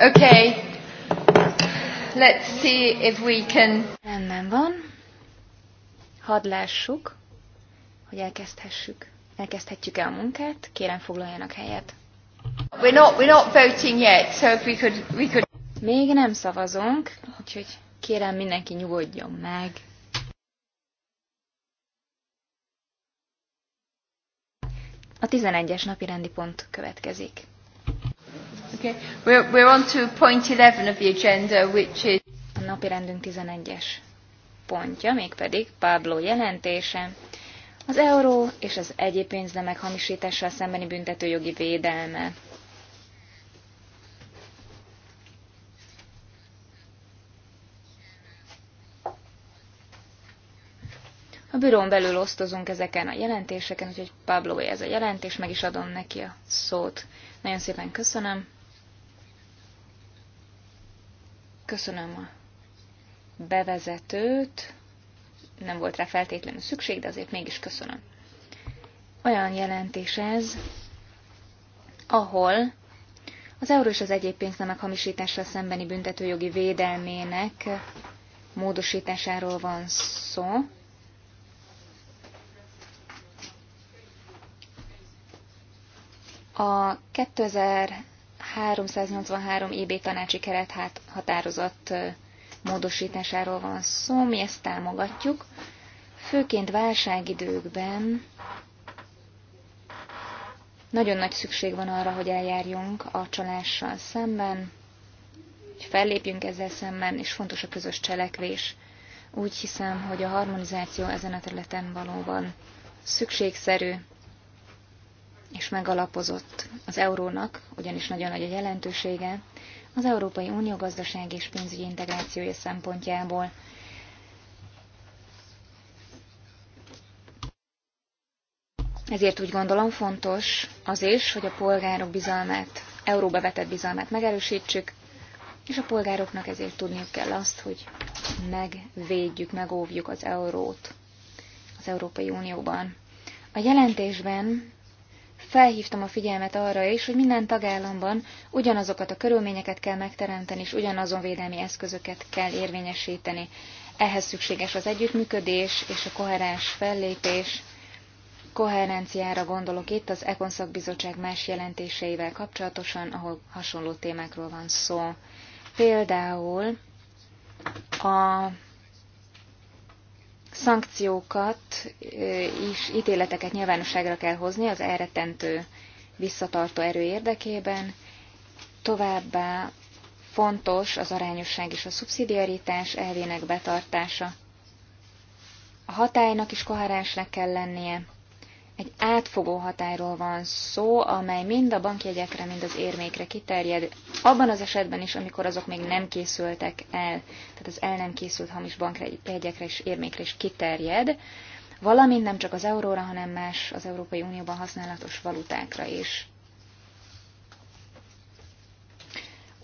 Okay. Let's see if we can... Rendben van. Hadd lássuk, hogy elkezdhessük. elkezdhetjük el a munkát? Kérem foglaljanak helyet. We're not, we're not voting yet, so if we could, we could... Még nem szavazunk, úgyhogy kérem mindenki nyugodjon meg. A 11-es napi rendi pont következik. Okay. We're, we're on to point 11 of the agenda, which is... A napi rendünk 11-es pontja, mégpedig Pablo jelentése, az euró és az egyéb pénznemek hamisítással szembeni büntetőjogi védelme. A bürón belül osztozunk ezeken a jelentéseken, úgyhogy Pablo ez a jelentés, meg is adom neki a szót. Nagyon szépen köszönöm. Köszönöm a bevezetőt. Nem volt rá feltétlenül szükség, de azért mégis köszönöm. Olyan jelentés ez, ahol az euró és az egyéb pénznemek hamisításra szembeni büntetőjogi védelmének módosításáról van szó. A 2000 383 EB tanácsi keret hát határozott módosításáról van szó, mi ezt támogatjuk. Főként válságidőkben nagyon nagy szükség van arra, hogy eljárjunk a csalással szemben, hogy fellépjünk ezzel szemben, és fontos a közös cselekvés. Úgy hiszem, hogy a harmonizáció ezen a területen valóban szükségszerű és megalapozott az eurónak, ugyanis nagyon nagy a jelentősége, az Európai Unió gazdaság és pénzügyi integrációja szempontjából. Ezért úgy gondolom fontos az is, hogy a polgárok bizalmát, euróba vetett bizalmát megerősítsük, és a polgároknak ezért tudniuk kell azt, hogy megvédjük, megóvjuk az eurót az Európai Unióban. A jelentésben felhívtam a figyelmet arra is, hogy minden tagállamban ugyanazokat a körülményeket kell megteremteni, és ugyanazon védelmi eszközöket kell érvényesíteni. Ehhez szükséges az együttműködés és a koherens fellépés. Koherenciára gondolok itt az Ekon szakbizottság más jelentéseivel kapcsolatosan, ahol hasonló témákról van szó. Például a szankciókat és ítéleteket nyilvánosságra kell hozni az elretentő visszatartó erő érdekében. Továbbá fontos az arányosság és a szubszidiaritás elvének betartása. A hatálynak is koherensnek kell lennie, egy átfogó határól van szó, amely mind a bankjegyekre, mind az érmékre kiterjed, abban az esetben is, amikor azok még nem készültek el, tehát az el nem készült hamis bankjegyekre és érmékre is kiterjed, valamint nem csak az euróra, hanem más az Európai Unióban használatos valutákra is.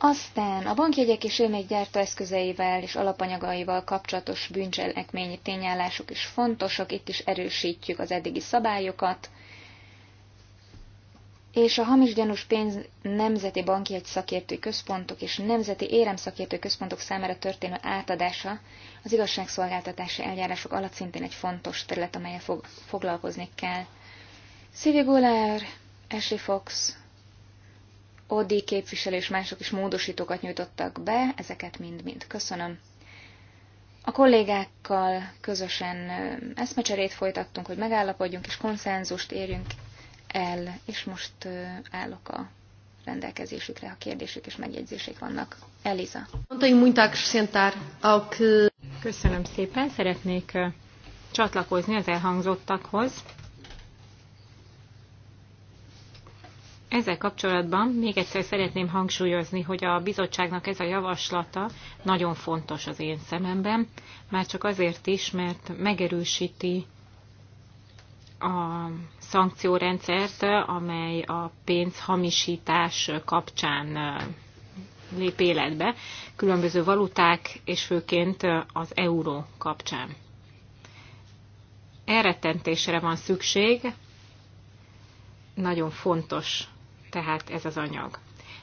Aztán a bankjegyek és gyártó eszközeivel és alapanyagaival kapcsolatos bűncselekményi tényállások is fontosak, itt is erősítjük az eddigi szabályokat, és a hamis gyanús pénz nemzeti bankjegy szakértő központok és nemzeti éremszakértő központok számára történő átadása az igazságszolgáltatási eljárások alatt szintén egy fontos terület, amelyel fog, foglalkozni kell. Szívi Gulár, Ashley Fox, Odi képviselő és mások is módosítókat nyújtottak be, ezeket mind-mind köszönöm. A kollégákkal közösen eszmecserét folytattunk, hogy megállapodjunk és konszenzust érjünk el, és most állok a rendelkezésükre, ha kérdésük és megjegyzések vannak. Eliza. Köszönöm szépen, szeretnék csatlakozni az elhangzottakhoz. Ezzel kapcsolatban még egyszer szeretném hangsúlyozni, hogy a bizottságnak ez a javaslata nagyon fontos az én szememben, már csak azért is, mert megerősíti a szankciórendszert, amely a pénzhamisítás kapcsán lép életbe, különböző valuták és főként az euró kapcsán. Elrettentésre van szükség, nagyon fontos tehát ez az anyag.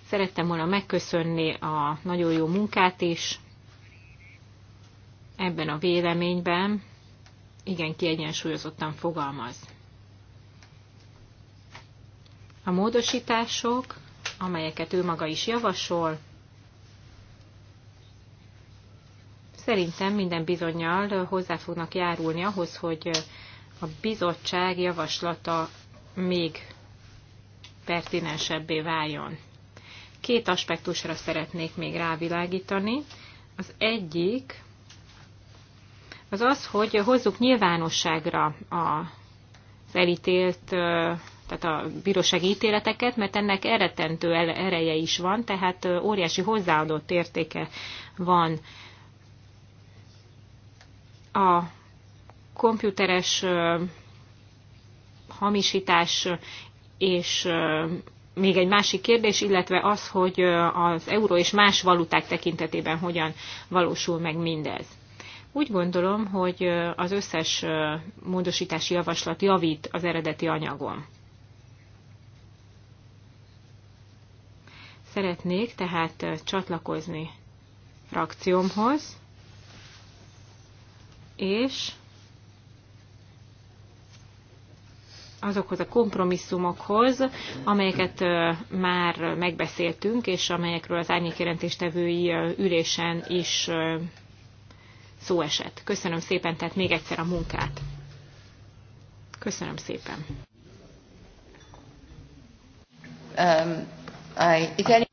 Szerettem volna megköszönni a nagyon jó munkát is ebben a véleményben. Igen, kiegyensúlyozottan fogalmaz. A módosítások, amelyeket ő maga is javasol, szerintem minden bizonyal hozzá fognak járulni ahhoz, hogy a bizottság javaslata még pertinensebbé váljon. Két aspektusra szeretnék még rávilágítani. Az egyik az az, hogy hozzuk nyilvánosságra az elítélt, tehát a bírósági ítéleteket, mert ennek eretentő ereje is van, tehát óriási hozzáadott értéke van a komputeres hamisítás és még egy másik kérdés, illetve az, hogy az euró és más valuták tekintetében hogyan valósul meg mindez. Úgy gondolom, hogy az összes módosítási javaslat javít az eredeti anyagon. Szeretnék tehát csatlakozni frakciómhoz, és azokhoz a kompromisszumokhoz, amelyeket már megbeszéltünk, és amelyekről az árnyékjelentéstevői ülésen is szó esett. Köszönöm szépen, tehát még egyszer a munkát. Köszönöm szépen. Um, I,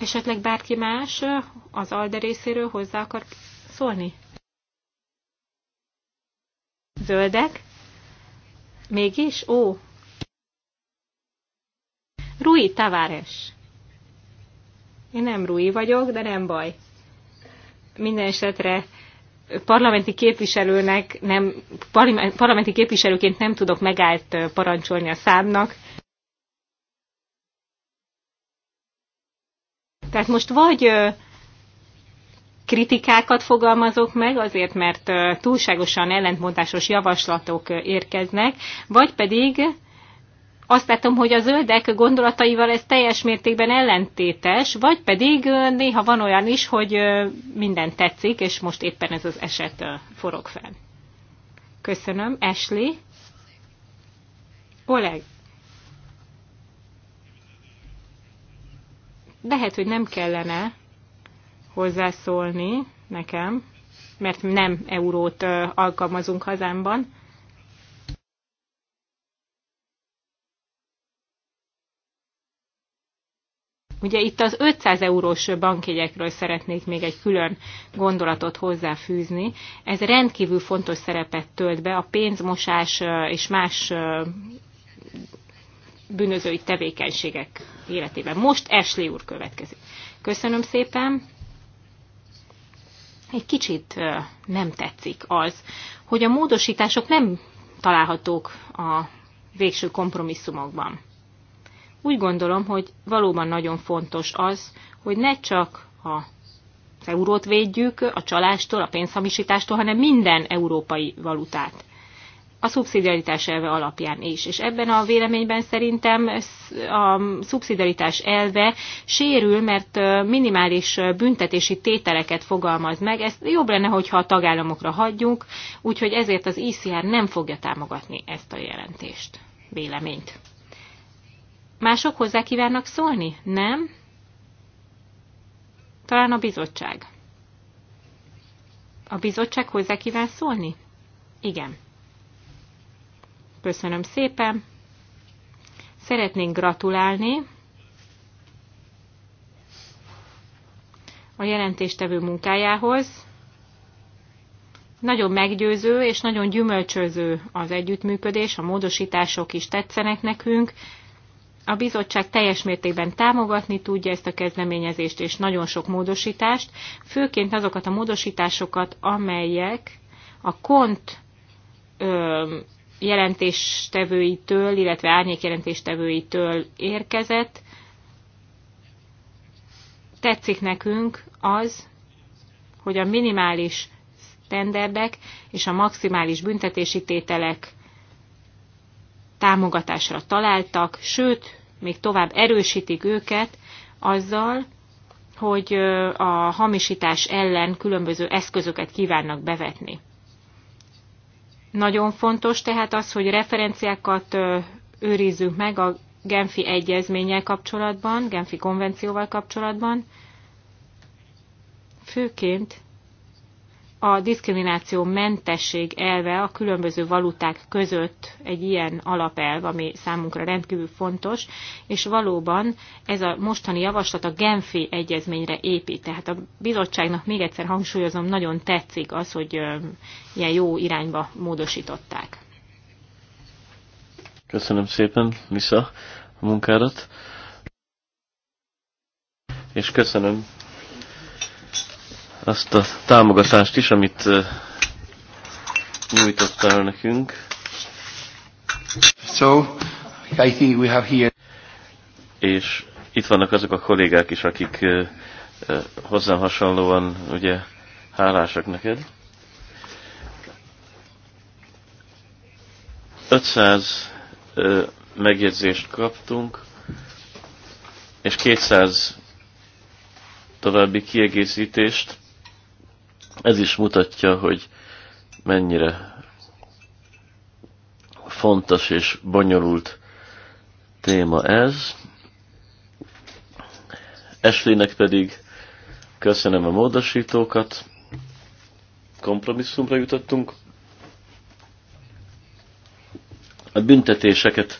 Esetleg bárki más az ALDE részéről hozzá akar szólni? Zöldek? Mégis? Ó! Rui Tavares. Én nem Rui vagyok, de nem baj. Minden esetre parlamenti képviselőnek nem, parlamenti képviselőként nem tudok megállt parancsolni a számnak. Tehát most vagy kritikákat fogalmazok meg, azért mert túlságosan ellentmondásos javaslatok érkeznek, vagy pedig azt látom, hogy a zöldek gondolataival ez teljes mértékben ellentétes, vagy pedig néha van olyan is, hogy minden tetszik, és most éppen ez az eset forog fel. Köszönöm, Ashley. Oleg. Lehet, hogy nem kellene hozzászólni nekem, mert nem eurót alkalmazunk hazámban. Ugye itt az 500 eurós bankjegyekről szeretnék még egy külön gondolatot hozzáfűzni. Ez rendkívül fontos szerepet tölt be a pénzmosás és más bűnözői tevékenységek életében. Most Esli úr következik. Köszönöm szépen! egy kicsit nem tetszik az, hogy a módosítások nem találhatók a végső kompromisszumokban. Úgy gondolom, hogy valóban nagyon fontos az, hogy ne csak a eurót védjük a csalástól, a pénzhamisítástól, hanem minden európai valutát a szubszidiaritás elve alapján is. És ebben a véleményben szerintem a szubszidiaritás elve sérül, mert minimális büntetési tételeket fogalmaz meg. Ez jobb lenne, hogyha a tagállamokra hagyjuk, úgyhogy ezért az ICR nem fogja támogatni ezt a jelentést, véleményt. Mások hozzá kívánnak szólni? Nem? Talán a bizottság. A bizottság hozzá kíván szólni? Igen. Köszönöm szépen. Szeretnénk gratulálni a jelentéstevő munkájához. Nagyon meggyőző és nagyon gyümölcsöző az együttműködés, a módosítások is tetszenek nekünk. A bizottság teljes mértékben támogatni tudja ezt a kezdeményezést és nagyon sok módosítást, főként azokat a módosításokat, amelyek a kont ö, jelentéstevőitől, illetve árnyék jelentéstevőitől érkezett. Tetszik nekünk az, hogy a minimális standardek és a maximális büntetési tételek támogatásra találtak, sőt, még tovább erősítik őket azzal, hogy a hamisítás ellen különböző eszközöket kívánnak bevetni. Nagyon fontos tehát az, hogy referenciákat őrizzünk meg a Genfi egyezménnyel kapcsolatban, Genfi konvencióval kapcsolatban, főként a diszkrimináció mentesség elve a különböző valuták között egy ilyen alapelv, ami számunkra rendkívül fontos, és valóban ez a mostani javaslat a Genfi egyezményre épít. Tehát a bizottságnak még egyszer hangsúlyozom, nagyon tetszik az, hogy ilyen jó irányba módosították. Köszönöm szépen, Lisa, a munkádat. És köszönöm azt a támogatást is, amit nyújtottál nekünk. So, I think we have here... És itt vannak azok a kollégák is, akik hozzám hasonlóan ugye hálásak neked. 500 megjegyzést kaptunk, és 200 további kiegészítést. Ez is mutatja, hogy mennyire fontos és bonyolult téma ez. Eslének pedig köszönöm a módosítókat, kompromisszumra jutottunk. A büntetéseket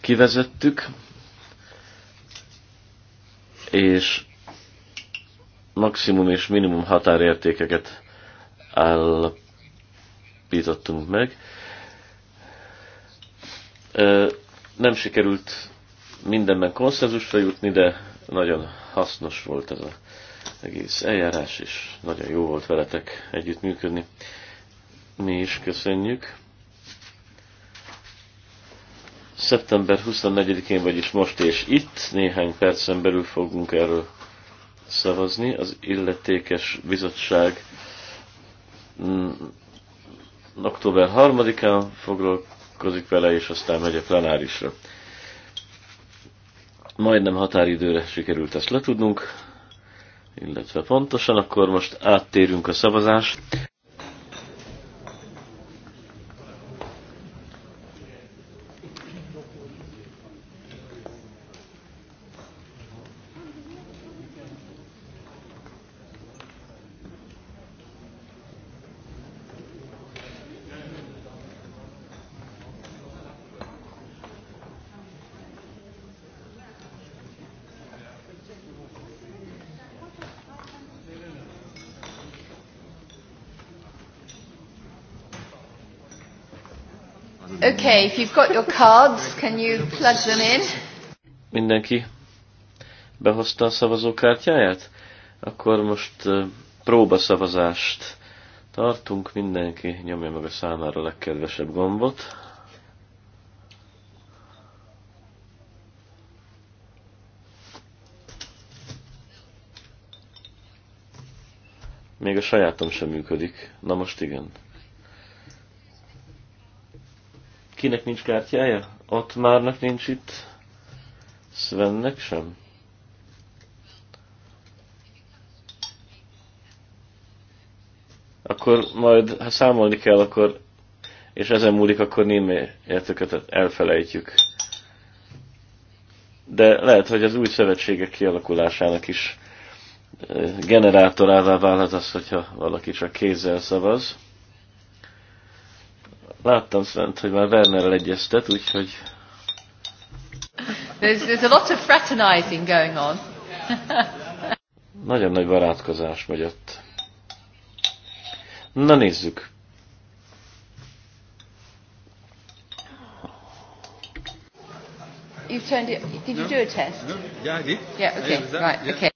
kivezettük, és maximum és minimum határértékeket állapítottunk meg. Nem sikerült mindenben konszenzusra jutni, de nagyon hasznos volt ez az egész eljárás, és nagyon jó volt veletek együttműködni. Mi is köszönjük. Szeptember 24-én, vagyis most és itt, néhány percen belül fogunk erről szavazni. Az illetékes bizottság mm, október 3-án foglalkozik vele, és aztán megy a plenárisra. Majdnem határidőre sikerült ezt letudnunk, illetve pontosan, akkor most áttérünk a szavazás. you've got your cards, can you plug them in? Mindenki behozta a szavazókártyáját? Akkor most próbaszavazást tartunk. Mindenki nyomja meg a számára a legkedvesebb gombot. Még a sajátom sem működik. Na most igen. Kinek nincs kártyája? Ott márnak nincs itt. Svennek sem. Akkor majd, ha számolni kell, akkor, és ezen múlik, akkor némi értöket elfelejtjük. De lehet, hogy az új szövetségek kialakulásának is eh, generátorává válhat az, hogyha valaki csak kézzel szavaz. Láttam szent, hogy már Wernerrel egyeztet, úgyhogy... There's, there's a lot of fraternizing going on. Nagyon nagy barátkozás vagy ott. Na nézzük. You've turned it. Did you do a test? Yeah, I did. Yeah, okay. Right, okay.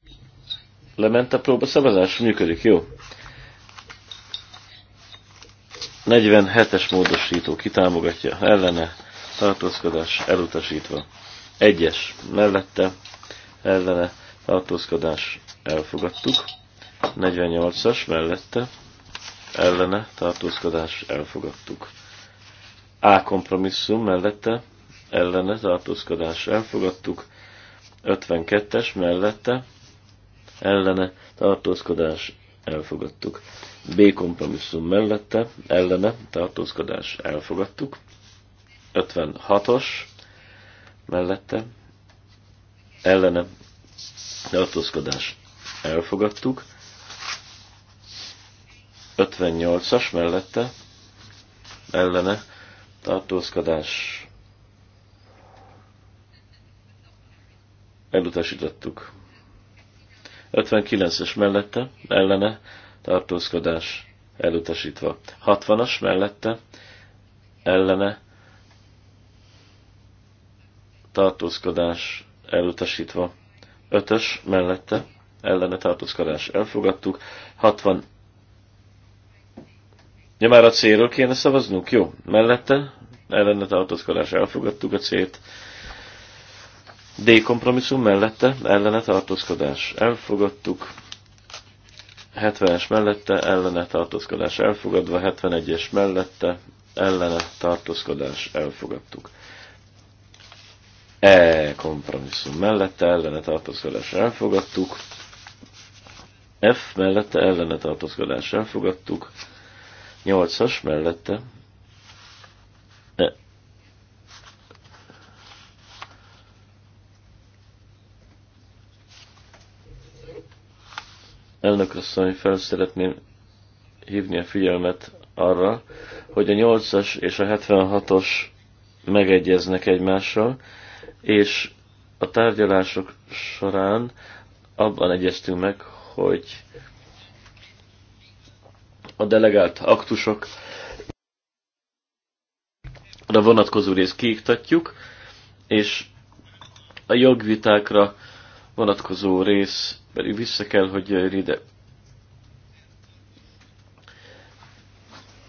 Lement a próba szavazás, működik, jó? 47-es módosító kitámogatja ellene tartózkodás elutasítva. Egyes mellette ellene tartózkodás elfogadtuk. 48-as mellette ellene tartózkodás elfogadtuk. A kompromisszum mellette ellene tartózkodás elfogadtuk. 52-es mellette ellene tartózkodás elfogadtuk. B kompromisszum mellette, ellene, tartózkodás, elfogadtuk. 56-os mellette, ellene, tartózkodás, elfogadtuk. 58-as mellette, ellene, tartózkodás, elutasítottuk. 59-es mellette, ellene, tartózkodás elutasítva. 60-as mellette, ellene, tartózkodás elutasítva. 5-ös mellette, ellene tartózkodás elfogadtuk. 60 Ja, már a célról kéne szavaznunk? Jó. Mellette ellene tartózkodás elfogadtuk a célt. D kompromisszum mellette ellene tartózkodás. Elfogadtuk. 70-es mellette ellene tartózkodás elfogadva, 71-es mellette ellene tartózkodás elfogadtuk. E kompromisszum mellette ellene tartózkodás elfogadtuk. F mellette ellene tartózkodás elfogadtuk. 8-as mellette elnökasszony fel szeretném hívni a figyelmet arra, hogy a 8-as és a 76-os megegyeznek egymással, és a tárgyalások során abban egyeztünk meg, hogy a delegált aktusok a vonatkozó részt kiiktatjuk, és a jogvitákra vonatkozó rész pedig vissza kell, hogy jöjjön ide.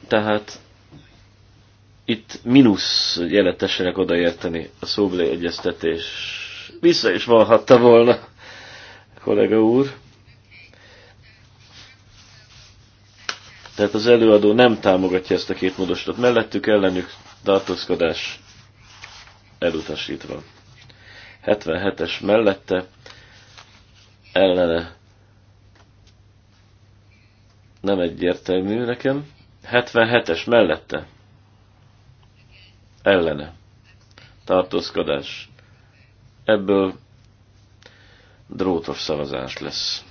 Tehát itt mínusz jelentesenek odaérteni a szóbeli egyeztetés. Vissza is valhatta volna, kollega úr. Tehát az előadó nem támogatja ezt a két módosítót. Mellettük ellenük tartózkodás elutasítva. 77-es mellette ellene nem egyértelmű nekem. 77-es mellette ellene tartózkodás. Ebből drótos szavazás lesz.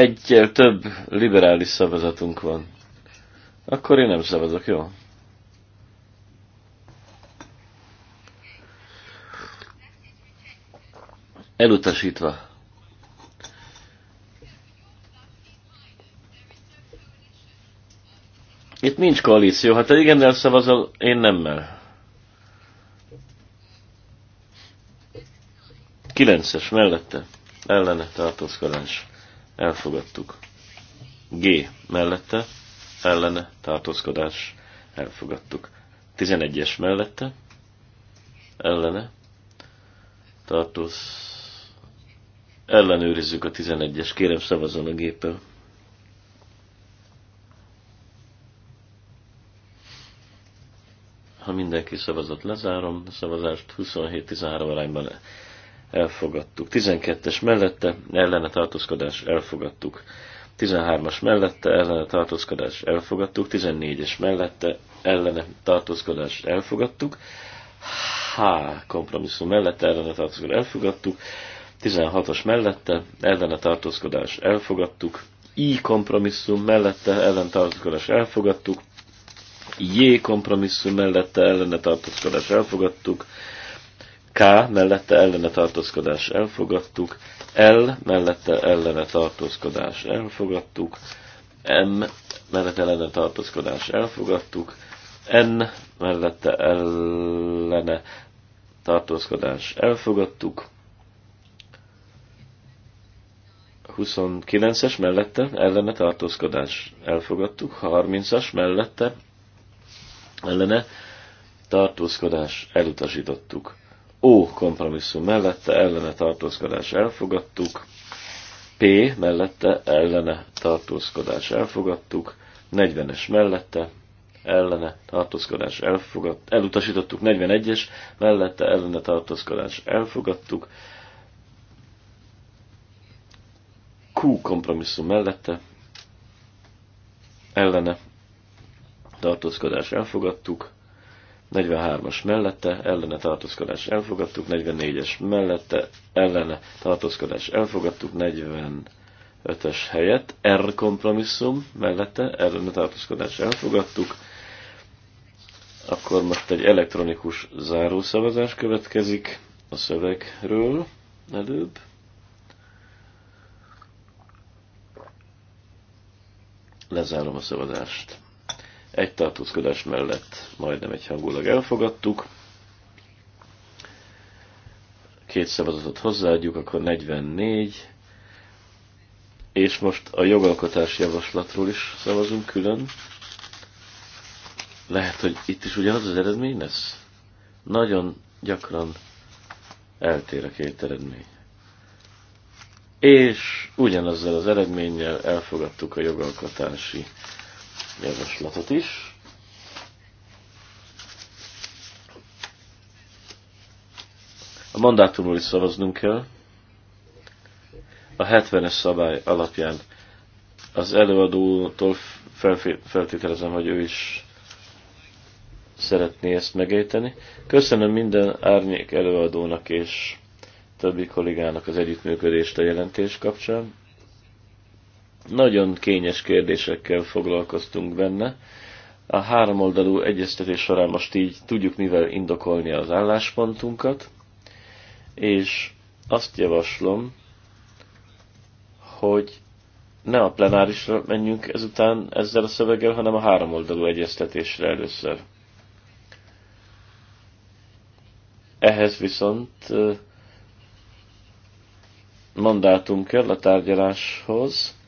egyel több liberális szavazatunk van. Akkor én nem szavazok, jó? Elutasítva. Itt nincs koalíció, ha te igennel szavazol, én nemmel. Kilences mellette, ellene tartózkodás elfogadtuk. G mellette, ellene tartózkodás, elfogadtuk. 11-es mellette, ellene tartóz... Ellenőrizzük a 11-es, kérem szavazzon a géppel. Ha mindenki szavazott, lezárom a szavazást, 27-13 arányban elfogadtuk. 12-es mellette ellene tartózkodás elfogadtuk. 13-as mellette ellene tartózkodás elfogadtuk, 14-es mellette ellene tartózkodás elfogadtuk, H kompromisszum mellette ellene tartózkodás elfogadtuk, 16-os mellette ellene tartózkodás elfogadtuk, I kompromisszum mellette ellen tartózkodás elfogadtuk, J kompromisszum mellette ellene tartózkodás elfogadtuk, K mellette ellene tartózkodás elfogadtuk, L mellette ellene tartózkodás elfogadtuk, M mellette ellene tartózkodás elfogadtuk, N mellette ellene tartózkodás elfogadtuk, 29-es mellette ellene tartózkodás elfogadtuk, 30-as mellette ellene tartózkodás elutasítottuk. O kompromisszum mellette ellene tartózkodás elfogadtuk, P mellette ellene tartózkodás elfogadtuk, 40-es mellette ellene tartózkodás elfogad, elutasítottuk, 41-es mellette ellene tartózkodás elfogadtuk, Q kompromisszum mellette ellene tartózkodás elfogadtuk, 43-as mellette ellene tartózkodás elfogadtuk, 44-es mellette ellene tartózkodás elfogadtuk, 45-ös helyett R kompromisszum mellette ellene tartózkodás elfogadtuk. Akkor most egy elektronikus zárószavazás következik a szövegről előbb. Lezárom a szavazást egy tartózkodás mellett majdnem hangulag elfogadtuk. Két szavazatot hozzáadjuk, akkor 44. És most a jogalkotás javaslatról is szavazunk külön. Lehet, hogy itt is ugyanaz az eredmény lesz? Nagyon gyakran eltér a két eredmény. És ugyanazzal az eredménnyel elfogadtuk a jogalkotási javaslatot is. A mandátumról is szavaznunk kell. A 70-es szabály alapján az előadótól feltételezem, hogy ő is szeretné ezt megéteni. Köszönöm minden árnyék előadónak és többi kollégának az együttműködést a jelentés kapcsán. Nagyon kényes kérdésekkel foglalkoztunk benne. A háromoldalú egyeztetés során most így tudjuk mivel indokolni az álláspontunkat, és azt javaslom, hogy ne a plenárisra menjünk ezután ezzel a szöveggel, hanem a háromoldalú egyeztetésre először. Ehhez viszont mandátum kell a tárgyaláshoz,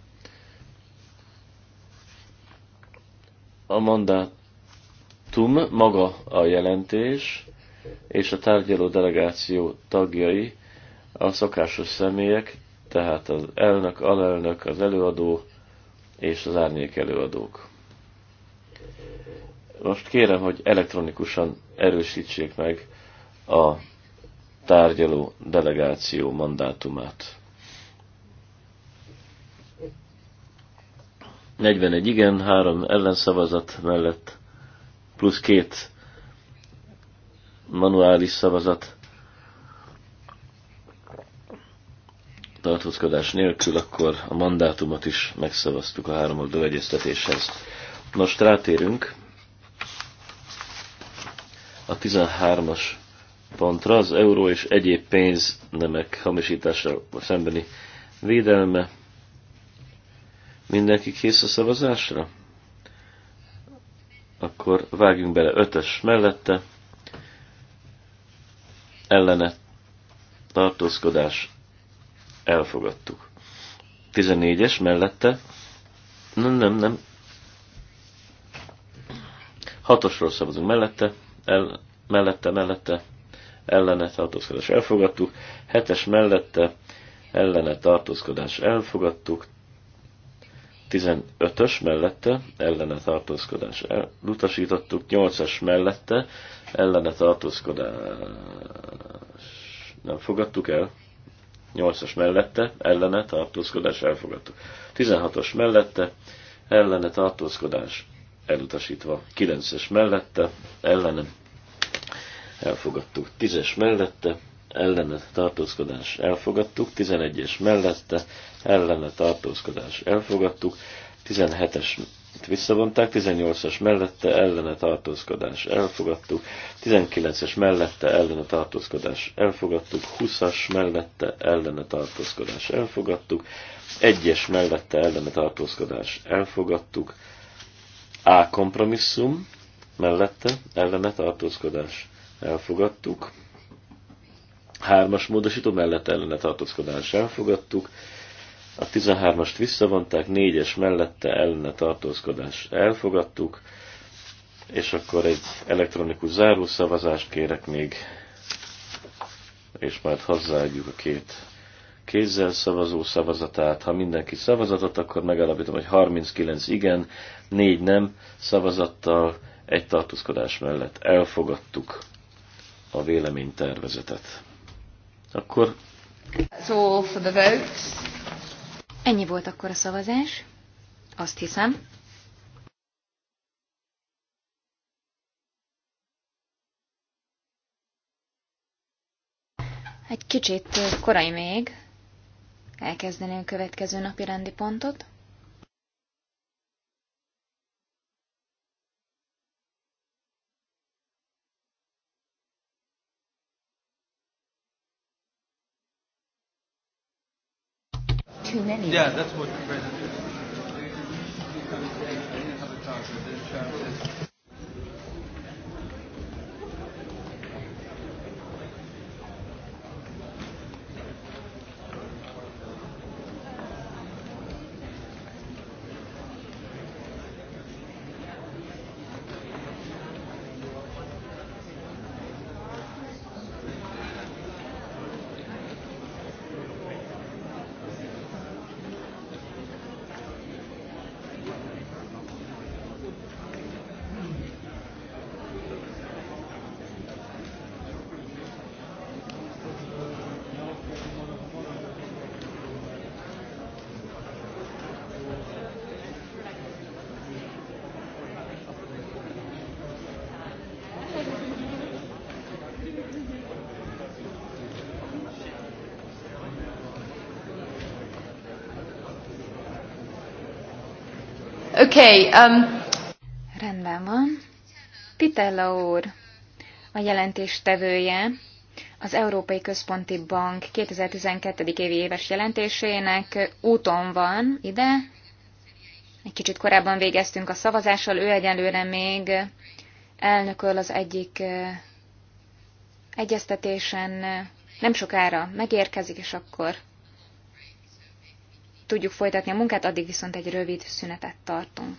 a mandátum maga a jelentés, és a tárgyaló delegáció tagjai a szokásos személyek, tehát az elnök, alelnök, az előadó és az árnyék előadók. Most kérem, hogy elektronikusan erősítsék meg a tárgyaló delegáció mandátumát. 41 igen, 3 ellenszavazat mellett, plusz két manuális szavazat tartózkodás nélkül, akkor a mandátumot is megszavaztuk a oldó egyeztetéshez. Most rátérünk a 13-as pontra, az euró és egyéb pénznemek hamisítása szembeni védelme. Mindenki kész a szavazásra? Akkor vágjunk bele ötös mellette. Ellene tartózkodás elfogadtuk. 14-es mellette. Nem, nem, nem. Hatosról szavazunk mellette. El, mellette, mellette. Ellene tartózkodás elfogadtuk. Hetes mellette. Ellene tartózkodás elfogadtuk. 15-ös mellette ellene tartózkodás elutasítottuk, 8-as mellette ellene tartózkodás nem fogadtuk el, 8-as mellette ellene tartózkodás elfogadtuk, 16-os mellette ellene tartózkodás elutasítva, 9-es mellette ellene elfogadtuk, 10-es mellette ellene tartózkodás elfogadtuk, 11-es mellette ellene tartózkodás elfogadtuk, 17-es visszavonták, 18-as mellette ellene tartózkodás elfogadtuk, 19-es mellette ellene tartózkodás elfogadtuk, 20-as mellette ellene tartózkodás elfogadtuk, 1-es mellette ellene tartózkodás elfogadtuk, A kompromisszum mellette ellene tartózkodás elfogadtuk, Hármas módosító mellett ellene tartózkodás elfogadtuk. A 13-ast visszavonták, 4-es mellette ellene tartózkodás elfogadtuk. És akkor egy elektronikus zárószavazást kérek még, és majd hozzáadjuk a két kézzel szavazó szavazatát. Ha mindenki szavazatot, akkor megállapítom, hogy 39 igen, 4 nem szavazattal, egy tartózkodás mellett elfogadtuk a véleménytervezetet. Akkor... for the votes. Ennyi volt akkor a szavazás. Azt hiszem. Egy kicsit korai még. elkezdeni a következő napi rendi pontot. too many. Yeah, that's what. Okay, um... Rendben van. Titella úr, a jelentés tevője. az Európai Központi Bank 2012. évi éves jelentésének úton van ide. Egy kicsit korábban végeztünk a szavazással, ő egyelőre még elnököl az egyik egyeztetésen, nem sokára megérkezik, és akkor tudjuk folytatni a munkát, addig viszont egy rövid szünetet tartunk.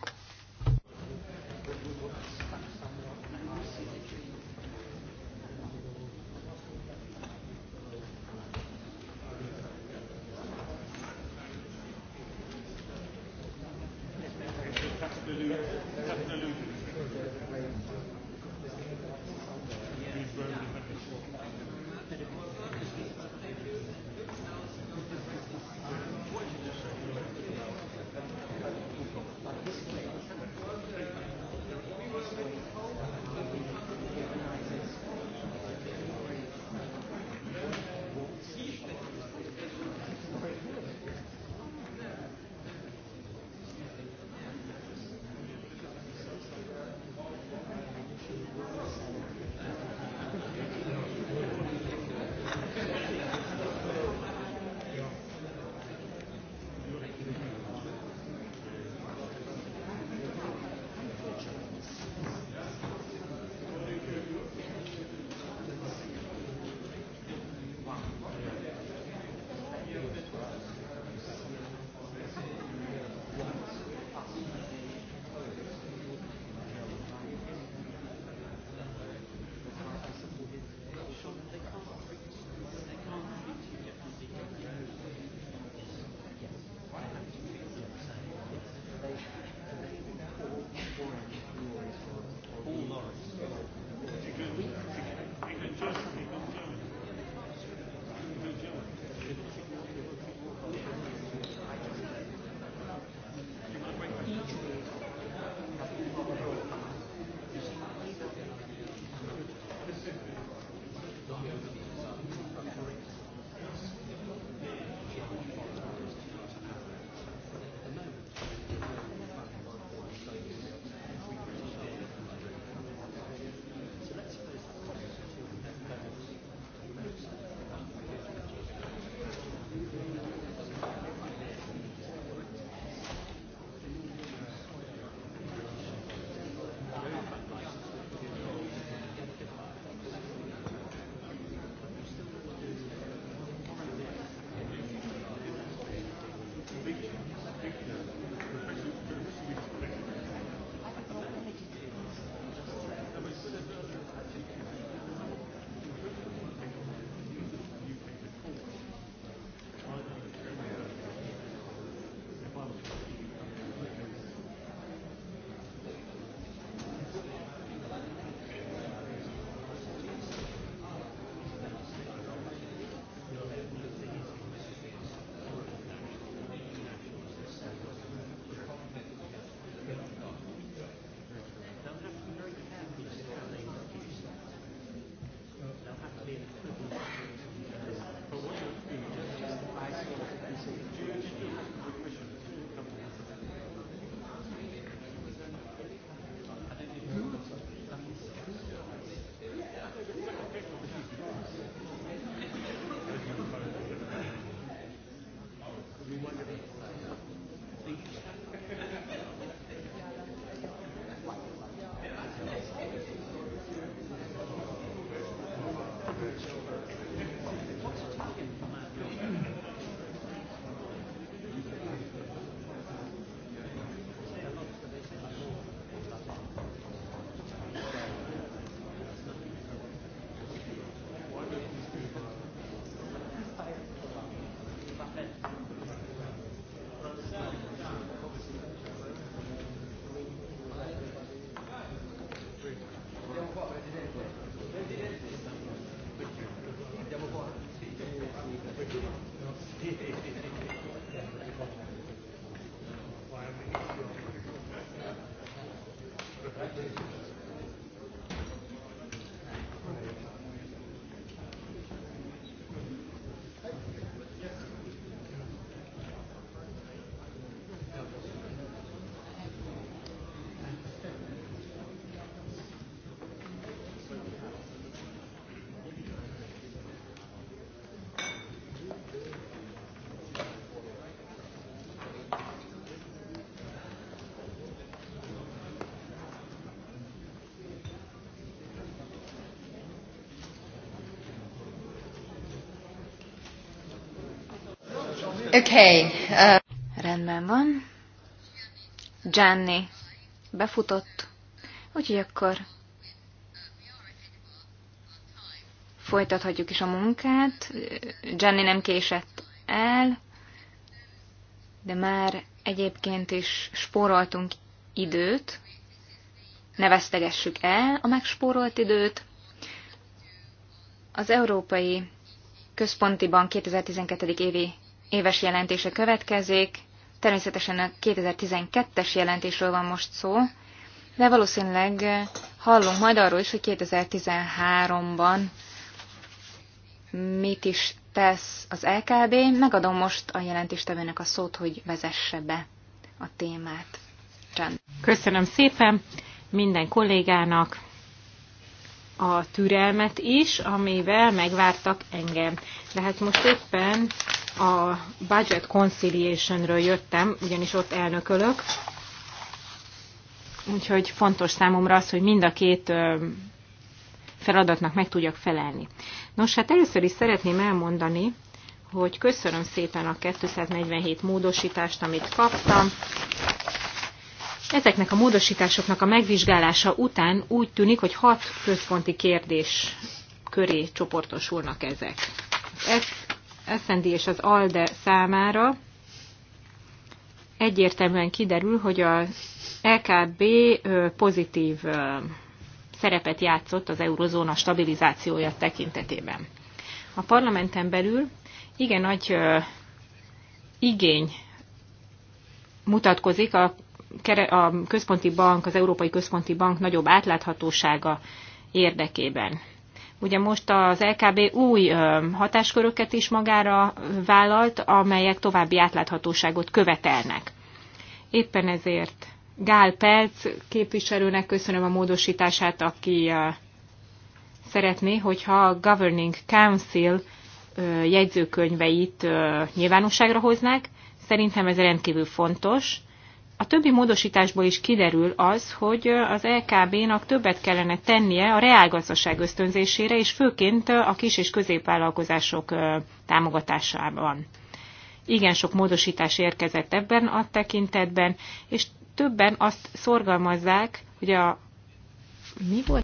Okay. Uh... Rendben van. Gianni befutott, úgyhogy akkor folytathatjuk is a munkát. Gianni nem késett el, de már egyébként is spóroltunk időt. Ne vesztegessük el a megspórolt időt. Az Európai Központi Bank 2012. évi éves jelentése következik. Természetesen a 2012-es jelentésről van most szó, de valószínűleg eh, hallunk majd arról is, hogy 2013-ban mit is tesz az LKB. Megadom most a jelentéstevőnek a szót, hogy vezesse be a témát. Csend. Köszönöm szépen minden kollégának a türelmet is, amivel megvártak engem. De hát most éppen a Budget Conciliationről jöttem, ugyanis ott elnökölök. Úgyhogy fontos számomra az, hogy mind a két feladatnak meg tudjak felelni. Nos, hát először is szeretném elmondani, hogy köszönöm szépen a 247 módosítást, amit kaptam. Ezeknek a módosításoknak a megvizsgálása után úgy tűnik, hogy hat központi kérdés köré csoportosulnak ezek. Az SND és az ALDE számára egyértelműen kiderül, hogy a LKB e pozitív szerepet játszott az eurozóna stabilizációja tekintetében. A parlamenten belül igen nagy igény mutatkozik a, a központi bank, az Európai Központi Bank nagyobb átláthatósága érdekében. Ugye most az LKB új hatásköröket is magára vállalt, amelyek további átláthatóságot követelnek. Éppen ezért Gál Pelc képviselőnek köszönöm a módosítását, aki szeretné, hogyha a Governing Council jegyzőkönyveit nyilvánosságra hoznák. Szerintem ez rendkívül fontos, a többi módosításból is kiderül az, hogy az LKB-nak többet kellene tennie a reálgazdaság ösztönzésére, és főként a kis- és középvállalkozások támogatásában. Igen sok módosítás érkezett ebben a tekintetben, és többen azt szorgalmazzák, hogy a mi volt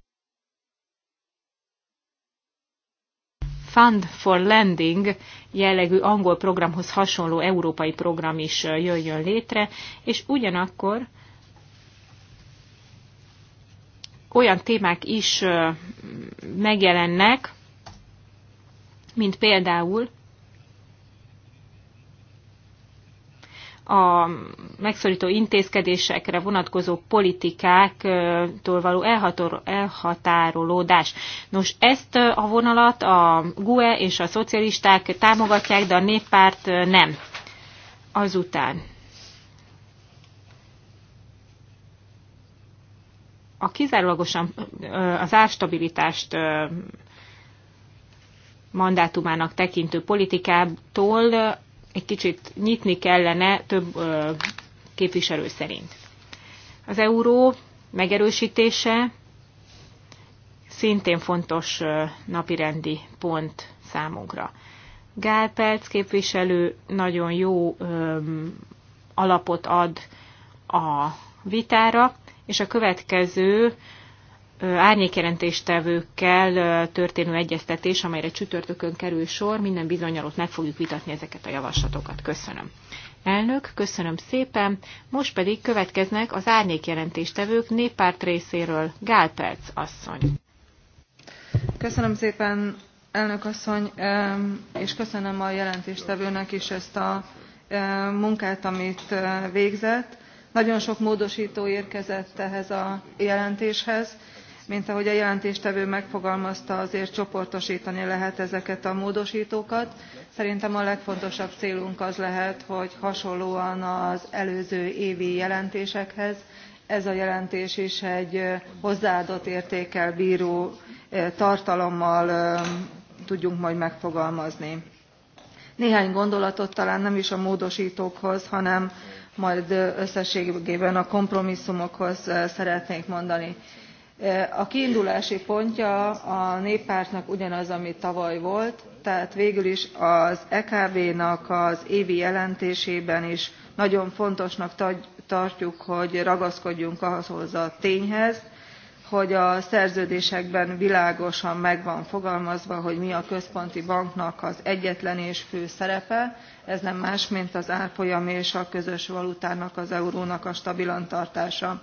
Fund for Landing jellegű angol programhoz hasonló európai program is jöjjön létre, és ugyanakkor olyan témák is megjelennek, mint például a megszorító intézkedésekre vonatkozó politikáktól való elhatárolódás. Nos, ezt a vonalat a GUE és a szocialisták támogatják, de a néppárt nem. Azután. A kizárólagosan az árstabilitást mandátumának tekintő politikától egy kicsit nyitni kellene több ö, képviselő szerint. Az euró megerősítése szintén fontos ö, napirendi pont számunkra. Gál Pelc képviselő nagyon jó ö, alapot ad a vitára, és a következő árnyékjelentéstevőkkel történő egyeztetés, amelyre csütörtökön kerül sor, minden ott meg fogjuk vitatni ezeket a javaslatokat. Köszönöm. Elnök, köszönöm szépen. Most pedig következnek az árnyékjelentéstevők néppárt részéről. Gál Perc asszony. Köszönöm szépen, elnök asszony, és köszönöm a jelentéstevőnek is ezt a munkát, amit végzett. Nagyon sok módosító érkezett ehhez a jelentéshez mint ahogy a jelentéstevő megfogalmazta azért csoportostani lehet ezeket a módostókat. szerintem a legfontosabb célunk az lehet hogy hasonlóan az előző évi jelentésekhez ez a jelentés is egy hozzáadott értékkel bró tartalommal tudjunk majd megfogalmazni. néhány gondolatot talán nem is a módostókhoz hanem majd összességében a kompromisszumokhoz szeretnék mondani a kiindulási pontja a néppártnak ugyanaz ami tavaly volt tehát végül is az ekb nak az évi jelentésében is nagyon fontosnak tartjuk hogy ragaszkodjunk ahhoz a tényhez hogy a szerződésekben világosan meg van fogalmazva hogy mi a központi banknak az egyetlen és fő szerepe ez nem más mint az árfolyam és a közös valutának az eurónak a stabilan tartása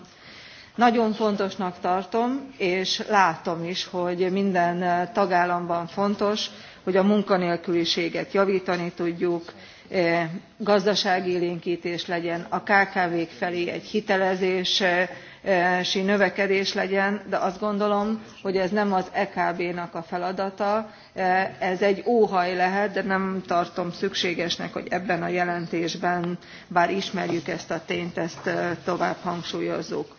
nagyon fontosnak tartom és látom is hogy minden eh, tagállamban fontos hogy a munkanélküliséget javtani tudjuk eh, gazdaságélénktés legyen a kkv k felé egy hitelezési eh, növekedés legyen de azt gondolom hogy ez nem az ekb nak a feladata ez egy óhaj lehet de nem tartom szükségesnek hogy ebben a jelentésben bár ismerjük ezt a tényt ezt tovább hangsúlyozzuk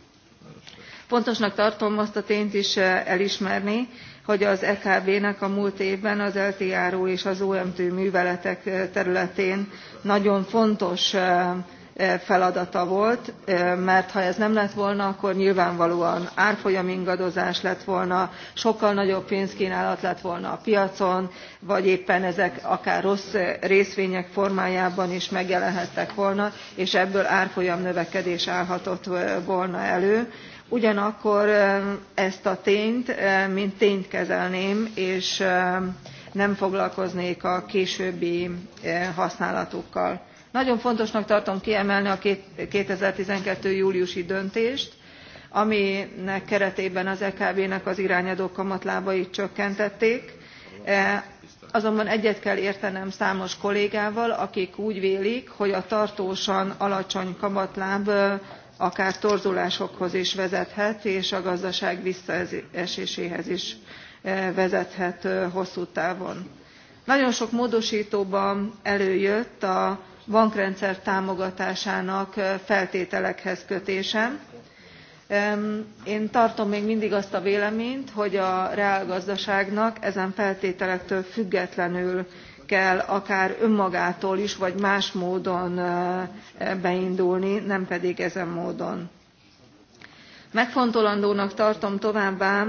fontosnak tartom azt a tényt is eh, elismerni hogy az ekb nek a múlt évben az ltro és az omt műveletek eh, területén nagyon fontos eh, feladata volt mert ha ez nem lett volna akkor nyilvánvalóan árfolyamingadozás lett volna sokkal nagyobb pénzknálat lett volna a piacon vagy éppen ezek akár rossz részvények formájában is megjelenhettek volna és ebből árfolyamnövekedés állhatott volna elő ugyanakkor eh, ezt a tényt eh, mint tényt kezelném és eh, nem foglalkoznék a későbbi használatukkal. nagyon fontosnak tartom kiemelni a two thousand and twelve júliusi döntést aminek keretében az ekb nek az irányadó kamatlábait csökkentették azonban egyet kell értenem számos kollégával akik úgy vélik hogy a tartósan alacsony kamatláb akár torzulásokhoz is vezethet és a gazdaság visszaeséséhez is eh, vezethet eh, hosszú távon. nagyon sok módostóban előjött a bankrendszer támogatásának eh, feltételekhez kötése. én tartom még mindig azt a véleményt hogy a reálgazdaságnak ezen feltételektől függetlenül kell akár önmagától is vagy más módon beindulni nem pedig ezen módon. megfontolandónak tartom továbbá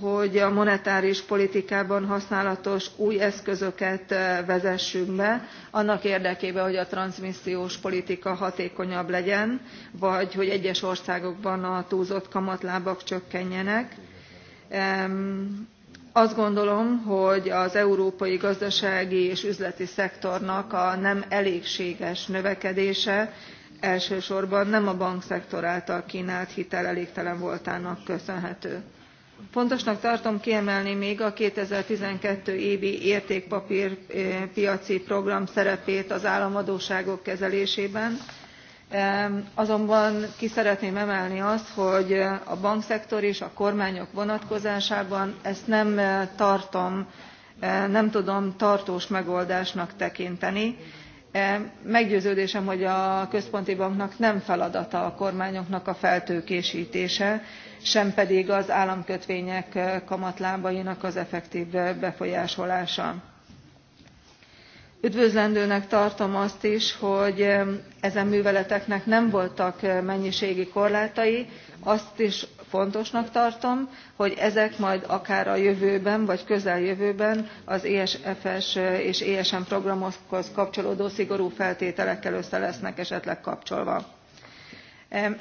hogy a monetáris politikában használatos új eszközöket vezessünk be annak érdekében hogy a transzmissziós politika hatékonyabb legyen vagy hogy egyes országokban a túlzott kamatlábak csökkenjenek azt gondolom hogy az európai gazdasági és üzleti szektornak a nem elégséges növekedése elsősorban nem a bankszektor által knált elégtelen voltának köszönhető. fontosnak tartom kiemelni még a two thousand and twelve évi értékpapr piaci program szerepét az államadósságok kezelésében azonban ki szeretném emelni azt hogy eh, a bankszektor és a kormányok vonatkozásában ezt nem eh, tartom eh, nem tudom tartós megoldásnak tekinteni. meggyőződésem hogy a központi banknak nem feladata a kormányoknak a feltőkéstése sem pedig az államkötvények kamatlábainak az effektv befolyásolása üdvözlendőnek tartom azt is hogy ezen műveleteknek nem voltak mennyiségi korlátai azt is fontosnak tartom hogy ezek majd akár a jövőben vagy közeljövőben az esfs és esm programokhoz kapcsolódó szigorú feltételekkel össze lesznek esetleg kapcsolva.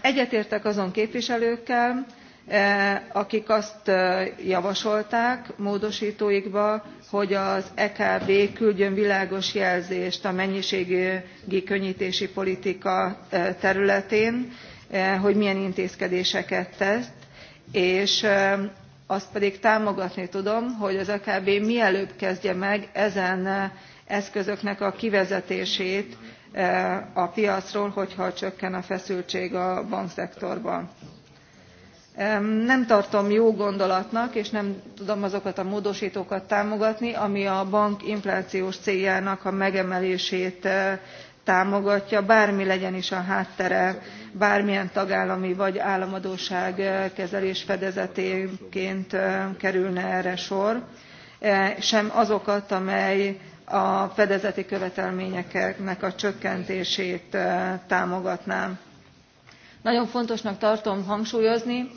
egyetértek azon képviselőkkel E, akik azt e, javasolták módostóikban hogy az ekb küldjön világos jelzést a mennyiségi könnytési politika e, területén hogy milyen intézkedéseket tesz és azt pedig támogatni tudom hogy az ekb mielőbb kezdje meg ezen eszközöknek a kivezetését a piacról hogyha csökken a feszültség a bankszektorban nem tartom jó gondolatnak és nem tudom azokat a módostókat támogatni ami a bank inflációs céljának a megemelését eh, támogatja bármi legyen is a háttere bármilyen tagállami vagy államadósság eh, kezelés fedezetéként eh, kerülne erre sor sem azokat amely a fedezeti követelményeknek a csökkentését támogatná nagyon fontosnak tartom hangsúlyozni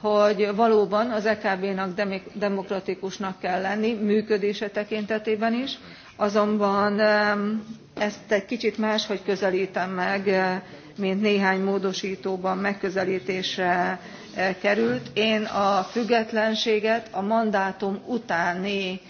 hogy valóban az ekb nak demokratikusnak kell lenni működése tekintetében is azonban ezt egy kicsit máshogy közeltem meg eh, mint néhány módostóban megközeltésre eh, került. én a függetlenséget a mandátum utáni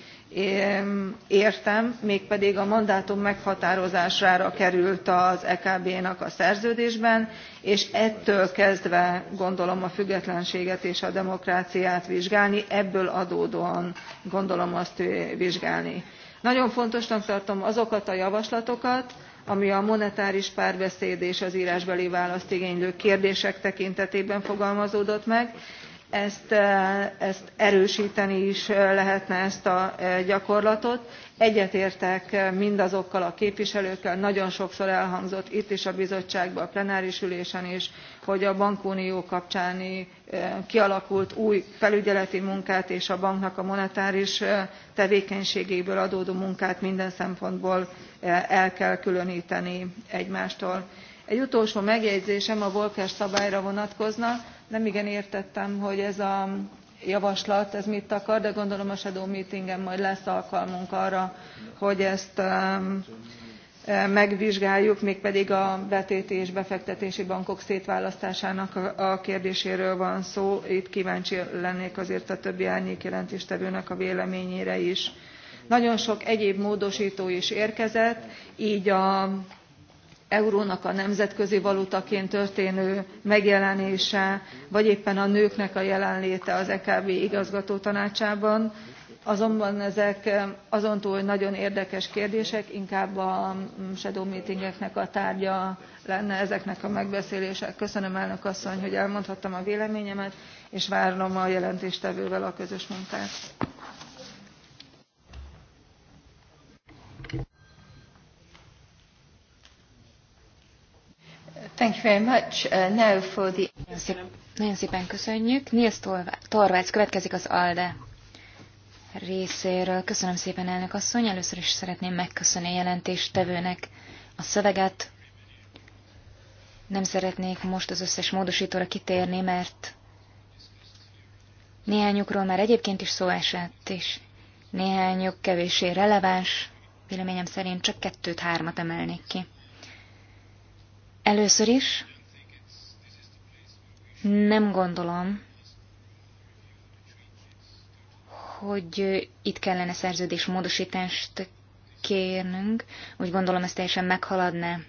értem mégpedig a mandátum meghatározására került az ekb nak a szerződésben és ettől kezdve gondolom a függetlenséget és a demokráciát vizsgálni ebből adódóan gondolom azt vizsgálni. nagyon fontosnak tartom azokat a javaslatokat ami a monetáris párbeszéd és az rásbeli választ igénylő kérdések tekintetében fogalmazódott meg ezt, erősteni is lehetne ezt a gyakorlatot. egyetértek mindazokkal a képviselőkkel nagyon sokszor elhangzott itt is a bizottságban a plenáris ülésen is hogy a bankunió kapcsán kialakult új felügyeleti munkát és a banknak a monetáris tevékenységéből adódó munkát minden szempontból el kell különteni egymástól. egy utolsó megjegyzésem a volcker szabályra vonatkozna nemigen értettem hogy ez a javaslat ez mit akar de gondolom a shadow meetingen majd lesz alkalmunk arra hogy ezt megvizsgáljuk mégpedig a betéti és befektetési bankok szétválasztásának a kérdéséről van szó itt kváncsi lennék azért a többi jelentéstevőnek a véleményére is. nagyon sok egyéb módostó is érkezett gy a eurónak a nemzetközi valutaként történő megjelenése vagy éppen a nőknek a jelenléte az ekb igazgatótanácsában azonban ezek eh, azon túl hogy nagyon érdekes kérdések inkább a mm, shadow meetingeknek a tárgya lenne ezeknek a megbeszélése. köszönöm elnök asszony hogy elmondhattam a véleményemet és várom a jelentéstevővel a közös munkát. Thank you very much. Uh, now for the... Nagyon, nagyon szépen köszönjük. Nils Torvács következik az ALDE részéről. Köszönöm szépen, elnök asszony. Először is szeretném megköszönni a jelentéstevőnek a szöveget. Nem szeretnék most az összes módosítóra kitérni, mert néhányukról már egyébként is szó esett, és néhányuk kevésé releváns. Véleményem szerint csak kettőt-hármat emelnék ki. Először is nem gondolom, hogy itt kellene szerződés módosítást kérnünk. Úgy gondolom, ez teljesen meghaladna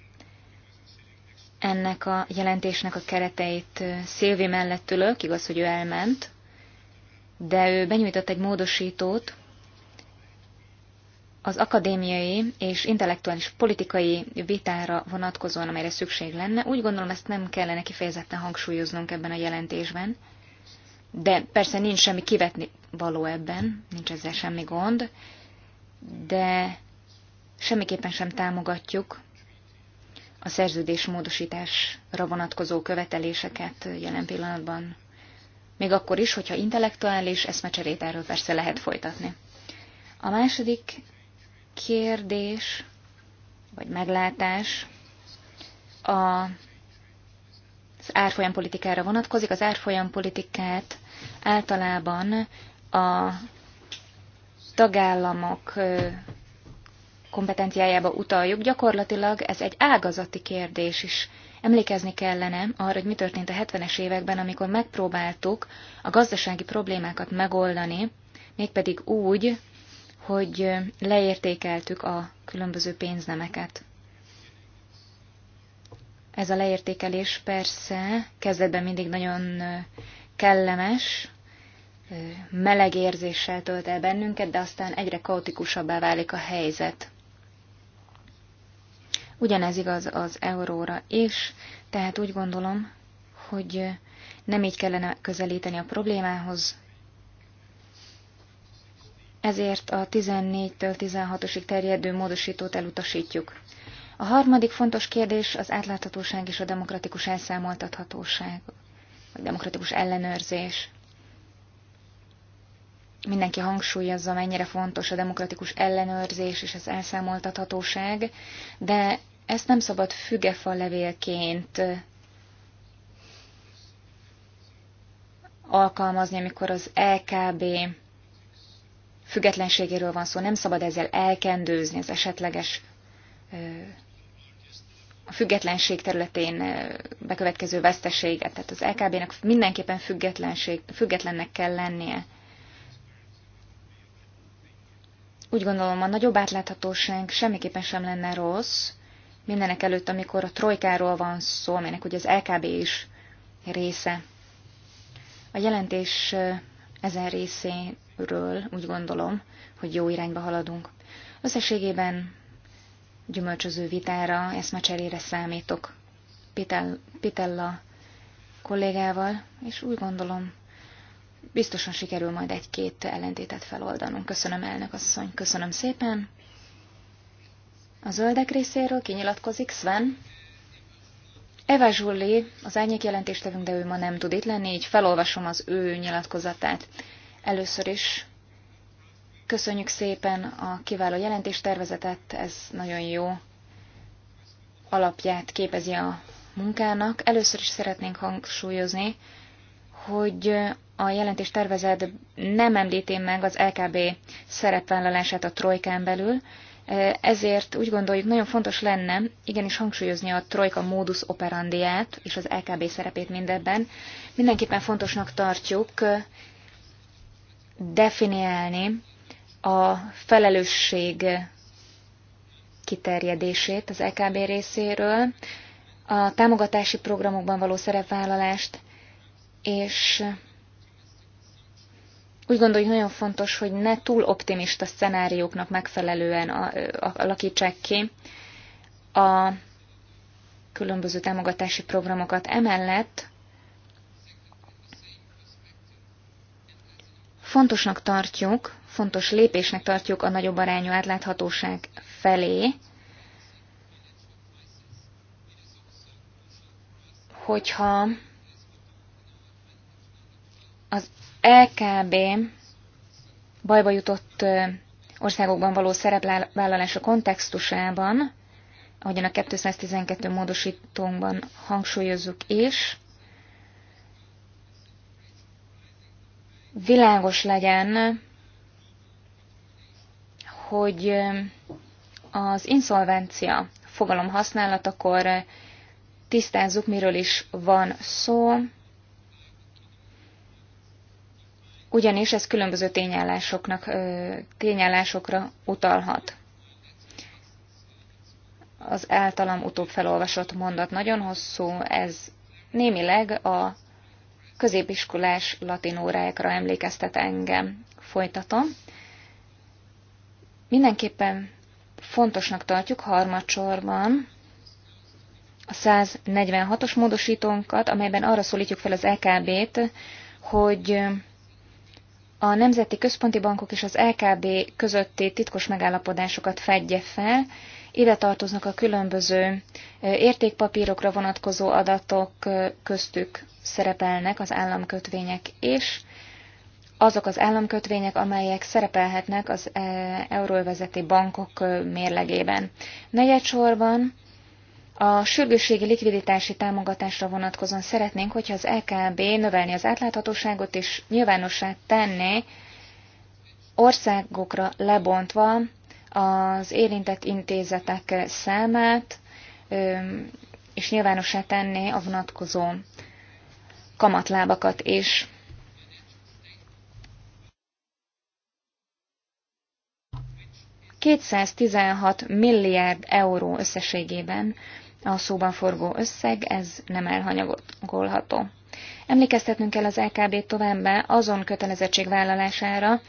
ennek a jelentésnek a kereteit. Szilvi mellett ülök, igaz, hogy ő elment, de ő benyújtott egy módosítót, az akadémiai és intellektuális politikai vitára vonatkozóan, amelyre szükség lenne. Úgy gondolom, ezt nem kellene kifejezetten hangsúlyoznunk ebben a jelentésben. De persze nincs semmi kivetni való ebben, nincs ezzel semmi gond, de semmiképpen sem támogatjuk a szerződés módosításra vonatkozó követeléseket jelen pillanatban. Még akkor is, hogyha intellektuális eszmecserét erről persze lehet folytatni. A második kérdés, vagy meglátás a, az árfolyampolitikára vonatkozik. Az árfolyampolitikát általában a tagállamok kompetenciájába utaljuk. Gyakorlatilag ez egy ágazati kérdés is. Emlékezni kellene arra, hogy mi történt a 70-es években, amikor megpróbáltuk a gazdasági problémákat megoldani, mégpedig úgy, hogy leértékeltük a különböző pénznemeket. Ez a leértékelés persze kezdetben mindig nagyon kellemes, meleg érzéssel tölt el bennünket, de aztán egyre kaotikusabbá válik a helyzet. Ugyanez igaz az euróra is, tehát úgy gondolom, hogy nem így kellene közelíteni a problémához, ezért a 14-től 16-osig terjedő módosítót elutasítjuk. A harmadik fontos kérdés az átláthatóság és a demokratikus elszámoltathatóság, vagy demokratikus ellenőrzés. Mindenki hangsúlyozza, mennyire fontos a demokratikus ellenőrzés és az elszámoltathatóság, de ezt nem szabad fügefa levélként alkalmazni, amikor az LKB függetlenségéről van szó, nem szabad ezzel elkendőzni az esetleges a függetlenség területén bekövetkező veszteséget, tehát az LKB-nek mindenképpen függetlenség, függetlennek kell lennie. Úgy gondolom, a nagyobb átláthatóság semmiképpen sem lenne rossz, mindenek előtt, amikor a trojkáról van szó, aminek ugye az LKB is része. A jelentés ezen részén ről úgy gondolom, hogy jó irányba haladunk. Összességében gyümölcsöző vitára, eszmecserére számítok Pitella kollégával, és úgy gondolom, biztosan sikerül majd egy-két ellentétet feloldanunk. Köszönöm elnök asszony, köszönöm szépen. A zöldek részéről kinyilatkozik Sven. Eva Zsulli, az árnyék tevünk, de ő ma nem tud itt lenni, így felolvasom az ő nyilatkozatát. Először is köszönjük szépen a kiváló jelentéstervezetet, ez nagyon jó alapját képezi a munkának. Először is szeretnénk hangsúlyozni, hogy a jelentéstervezet nem említi meg az LKB szerepvállalását a trojkán belül, ezért úgy gondoljuk, nagyon fontos lenne igenis hangsúlyozni a trojka módusz operandiát és az LKB szerepét mindebben. Mindenképpen fontosnak tartjuk definiálni a felelősség kiterjedését az EKB részéről, a támogatási programokban való szerepvállalást, és úgy hogy nagyon fontos, hogy ne túl optimista szenárióknak megfelelően alakítsák ki a különböző támogatási programokat. Emellett Fontosnak tartjuk, fontos lépésnek tartjuk a nagyobb arányú átláthatóság felé, hogyha az LKB bajba jutott országokban való szerepvállalása kontextusában, ahogyan a 212 módosítónkban hangsúlyozzuk is, világos legyen, hogy az inszolvencia fogalom használatakor tisztázzuk, miről is van szó, ugyanis ez különböző tényállásoknak, tényállásokra utalhat. Az általam utóbb felolvasott mondat nagyon hosszú, ez némileg a középiskolás latin órákra emlékeztet engem. Folytatom. Mindenképpen fontosnak tartjuk harmadsorban a 146-os módosítónkat, amelyben arra szólítjuk fel az LKB-t, hogy a Nemzeti Központi Bankok és az LKB közötti titkos megállapodásokat fedje fel, ide tartoznak a különböző értékpapírokra vonatkozó adatok, köztük szerepelnek az államkötvények és azok az államkötvények, amelyek szerepelhetnek az euróvezeti bankok mérlegében. Negyedsorban a sürgősségi likviditási támogatásra vonatkozóan szeretnénk, hogyha az LKB növelni az átláthatóságot és nyilvánossá tenné országokra lebontva az érintett intézetek számát, és nyilvánosá tenné a vonatkozó kamatlábakat is. ...216 milliárd euró összességében a szóban forgó összeg, ez nem elhanyagolható. Emlékeztetnünk kell az LKB továbbá azon kötelezettségvállalására,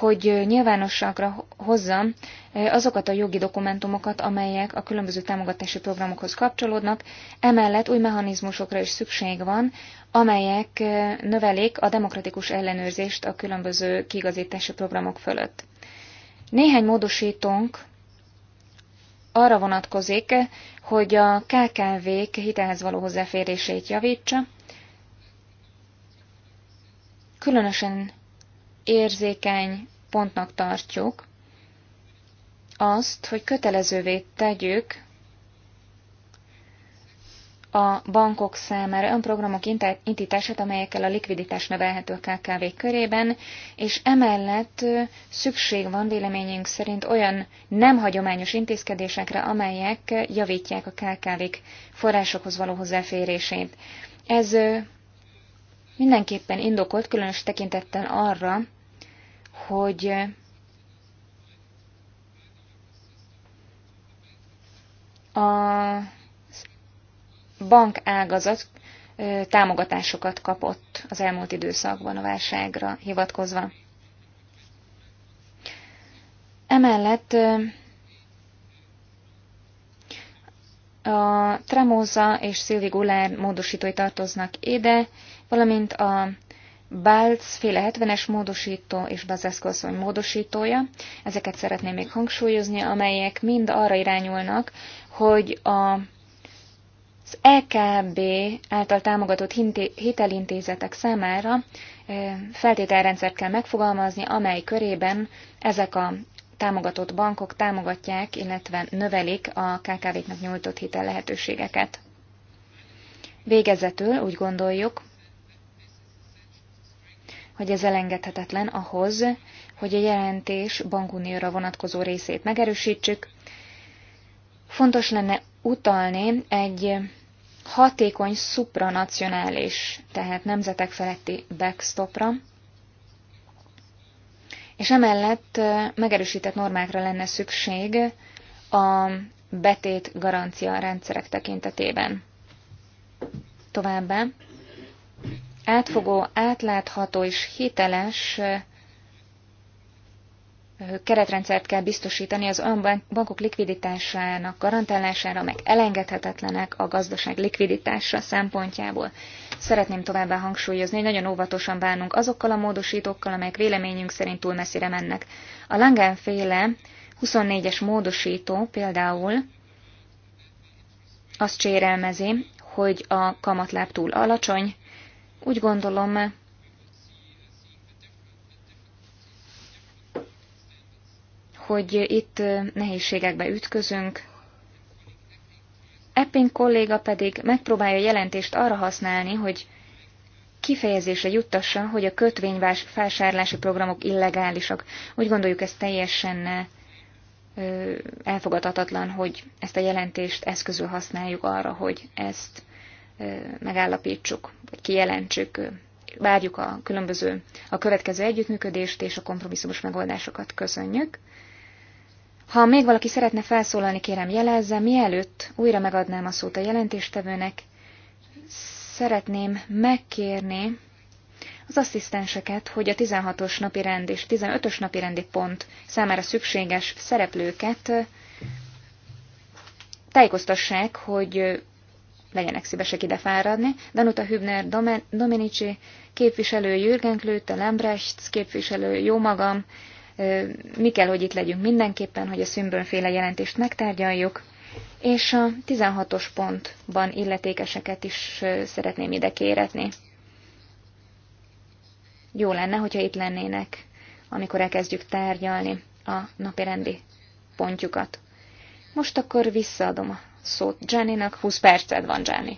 hogy nyilvánosságra hozzam eh, azokat a jogi dokumentumokat, amelyek a különböző támogatási programokhoz kapcsolódnak, emellett új mechanizmusokra is szükség van, amelyek eh, növelik a demokratikus ellenőrzést a különböző kigazítási programok fölött. Néhány módosítónk arra vonatkozik, hogy a KKV-k hitelhez való hozzáférését javítsa, különösen érzékeny pontnak tartjuk azt, hogy kötelezővé tegyük a bankok számára önprogramok programok indítását, amelyekkel a likviditás növelhető a kkv körében, és emellett szükség van véleményünk szerint olyan nem hagyományos intézkedésekre, amelyek javítják a kkv forrásokhoz való hozzáférését. Ez mindenképpen indokolt, különös tekintettel arra, hogy a ágazat támogatásokat kapott az elmúlt időszakban a válságra hivatkozva. Emellett a Tremóza és Szilvi Gulár módosítói tartoznak ide, valamint a Balc féle 70-es módosító és Bazeszko módosítója, ezeket szeretném még hangsúlyozni, amelyek mind arra irányulnak, hogy a, az EKB által támogatott hitelintézetek számára feltételrendszert kell megfogalmazni, amely körében ezek a támogatott bankok támogatják, illetve növelik a KKV-knak nyújtott hitel lehetőségeket. Végezetül úgy gondoljuk, hogy ez elengedhetetlen ahhoz, hogy a jelentés bankunióra vonatkozó részét megerősítsük. Fontos lenne utalni egy hatékony supranacionális, tehát nemzetek feletti backstopra, és emellett megerősített normákra lenne szükség a betét garancia rendszerek tekintetében. Továbbá átfogó, átlátható és hiteles keretrendszert kell biztosítani az olyan bankok likviditásának garantálására, meg elengedhetetlenek a gazdaság likviditása szempontjából. Szeretném továbbá hangsúlyozni, hogy nagyon óvatosan bánunk azokkal a módosítókkal, amelyek véleményünk szerint túl messzire mennek. A Langenféle 24-es módosító például azt sérelmezi, hogy a kamatláb túl alacsony, úgy gondolom, e, hogy itt e, nehézségekbe ütközünk. Epping kolléga pedig megpróbálja a jelentést arra használni, hogy kifejezésre juttassa, hogy a kötvényvásárlási programok illegálisak. Úgy gondoljuk, ez teljesen e, elfogadhatatlan, hogy ezt a jelentést eszközül használjuk arra, hogy ezt megállapítsuk, vagy kijelentsük, várjuk a különböző, a következő együttműködést és a kompromisszumos megoldásokat köszönjük. Ha még valaki szeretne felszólalni, kérem jelezze, mielőtt újra megadnám a szót a jelentéstevőnek, szeretném megkérni az asszisztenseket, hogy a 16-os napi rend és 15-ös napi rendi pont számára szükséges szereplőket tájékoztassák, hogy legyenek szívesek ide fáradni. Danuta Hübner Domenici képviselő, Jürgen Klőte, Lambrechts képviselő, jó magam, mi kell, hogy itt legyünk mindenképpen, hogy a szümbönféle jelentést megtárgyaljuk, és a 16-os pontban illetékeseket is szeretném ide kéretni. Jó lenne, hogyha itt lennének, amikor elkezdjük tárgyalni a napirendi pontjukat. Most akkor visszaadom a szót Jenny-nek. 20 perced van, Jenny.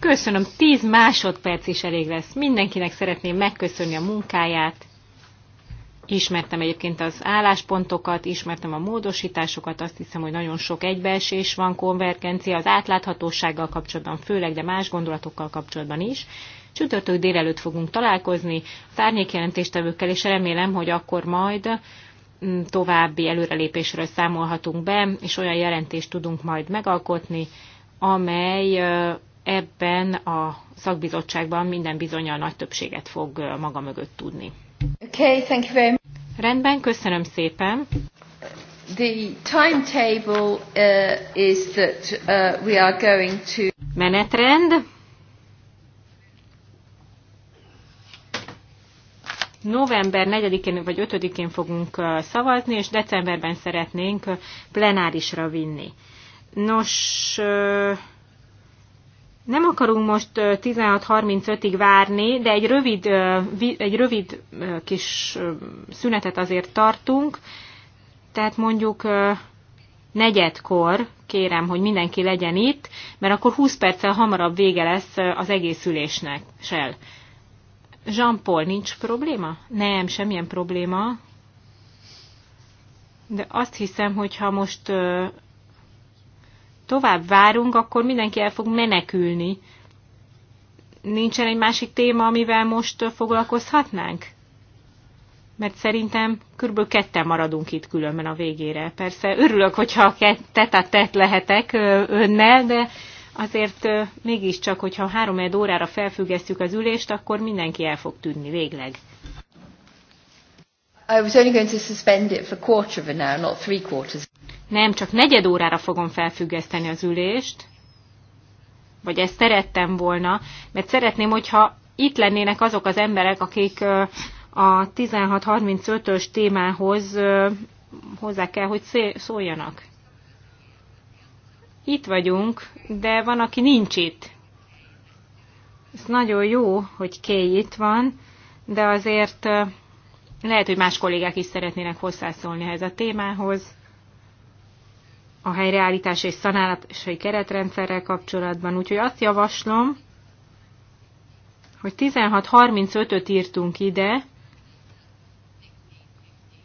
Köszönöm, 10 másodperc is elég lesz. Mindenkinek szeretném megköszönni a munkáját. Ismertem egyébként az álláspontokat, ismertem a módosításokat, azt hiszem, hogy nagyon sok egybeesés van, konvergencia az átláthatósággal kapcsolatban főleg, de más gondolatokkal kapcsolatban is. Csütörtök délelőtt fogunk találkozni az árnyékjelentéstevőkkel, és remélem, hogy akkor majd további előrelépésről számolhatunk be, és olyan jelentést tudunk majd megalkotni, amely ebben a szakbizottságban minden bizonyal nagy többséget fog maga mögött tudni. Okay, thank you very much. Rendben, köszönöm szépen. The timetable uh, is that uh, we are going to... Menetrend. november 4-én vagy 5-én fogunk szavazni, és decemberben szeretnénk plenárisra vinni. Nos, nem akarunk most 16.35-ig várni, de egy rövid, egy rövid kis szünetet azért tartunk, tehát mondjuk negyedkor kérem, hogy mindenki legyen itt, mert akkor 20 perccel hamarabb vége lesz az egész ülésnek. Sel. Jean-Paul, nincs probléma? Nem, semmilyen probléma. De azt hiszem, hogy ha most tovább várunk, akkor mindenki el fog menekülni. Nincsen egy másik téma, amivel most foglalkozhatnánk? Mert szerintem kb. ketten maradunk itt különben a végére. Persze örülök, hogyha tett tett lehetek önnel, de azért mégiscsak, hogyha három órára felfüggesztjük az ülést, akkor mindenki el fog tűnni végleg. I was only going to suspend it for quarter of an hour, not three quarters. Nem, csak negyed órára fogom felfüggeszteni az ülést. Vagy ezt szerettem volna, mert szeretném, hogyha itt lennének azok az emberek, akik a 1635-ös témához hozzá kell, hogy szóljanak itt vagyunk, de van, aki nincs itt. Ez nagyon jó, hogy Kay itt van, de azért lehet, hogy más kollégák is szeretnének hozzászólni ehhez a témához. A helyreállítás és szanálási keretrendszerrel kapcsolatban. Úgyhogy azt javaslom, hogy 16.35-öt írtunk ide,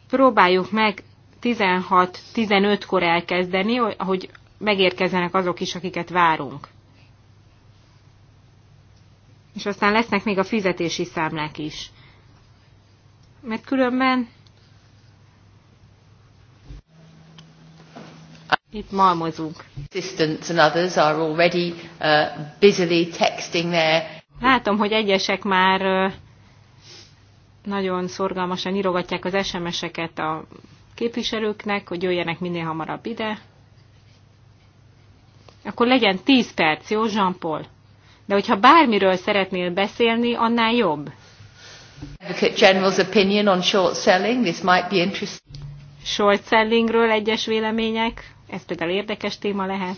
próbáljuk meg 1615 kor elkezdeni, hogy megérkezzenek azok is, akiket várunk. És aztán lesznek még a fizetési számlák is. Mert különben Itt malmozunk. Assistants and others are already uh, busily texting there. Látom, hogy egyesek már uh, nagyon szorgalmasan írogatják az SMS-eket a képviselőknek, hogy jöjjenek minél hamarabb ide akkor legyen 10 perc, jó, Jean-Paul? De hogyha bármiről szeretnél beszélni, annál jobb. Advocate General's opinion on short selling, this might be interesting. Short sellingről egyes vélemények, ez például érdekes téma lehet.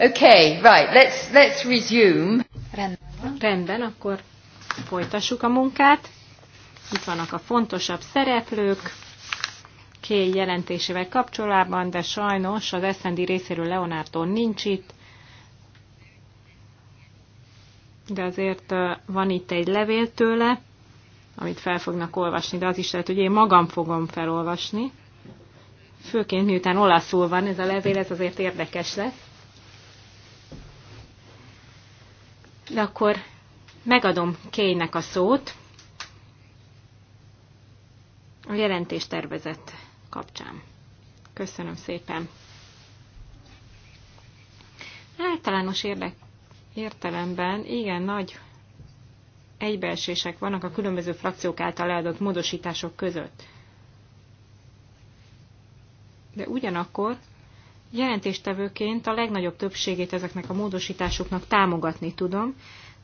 Okay, right, let's, let's resume. Rendben, akkor folytassuk a munkát. Itt vannak a fontosabb szereplők Kéj jelentésével kapcsolatban, de sajnos az eszendi részéről Leonardo nincs itt. De azért van itt egy levél tőle, amit fel fognak olvasni, de az is lehet, hogy én magam fogom felolvasni. Főként miután olaszul van ez a levél, ez azért érdekes lesz. De akkor megadom Kénynek a szót a jelentéstervezet kapcsán. Köszönöm szépen. Általános érdek, értelemben igen nagy egybeesések vannak a különböző frakciók által eladott módosítások között. De ugyanakkor jelentéstevőként a legnagyobb többségét ezeknek a módosításoknak támogatni tudom,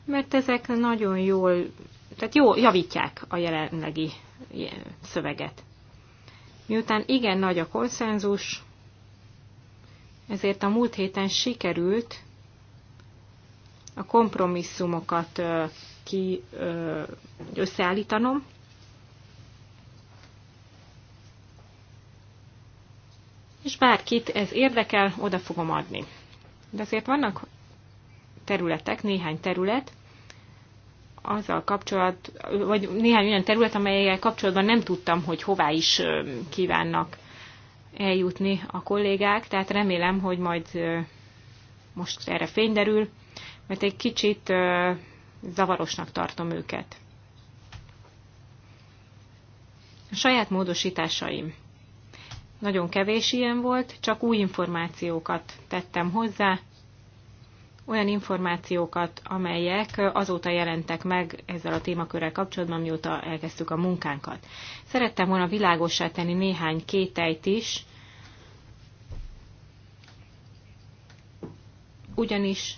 mert ezek nagyon jól, tehát jó, javítják a jelenlegi szöveget. Miután igen nagy a konszenzus, ezért a múlt héten sikerült a kompromisszumokat ki összeállítanom, és bárkit ez érdekel, oda fogom adni. De azért vannak területek, néhány terület, azzal kapcsolat, vagy néhány olyan terület, amelyekkel kapcsolatban nem tudtam, hogy hová is kívánnak eljutni a kollégák, tehát remélem, hogy majd most erre fény derül, mert egy kicsit zavarosnak tartom őket. A saját módosításaim. Nagyon kevés ilyen volt, csak új információkat tettem hozzá, olyan információkat, amelyek azóta jelentek meg ezzel a témakörrel kapcsolatban, mióta elkezdtük a munkánkat. Szerettem volna világosá tenni néhány kételyt is, ugyanis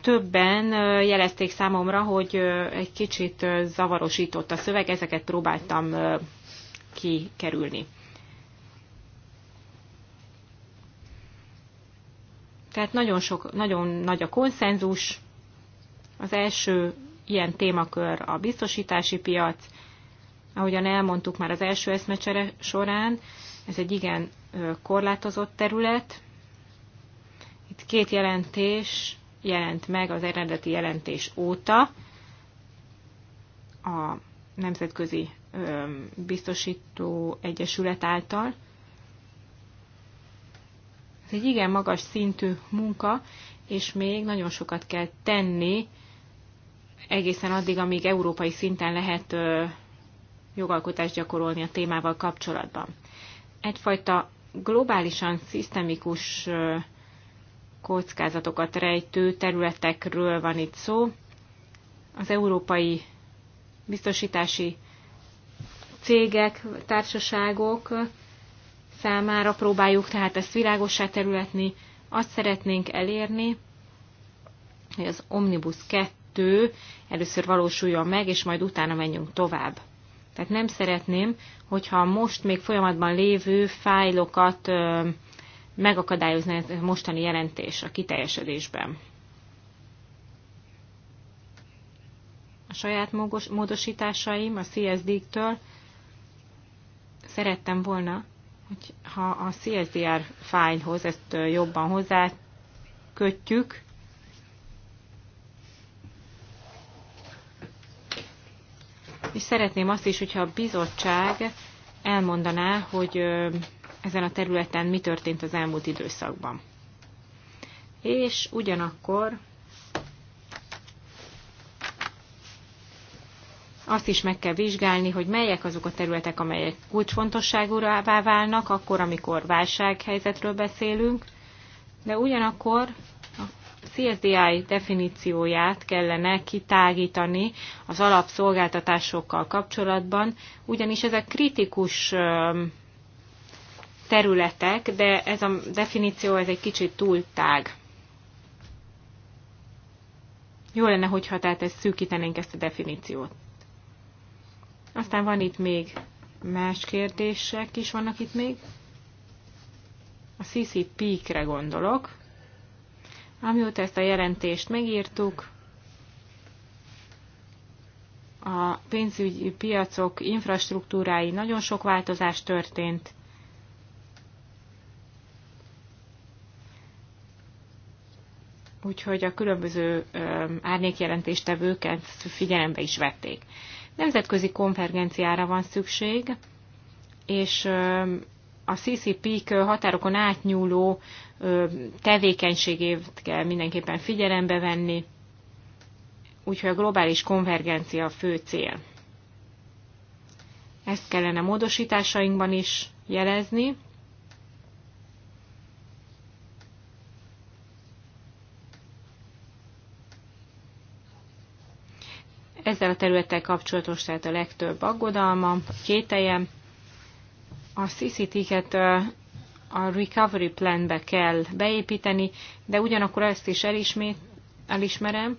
többen jelezték számomra, hogy egy kicsit zavarosított a szöveg, ezeket próbáltam kikerülni. Tehát nagyon, sok, nagyon nagy a konszenzus. Az első ilyen témakör a biztosítási piac. Ahogyan elmondtuk már az első eszmecsere során, ez egy igen korlátozott terület. Itt két jelentés jelent meg az eredeti jelentés óta. A Nemzetközi Biztosító Egyesület által. Ez egy igen magas szintű munka, és még nagyon sokat kell tenni egészen addig, amíg európai szinten lehet jogalkotást gyakorolni a témával kapcsolatban. Egyfajta globálisan szisztemikus kockázatokat rejtő területekről van itt szó. Az európai biztosítási cégek, társaságok számára próbáljuk tehát ezt világosá területni. Azt szeretnénk elérni, hogy az Omnibus 2 először valósuljon meg, és majd utána menjünk tovább. Tehát nem szeretném, hogyha a most még folyamatban lévő fájlokat megakadályozni a mostani jelentés a kiteljesedésben. A saját módosításaim a CSD-től szerettem volna ha a CSDR fájlhoz ezt jobban hozzá kötjük, és szeretném azt is, hogyha a bizottság elmondaná, hogy ezen a területen mi történt az elmúlt időszakban. És ugyanakkor azt is meg kell vizsgálni, hogy melyek azok a területek, amelyek kulcsfontosságúra válnak, akkor, amikor válsághelyzetről beszélünk, de ugyanakkor a CSDI definícióját kellene kitágítani az alapszolgáltatásokkal kapcsolatban, ugyanis ezek kritikus területek, de ez a definíció ez egy kicsit túl tág. Jó lenne, hogyha tehát ezt szűkítenénk ezt a definíciót. Aztán van itt még más kérdések is vannak itt még. A CC Peak-re gondolok. Amióta ezt a jelentést megírtuk, a pénzügyi piacok infrastruktúrái nagyon sok változás történt. Úgyhogy a különböző árnyékjelentéstevőket figyelembe is vették. Nemzetközi konvergenciára van szükség, és a CCP-k határokon átnyúló tevékenységét kell mindenképpen figyelembe venni, úgyhogy a globális konvergencia a fő cél. Ezt kellene módosításainkban is jelezni. Ezzel a területtel kapcsolatos tehát a legtöbb aggodalma, kételje. A CCT-ket a recovery planbe kell beépíteni, de ugyanakkor ezt is elismét, elismerem,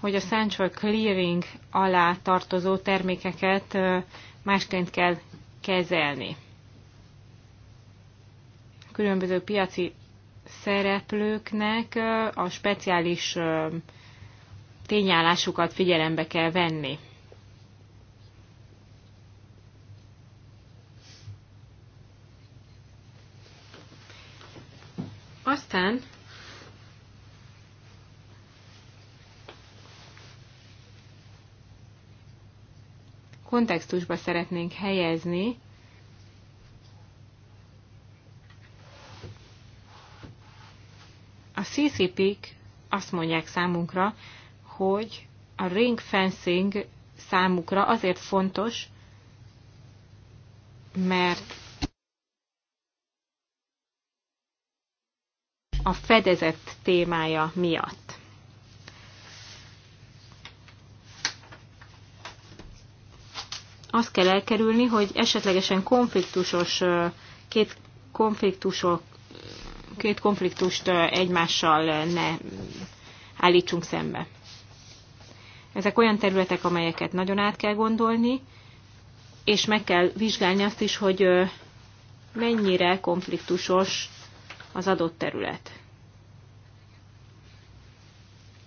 hogy a central clearing alá tartozó termékeket másként kell kezelni. Különböző piaci szereplőknek a speciális tényállásukat figyelembe kell venni. Aztán kontextusba szeretnénk helyezni a CCP-k azt mondják számunkra, hogy a ring fencing számukra azért fontos, mert a fedezett témája miatt. Azt kell elkerülni, hogy esetlegesen konfliktusos két konfliktusok két konfliktust egymással ne állítsunk szembe. Ezek olyan területek, amelyeket nagyon át kell gondolni, és meg kell vizsgálni azt is, hogy mennyire konfliktusos az adott terület.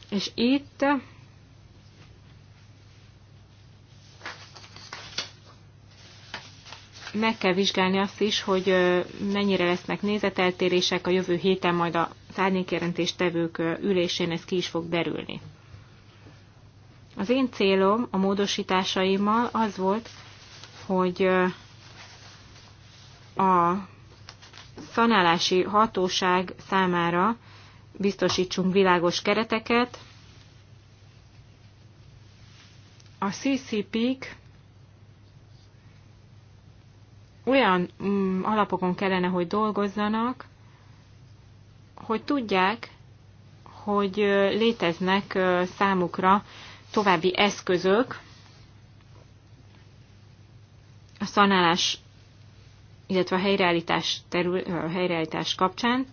És itt meg kell vizsgálni azt is, hogy mennyire lesznek nézeteltérések a jövő héten, majd a tevők ülésén ez ki is fog derülni. Az én célom a módosításaimmal az volt, hogy a szanálási hatóság számára biztosítsunk világos kereteket. A CCP-k olyan mm, alapokon kellene, hogy dolgozzanak, hogy tudják, hogy léteznek számukra további eszközök a szanálás, illetve a helyreállítás, terül, a helyreállítás kapcsán.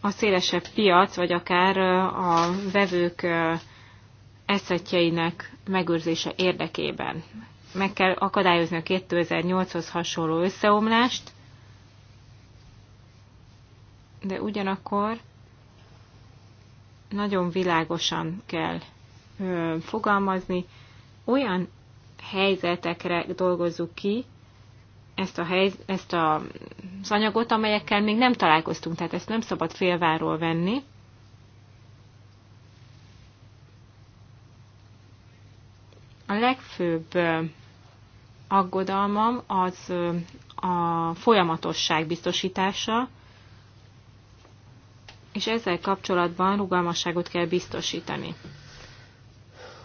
A szélesebb piac, vagy akár a vevők eszetjeinek megőrzése érdekében. Meg kell akadályozni a 2008-hoz hasonló összeomlást, de ugyanakkor nagyon világosan kell ö, fogalmazni, olyan helyzetekre dolgozzuk ki ezt a, hely, ezt a az anyagot, amelyekkel még nem találkoztunk, tehát ezt nem szabad félváról venni. A legfőbb aggodalmam az a folyamatosság biztosítása, és ezzel kapcsolatban rugalmasságot kell biztosítani.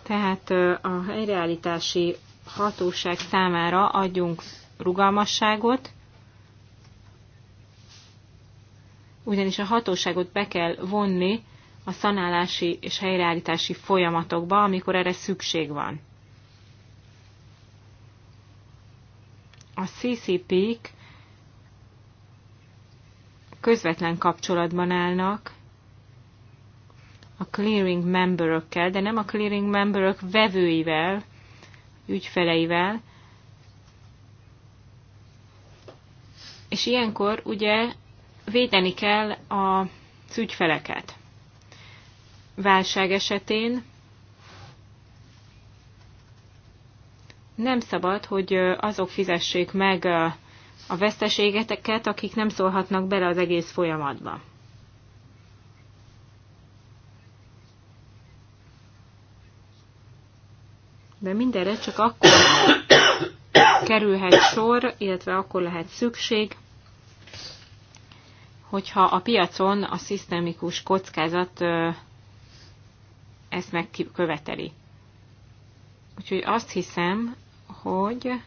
Tehát a helyreállítási hatóság számára adjunk rugalmasságot, ugyanis a hatóságot be kell vonni a szanálási és helyreállítási folyamatokba, amikor erre szükség van. A CCP-k közvetlen kapcsolatban állnak a clearing memberökkel, de nem a clearing memberök vevőivel, ügyfeleivel. És ilyenkor ugye védeni kell a ügyfeleket. Válság esetén nem szabad, hogy azok fizessék meg a a veszteségeteket, akik nem szólhatnak bele az egész folyamatba. De mindenre csak akkor kerülhet sor, illetve akkor lehet szükség, hogyha a piacon a szisztemikus kockázat ezt megköveteli. Úgyhogy azt hiszem, hogy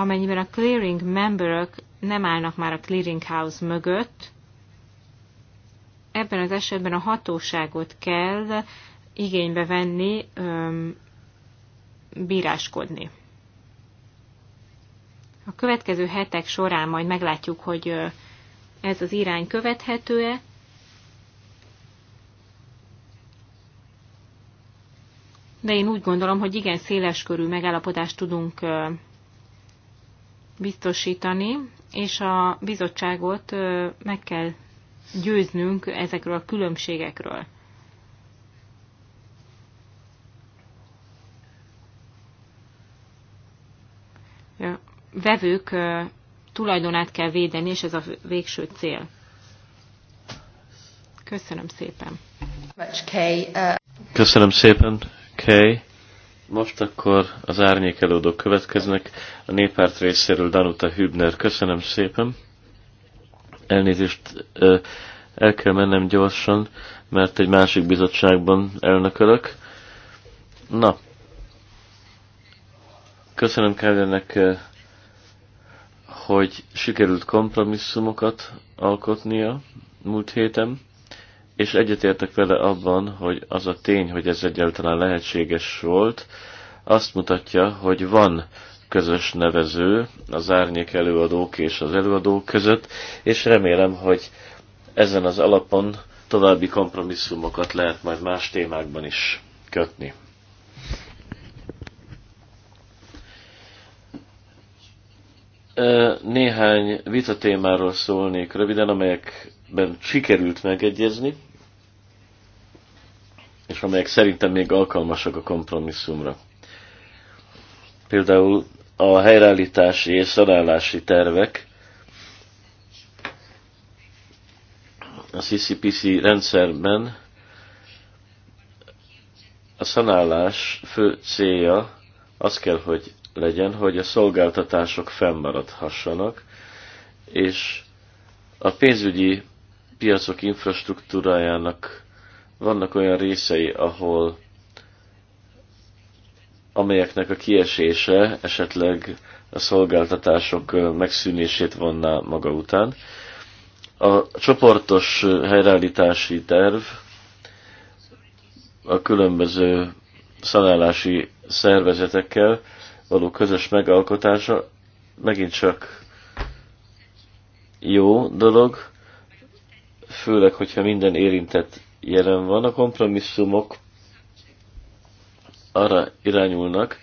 amennyiben a clearing memberök nem állnak már a clearing house mögött, ebben az esetben a hatóságot kell igénybe venni, bíráskodni. A következő hetek során majd meglátjuk, hogy ez az irány követhető-e. De én úgy gondolom, hogy igen széleskörű megállapodást tudunk biztosítani, és a bizottságot meg kell győznünk ezekről a különbségekről. A vevők tulajdonát kell védeni, és ez a végső cél. Köszönöm szépen. Uh, Köszönöm szépen, Kay. Most akkor az árnyékelődők következnek. A néppárt részéről Danuta Hübner. Köszönöm szépen. Elnézést el kell mennem gyorsan, mert egy másik bizottságban elnökölök. Na, köszönöm Kevinnek, hogy sikerült kompromisszumokat alkotnia múlt héten és egyetértek vele abban, hogy az a tény, hogy ez egyáltalán lehetséges volt, azt mutatja, hogy van közös nevező az árnyék előadók és az előadók között, és remélem, hogy ezen az alapon további kompromisszumokat lehet majd más témákban is kötni. Néhány vita témáról szólnék röviden, amelyekben sikerült megegyezni és amelyek szerintem még alkalmasak a kompromisszumra. Például a helyreállítási és szanálási tervek, a CCPC rendszerben a szanálás fő célja az kell, hogy legyen, hogy a szolgáltatások fennmaradhassanak, és a pénzügyi piacok infrastruktúrájának vannak olyan részei, ahol amelyeknek a kiesése esetleg a szolgáltatások megszűnését vonná maga után. A csoportos helyreállítási terv a különböző szanálási szervezetekkel való közös megalkotása megint csak jó dolog, főleg, hogyha minden érintett jelen van. A kompromisszumok arra irányulnak,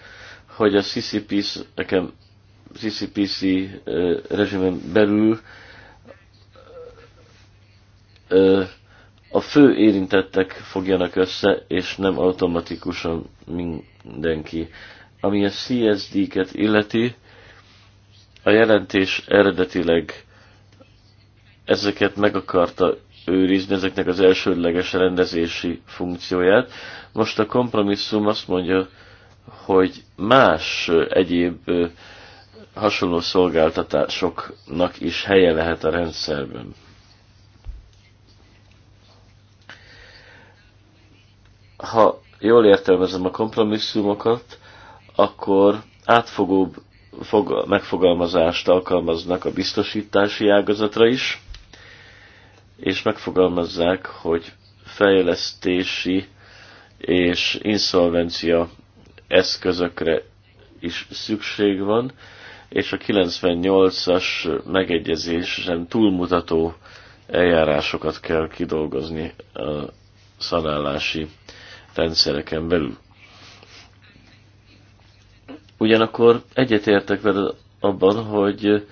hogy a CCPC, nekem CCPC rezsimen belül a fő érintettek fogjanak össze, és nem automatikusan mindenki. Ami a CSD-ket illeti, a jelentés eredetileg ezeket meg akarta őrizni ezeknek az elsődleges rendezési funkcióját. Most a kompromisszum azt mondja, hogy más egyéb hasonló szolgáltatásoknak is helye lehet a rendszerben. Ha jól értelmezem a kompromisszumokat, akkor átfogóbb megfogalmazást alkalmaznak a biztosítási ágazatra is, és megfogalmazzák, hogy fejlesztési és inszolvencia eszközökre is szükség van, és a 98-as megegyezésen túlmutató eljárásokat kell kidolgozni a szanálási rendszereken belül. Ugyanakkor egyetértek veled abban, hogy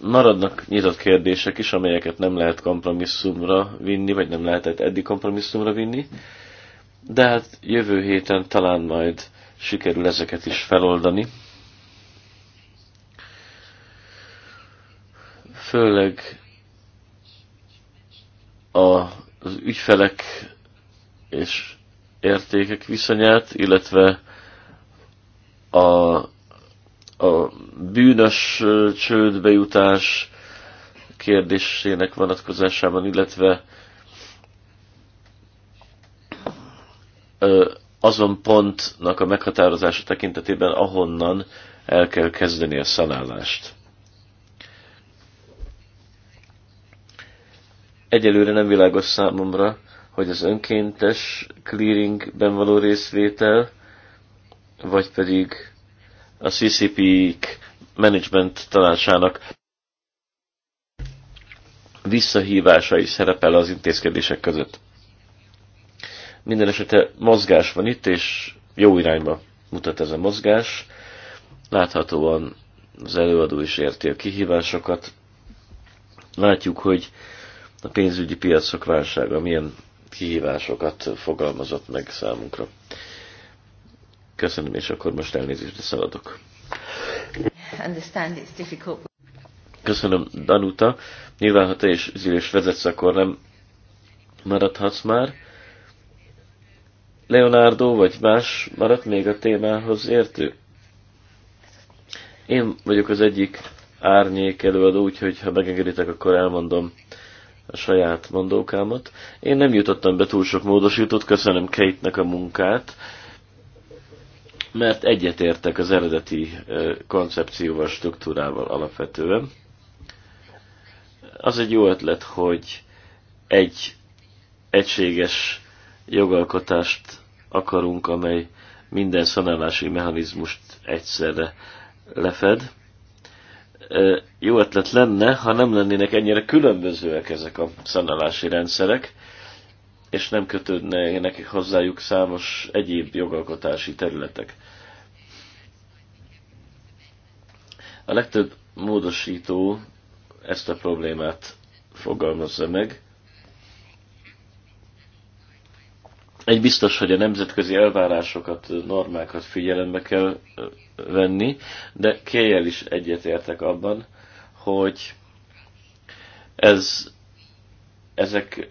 maradnak nyitott kérdések is, amelyeket nem lehet kompromisszumra vinni, vagy nem lehetett eddig kompromisszumra vinni, de hát jövő héten talán majd sikerül ezeket is feloldani. Főleg a, az ügyfelek és értékek viszonyát, illetve a a bűnös csődbejutás kérdésének vonatkozásában, illetve azon pontnak a meghatározása tekintetében, ahonnan el kell kezdeni a szanálást. Egyelőre nem világos számomra, hogy az önkéntes clearingben való részvétel, vagy pedig a CCP-k management tanácsának visszahívása is szerepel az intézkedések között. Minden esetre mozgás van itt, és jó irányba mutat ez a mozgás. Láthatóan az előadó is érti a kihívásokat. Látjuk, hogy a pénzügyi piacok válsága milyen kihívásokat fogalmazott meg számunkra. Köszönöm, és akkor most de szaladok. Köszönöm, Danuta. Nyilván, ha te és Zilés vezetsz, akkor nem maradhatsz már. Leonardo vagy más maradt még a témához értő? Én vagyok az egyik árnyék előadó, úgyhogy ha megengeditek, akkor elmondom a saját mondókámat. Én nem jutottam be túl sok módosítót, köszönöm Kate-nek a munkát mert egyetértek az eredeti koncepcióval, struktúrával alapvetően. Az egy jó ötlet, hogy egy egységes jogalkotást akarunk, amely minden szanálási mechanizmust egyszerre lefed. Jó ötlet lenne, ha nem lennének ennyire különbözőek ezek a szanálási rendszerek, és nem kötődne nekik hozzájuk számos egyéb jogalkotási területek. A legtöbb módosító ezt a problémát fogalmazza meg. Egy biztos, hogy a nemzetközi elvárásokat, normákat figyelembe kell venni, de kéjel is egyetértek abban, hogy ez, ezek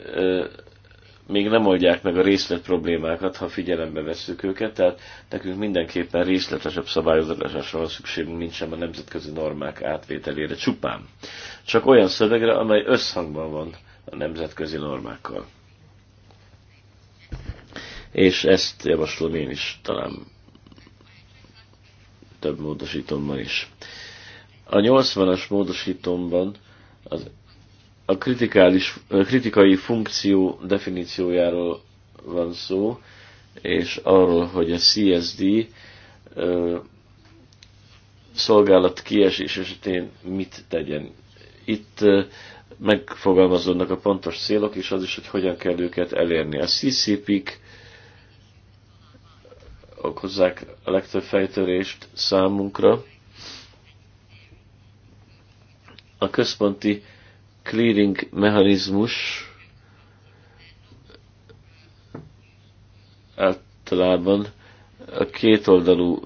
még nem oldják meg a részlet problémákat, ha figyelembe vesszük őket, tehát nekünk mindenképpen részletesebb szabályozásra van szükségünk, mint sem a nemzetközi normák átvételére csupán. Csak olyan szövegre, amely összhangban van a nemzetközi normákkal. És ezt javaslom én is, talán több módosítomban is. A 80-as módosítomban az a kritikális, kritikai funkció definíciójáról van szó, és arról, hogy a CSD ö, szolgálat kiesés esetén mit tegyen. Itt ö, megfogalmazódnak a pontos célok, és az is, hogy hogyan kell őket elérni. A CCP-k okozzák a legtöbb fejtörést számunkra. A központi clearing mechanizmus általában a kétoldalú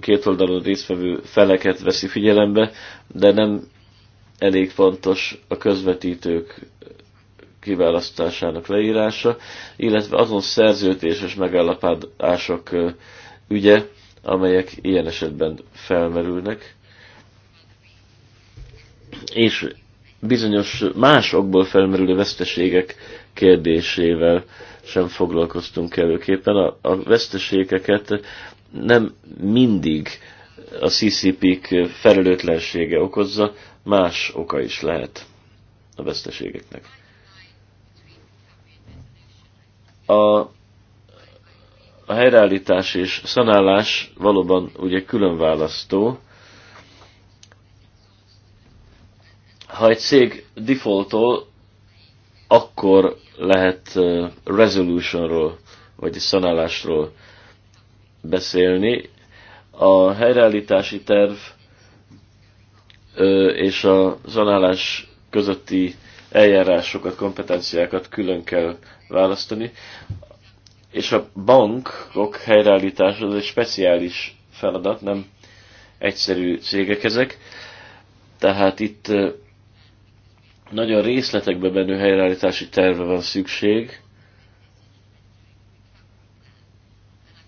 kétoldalú résztvevő feleket veszi figyelembe, de nem elég fontos a közvetítők kiválasztásának leírása, illetve azon szerződéses megállapodások ügye, amelyek ilyen esetben felmerülnek, és bizonyos más okból felmerülő veszteségek kérdésével sem foglalkoztunk előképpen. A, a veszteségeket nem mindig a CCP-k felelőtlensége okozza, más oka is lehet a veszteségeknek. A, a helyreállítás és szanálás valóban ugye külön választó, ha egy cég defaultol, akkor lehet resolutionról, vagy szanálásról beszélni. A helyreállítási terv és a szanálás közötti eljárásokat, kompetenciákat külön kell választani, és a bankok helyreállítása az egy speciális feladat, nem egyszerű cégek ezek, tehát itt nagyon részletekbe menő helyreállítási terve van szükség,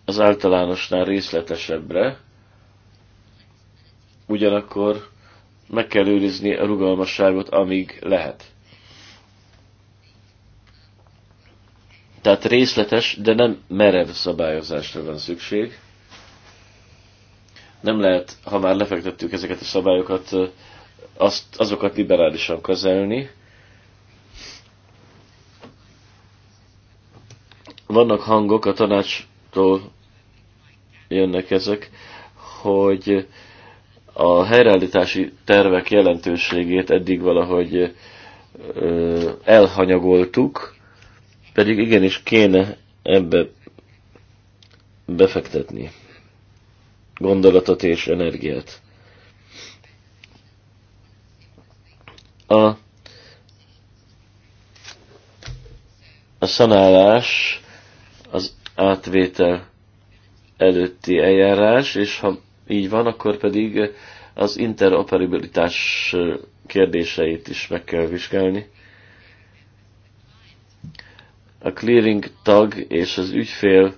az általánosnál részletesebbre, ugyanakkor meg kell őrizni a rugalmasságot, amíg lehet. Tehát részletes, de nem merev szabályozásra van szükség. Nem lehet, ha már lefektettük ezeket a szabályokat, azt, azokat liberálisan kezelni. Vannak hangok, a tanácstól jönnek ezek, hogy a helyreállítási tervek jelentőségét eddig valahogy elhanyagoltuk, pedig igenis kéne ebbe befektetni gondolatot és energiát. A, a szanálás az átvétel előtti eljárás, és ha így van, akkor pedig az interoperabilitás kérdéseit is meg kell vizsgálni. A clearing tag és az ügyfél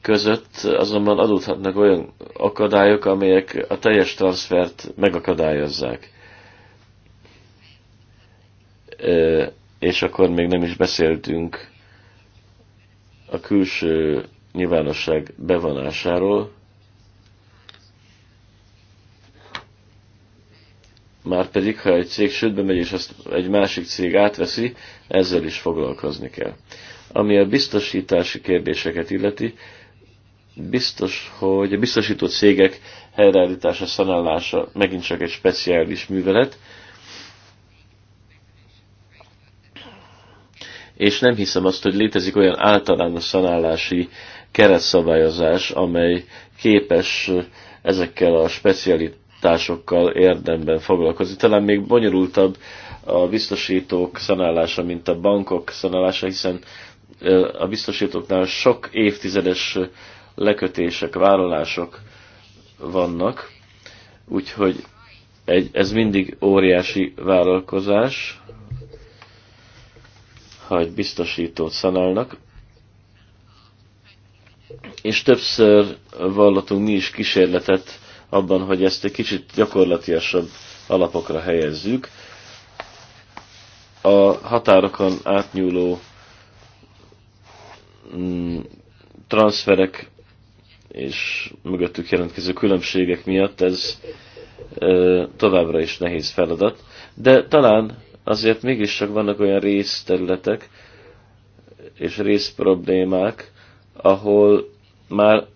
között azonban adódhatnak olyan akadályok, amelyek a teljes transfert megakadályozzák és akkor még nem is beszéltünk a külső nyilvánosság bevonásáról, már pedig, ha egy cég sődbe megy, és azt egy másik cég átveszi, ezzel is foglalkozni kell. Ami a biztosítási kérdéseket illeti, biztos, hogy a biztosító cégek helyreállítása, szanálása megint csak egy speciális művelet, és nem hiszem azt, hogy létezik olyan általános szanálási keretszabályozás, amely képes ezekkel a specialitásokkal érdemben foglalkozni. Talán még bonyolultabb a biztosítók szanálása, mint a bankok szanálása, hiszen a biztosítóknál sok évtizedes lekötések, vállalások vannak, úgyhogy egy, ez mindig óriási vállalkozás, ha egy biztosítót szanálnak, és többször vallatunk mi is kísérletet abban, hogy ezt egy kicsit gyakorlatiasabb alapokra helyezzük. A határokon átnyúló mm, transferek és mögöttük jelentkező különbségek miatt ez továbbra is nehéz feladat, de talán azért mégiscsak vannak olyan részterületek és részproblémák, ahol már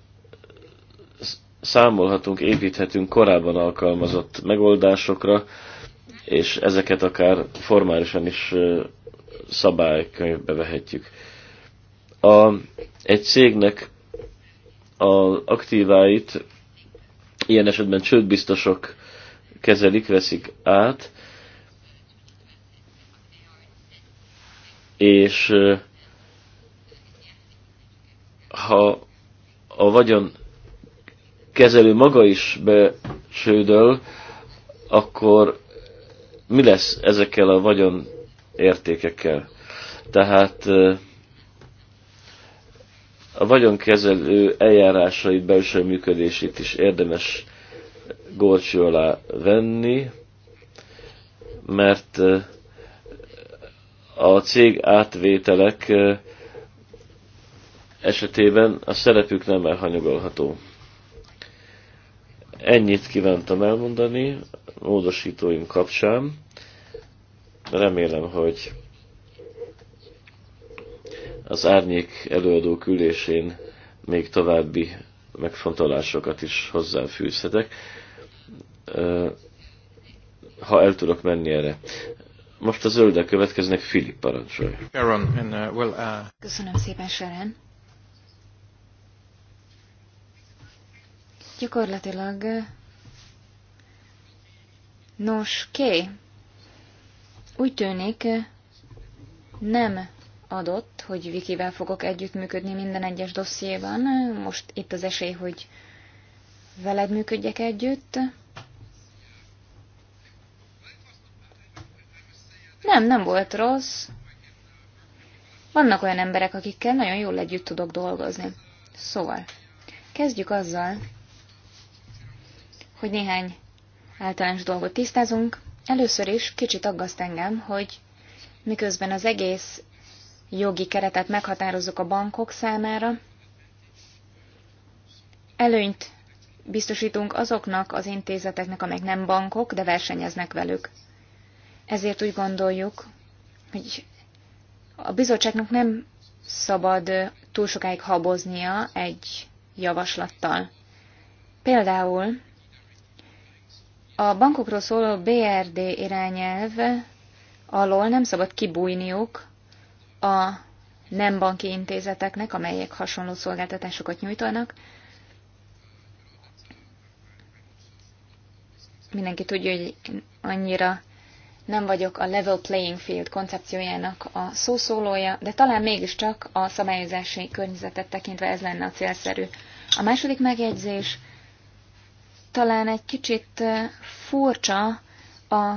számolhatunk, építhetünk korábban alkalmazott megoldásokra, és ezeket akár formálisan is szabálykönyvbe vehetjük. A, egy cégnek az aktíváit ilyen esetben csődbiztosok kezelik, veszik át, és ha a vagyon kezelő maga is becsődöl, akkor mi lesz ezekkel a vagyon értékekkel? Tehát a vagyonkezelő eljárásai belső működését is érdemes górcső alá venni, mert a cég átvételek esetében a szerepük nem elhanyagolható. Ennyit kívántam elmondani módosítóim kapcsán. Remélem, hogy az árnyék előadó ülésén még további megfontolásokat is hozzáfűzhetek, ha el tudok menni erre. Most a zöldek következnek, Filip parancsolja. Sharon, and, uh, well, uh... Köszönöm szépen, Sharon. Gyakorlatilag... Uh, nos, ké? Úgy tűnik, uh, nem adott, hogy Vikivel fogok együttműködni minden egyes dossziéban. Most itt az esély, hogy veled működjek együtt. Nem, nem volt rossz. Vannak olyan emberek, akikkel nagyon jól együtt tudok dolgozni. Szóval, kezdjük azzal, hogy néhány általános dolgot tisztázunk. Először is kicsit aggaszt engem, hogy miközben az egész jogi keretet meghatározzuk a bankok számára, előnyt biztosítunk azoknak az intézeteknek, amelyek nem bankok, de versenyeznek velük. Ezért úgy gondoljuk, hogy a bizottságnak nem szabad túl sokáig haboznia egy javaslattal. Például a bankokról szóló BRD irányelv alól nem szabad kibújniuk a nem banki intézeteknek, amelyek hasonló szolgáltatásokat nyújtanak. Mindenki tudja, hogy annyira nem vagyok a level playing field koncepciójának a szószólója, de talán mégiscsak a szabályozási környezetet tekintve ez lenne a célszerű. A második megjegyzés talán egy kicsit furcsa a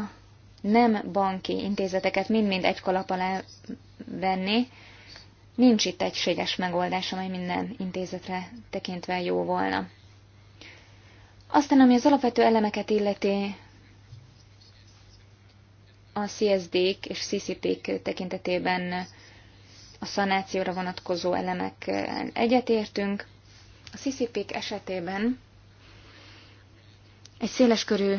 nem banki intézeteket mind-mind egy kalap alá venni. Nincs itt egységes megoldás, amely minden intézetre tekintve jó volna. Aztán, ami az alapvető elemeket illeti, a CSD-k és cct k tekintetében a szanációra vonatkozó elemek egyetértünk. A CCP-k esetében egy széleskörű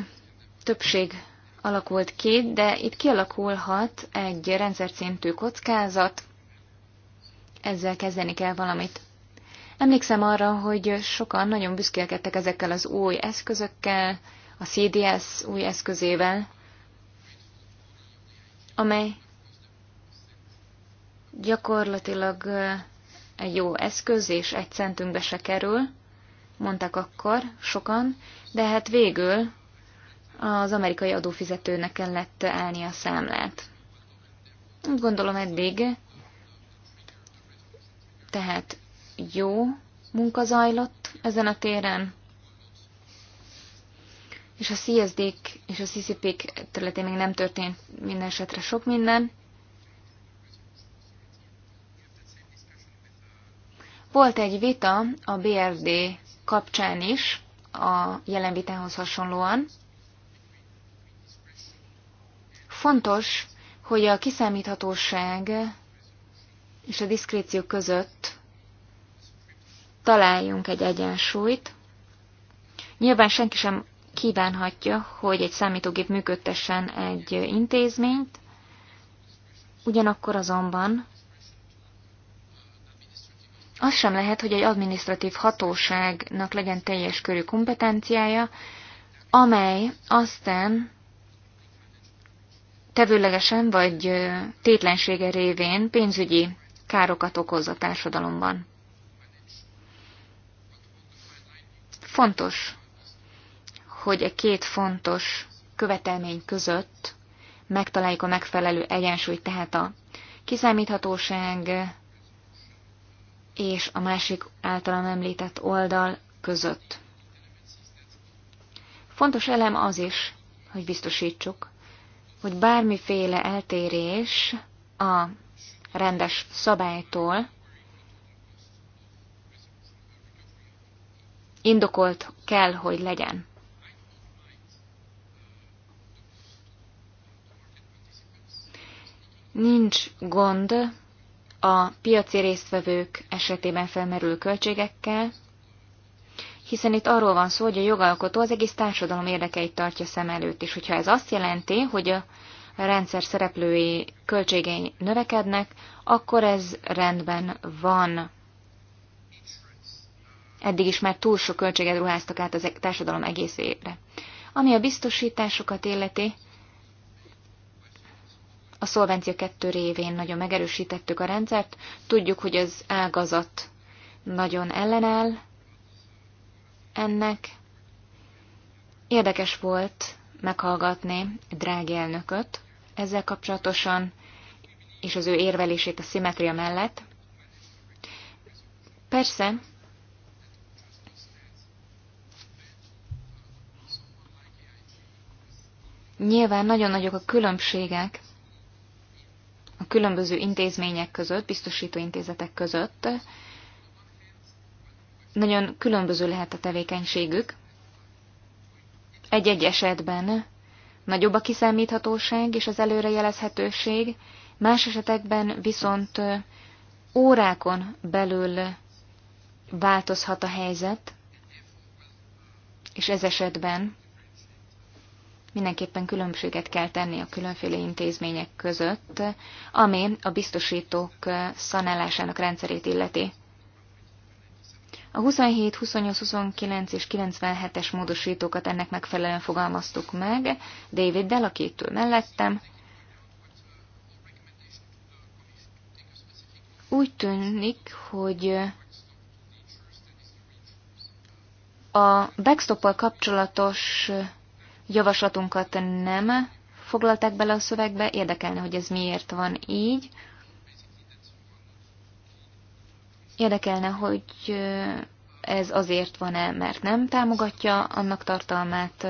többség alakult ki, de itt kialakulhat egy rendszerszintű kockázat, ezzel kezdeni kell valamit. Emlékszem arra, hogy sokan nagyon büszkélkedtek ezekkel az új eszközökkel, a CDS új eszközével, amely gyakorlatilag egy jó eszköz, és egy centünkbe se kerül, mondták akkor sokan, de hát végül az amerikai adófizetőnek kellett állni a számlát. Úgy gondolom eddig, tehát jó munka zajlott ezen a téren, és a CSD-k és a ccp k területén még nem történt minden esetre sok minden. Volt egy vita a BRD er kapcsán is, a jelen vitához hasonlóan. Fontos, hogy a kiszámíthatóság és a diszkréció között találjunk egy egyensúlyt. Nyilván senki sem kívánhatja, hogy egy számítógép működtessen egy intézményt, ugyanakkor azonban az sem lehet, hogy egy adminisztratív hatóságnak legyen teljes körű kompetenciája, amely aztán tevőlegesen vagy tétlensége révén pénzügyi károkat okoz a társadalomban. Fontos hogy a e két fontos követelmény között megtaláljuk a megfelelő egyensúlyt, tehát a kiszámíthatóság és a másik általam említett oldal között. Fontos elem az is, hogy biztosítsuk, hogy bármiféle eltérés a rendes szabálytól indokolt kell, hogy legyen. nincs gond a piaci résztvevők esetében felmerülő költségekkel, hiszen itt arról van szó, hogy a jogalkotó az egész társadalom érdekeit tartja szem előtt, és hogyha ez azt jelenti, hogy a rendszer szereplői költségei növekednek, akkor ez rendben van. Eddig is már túl sok költséget ruháztak át a e- társadalom egészére. Ami a biztosításokat illeti, a Szolvencia kettő révén nagyon megerősítettük a rendszert. Tudjuk, hogy az ágazat nagyon ellenáll ennek. Érdekes volt meghallgatni drági elnököt ezzel kapcsolatosan, és az ő érvelését a szimetria mellett. Persze, nyilván nagyon nagyok a különbségek a különböző intézmények között, biztosító intézetek között. Nagyon különböző lehet a tevékenységük. Egy-egy esetben nagyobb a kiszámíthatóság és az előrejelezhetőség, más esetekben viszont órákon belül változhat a helyzet, és ez esetben Mindenképpen különbséget kell tenni a különféle intézmények között, ami a biztosítók szanálásának rendszerét illeti. A 27, 28, 29 és 97-es módosítókat ennek megfelelően fogalmaztuk meg, Daviddel, aki itt mellettem. Úgy tűnik, hogy a backstoppal kapcsolatos javaslatunkat nem foglalták bele a szövegbe, érdekelne, hogy ez miért van így. Érdekelne, hogy ez azért van-e, mert nem támogatja annak tartalmát,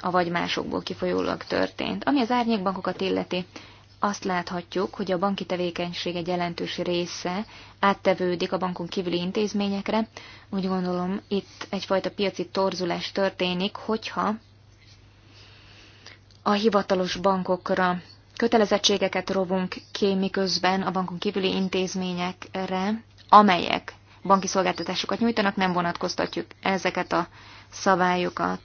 avagy másokból kifolyólag történt. Ami az árnyékbankokat illeti, azt láthatjuk, hogy a banki tevékenység egy jelentős része áttevődik a bankon kívüli intézményekre. Úgy gondolom, itt egyfajta piaci torzulás történik, hogyha a hivatalos bankokra kötelezettségeket rovunk ki, miközben a bankon kívüli intézményekre, amelyek banki szolgáltatásokat nyújtanak, nem vonatkoztatjuk ezeket a szabályokat.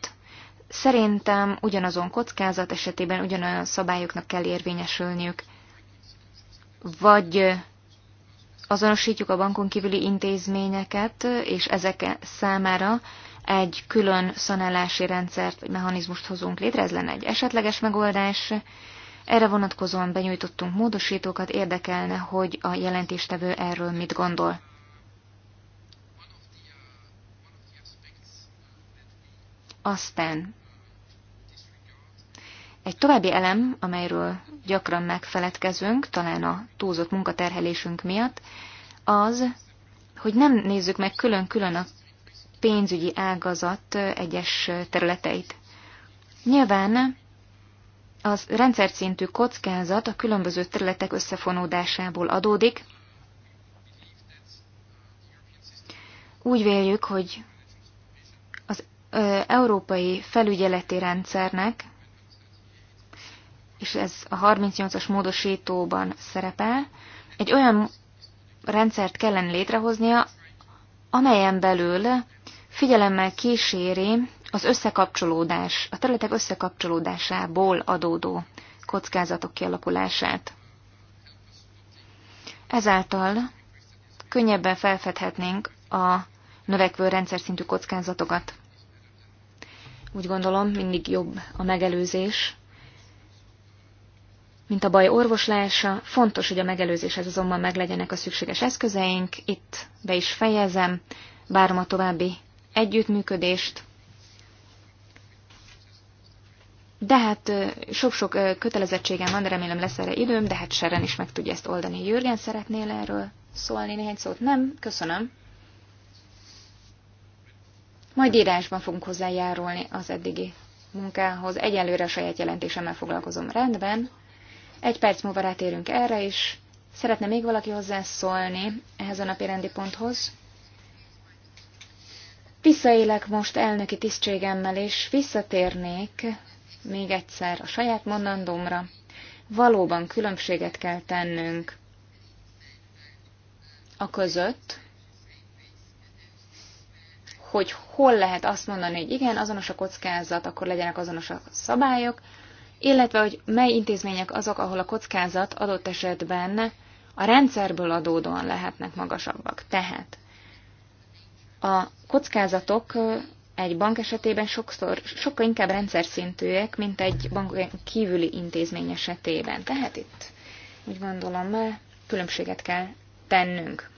Szerintem ugyanazon kockázat esetében ugyanolyan szabályoknak kell érvényesülniük. Vagy azonosítjuk a bankon kívüli intézményeket, és ezek számára egy külön szanálási rendszert, vagy mechanizmust hozunk létre, ez lenne egy esetleges megoldás. Erre vonatkozóan benyújtottunk módosítókat, érdekelne, hogy a jelentéstevő erről mit gondol. Aztán egy további elem, amelyről gyakran megfeledkezünk, talán a túlzott munkaterhelésünk miatt, az, hogy nem nézzük meg külön-külön a pénzügyi ágazat egyes területeit. Nyilván az rendszerszintű kockázat a különböző területek összefonódásából adódik. Úgy véljük, hogy az európai felügyeleti rendszernek, és ez a 38-as módosítóban szerepel, egy olyan rendszert kellene létrehoznia, amelyen belül figyelemmel kíséri az összekapcsolódás, a területek összekapcsolódásából adódó kockázatok kialakulását. Ezáltal könnyebben felfedhetnénk a növekvő rendszer szintű kockázatokat. Úgy gondolom, mindig jobb a megelőzés, mint a baj orvoslása. Fontos, hogy a megelőzéshez azonban meglegyenek a szükséges eszközeink. Itt be is fejezem, várom a további együttműködést. De hát sok-sok kötelezettségem van, de remélem lesz erre időm, de hát Seren is meg tudja ezt oldani. Jürgen, szeretnél erről szólni néhány szót? Nem? Köszönöm. Majd írásban fogunk hozzájárulni az eddigi munkához. Egyelőre a saját jelentésemmel foglalkozom. Rendben. Egy perc múlva rátérünk erre is. Szeretne még valaki hozzászólni ehhez a napi rendi ponthoz? Visszaélek most elnöki tisztségemmel, és visszatérnék még egyszer a saját mondandómra. Valóban különbséget kell tennünk a között, hogy hol lehet azt mondani, hogy igen, azonos a kockázat, akkor legyenek azonos a szabályok, illetve hogy mely intézmények azok, ahol a kockázat adott esetben a rendszerből adódóan lehetnek magasabbak. Tehát a kockázatok egy bank esetében sokszor, sokkal inkább rendszer szintűek, mint egy bank kívüli intézmény esetében. Tehát itt úgy gondolom, különbséget kell tennünk.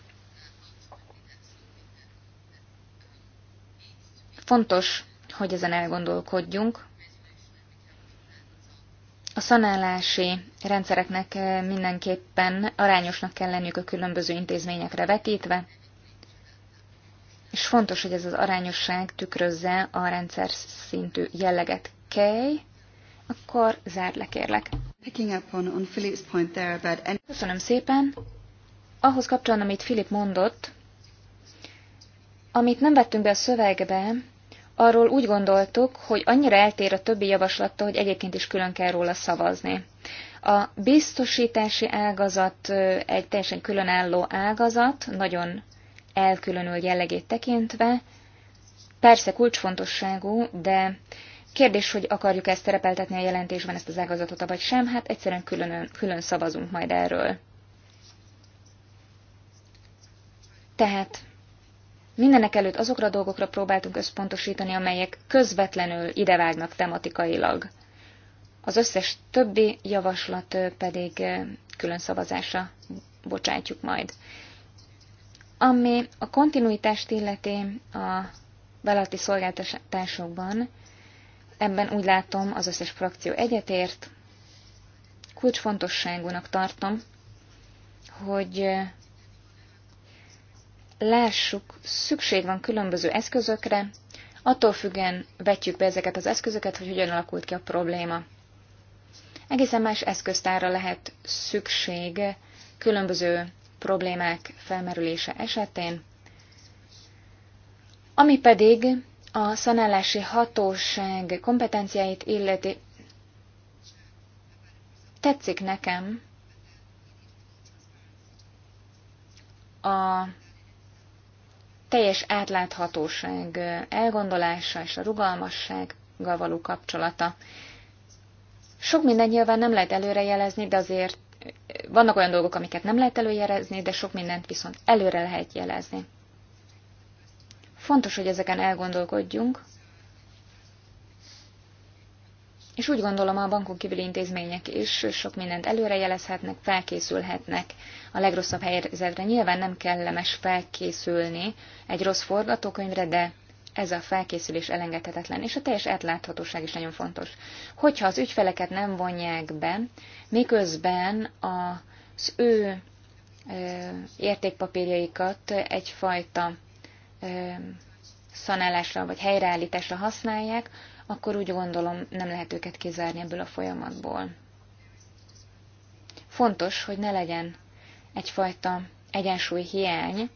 Fontos, hogy ezen elgondolkodjunk. A szanálási rendszereknek mindenképpen arányosnak kell lenniük a különböző intézményekre vetítve, és fontos, hogy ez az arányosság tükrözze a rendszer szintű jelleget. Kej, akkor zárd le, kérlek. Köszönöm szépen. Ahhoz kapcsolatban, amit Filip mondott, amit nem vettünk be a szövegbe, arról úgy gondoltuk, hogy annyira eltér a többi javaslattól, hogy egyébként is külön kell róla szavazni. A biztosítási ágazat egy teljesen különálló ágazat, nagyon elkülönül jellegét tekintve, persze kulcsfontosságú, de kérdés, hogy akarjuk ezt szerepeltetni a jelentésben ezt az ágazatot, vagy sem, hát egyszerűen külön, külön szavazunk majd erről. Tehát mindenek előtt azokra a dolgokra próbáltunk összpontosítani, amelyek közvetlenül idevágnak tematikailag. Az összes többi javaslat pedig külön szavazásra bocsátjuk majd. Ami a kontinuitást illeti a vállalati szolgáltatásokban, ebben úgy látom az összes frakció egyetért, kulcsfontosságúnak tartom, hogy eh, lássuk, szükség van különböző eszközökre, attól függen vetjük be ezeket az eszközöket, hogy hogyan alakult ki a probléma. Egészen más eszköztára lehet szükség különböző problémák felmerülése esetén, ami pedig a szanálási hatóság kompetenciáit illeti. Tetszik nekem a teljes átláthatóság elgondolása és a rugalmassággal való kapcsolata. Sok minden nyilván nem lehet előrejelezni, de azért vannak olyan dolgok, amiket nem lehet előjelezni, de sok mindent viszont előre lehet jelezni. Fontos, hogy ezeken elgondolkodjunk, és úgy gondolom, a bankon kívüli intézmények is sok mindent előrejelezhetnek, felkészülhetnek a legrosszabb helyzetre. Nyilván nem kellemes felkészülni egy rossz forgatókönyvre, de ez a felkészülés elengedhetetlen, és a teljes átláthatóság is nagyon fontos. Hogyha az ügyfeleket nem vonják be, miközben az ő értékpapírjaikat egyfajta szanálásra vagy helyreállításra használják, akkor úgy gondolom nem lehet őket kizárni ebből a folyamatból. Fontos, hogy ne legyen egyfajta egyensúly hiány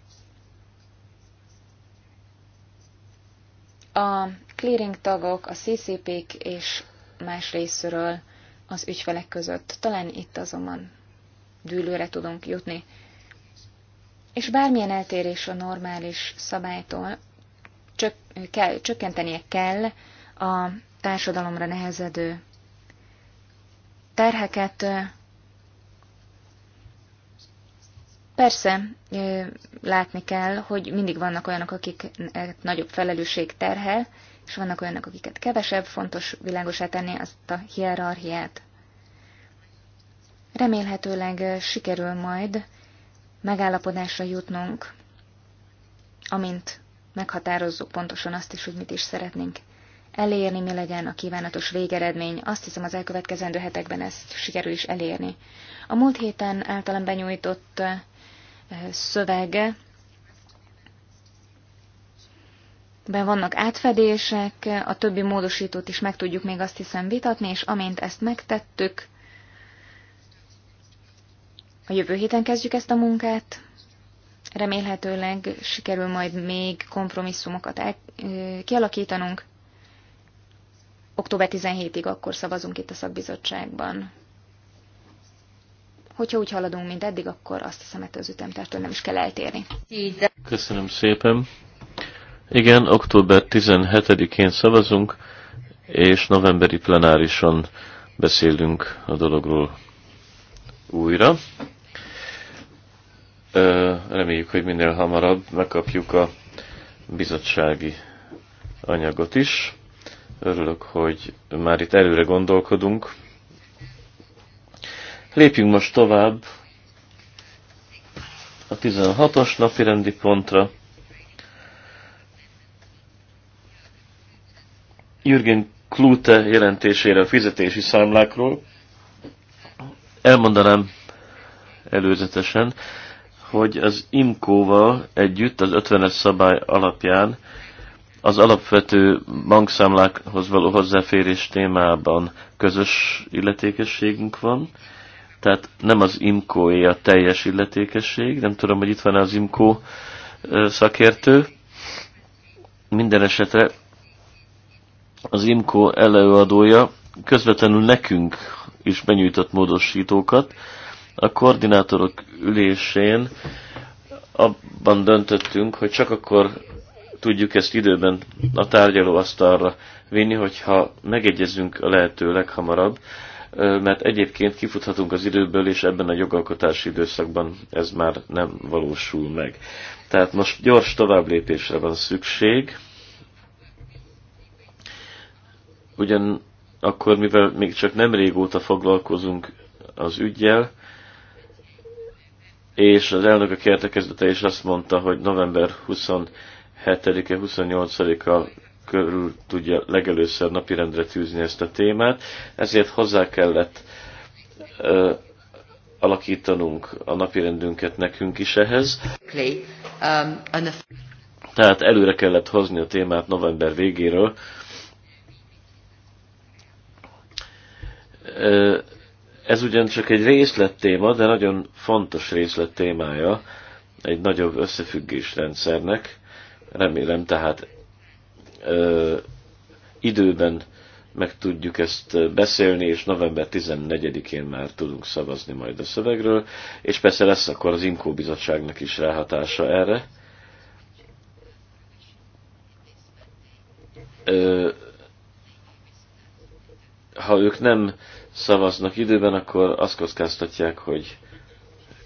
a clearing tagok, a CCP-k és más részről az ügyfelek között. Talán itt azonban dűlőre tudunk jutni. És bármilyen eltérés a normális szabálytól, csök, kell, csökkentenie kell a társadalomra nehezedő terheket, Persze látni kell, hogy mindig vannak olyanok, akik nagyobb felelősség terhel, és vannak olyanok, akiket kevesebb, fontos világosá tenni azt a hierarchiát. Remélhetőleg sikerül majd megállapodásra jutnunk, amint meghatározzuk pontosan azt is, hogy mit is szeretnénk elérni, mi legyen a kívánatos végeredmény. Azt hiszem az elkövetkezendő hetekben ezt sikerül is elérni. A múlt héten általam benyújtott szövege, Ben vannak átfedések, a többi módosítót is meg tudjuk még azt hiszem vitatni, és amint ezt megtettük, a jövő héten kezdjük ezt a munkát. Remélhetőleg sikerül majd még kompromisszumokat kialakítanunk. Október 17-ig akkor szavazunk itt a szakbizottságban hogyha úgy haladunk, mint eddig, akkor azt hiszem, ettől az ütemtártól nem is kell eltérni. Köszönöm szépen. Igen, október 17-én szavazunk, és novemberi plenárison beszélünk a dologról újra. Reméljük, hogy minél hamarabb megkapjuk a bizottsági anyagot is. Örülök, hogy már itt előre gondolkodunk, Lépjünk most tovább a 16-os napi rendi pontra. Jürgen Klute jelentésére a fizetési számlákról. Elmondanám előzetesen, hogy az IMCO-val együtt az 50-es szabály alapján az alapvető bankszámlákhoz való hozzáférés témában közös illetékességünk van, tehát nem az imco a teljes illetékesség, nem tudom, hogy itt van az IMCO szakértő. Minden esetre az IMCO előadója közvetlenül nekünk is benyújtott módosítókat. A koordinátorok ülésén abban döntöttünk, hogy csak akkor tudjuk ezt időben a tárgyalóasztalra vinni, hogyha megegyezünk a lehető leghamarabb mert egyébként kifuthatunk az időből, és ebben a jogalkotási időszakban ez már nem valósul meg. Tehát most gyors továbblépésre van szükség. Ugyan akkor, mivel még csak nem régóta foglalkozunk az ügyjel, és az elnök a kertekezdete is azt mondta, hogy november 27-e, 28-a körül tudja legelőször napirendre tűzni ezt a témát, ezért hozzá kellett ö, alakítanunk a napirendünket nekünk is ehhez. Um, tehát előre kellett hozni a témát november végéről. Ez ugyancsak egy részlettéma, de nagyon fontos részlettémája egy nagyobb összefüggésrendszernek. Remélem tehát ö, időben meg tudjuk ezt beszélni, és november 14-én már tudunk szavazni majd a szövegről, és persze lesz akkor az Inkó Bizottságnak is ráhatása erre. Ö, ha ők nem szavaznak időben, akkor azt kockáztatják, hogy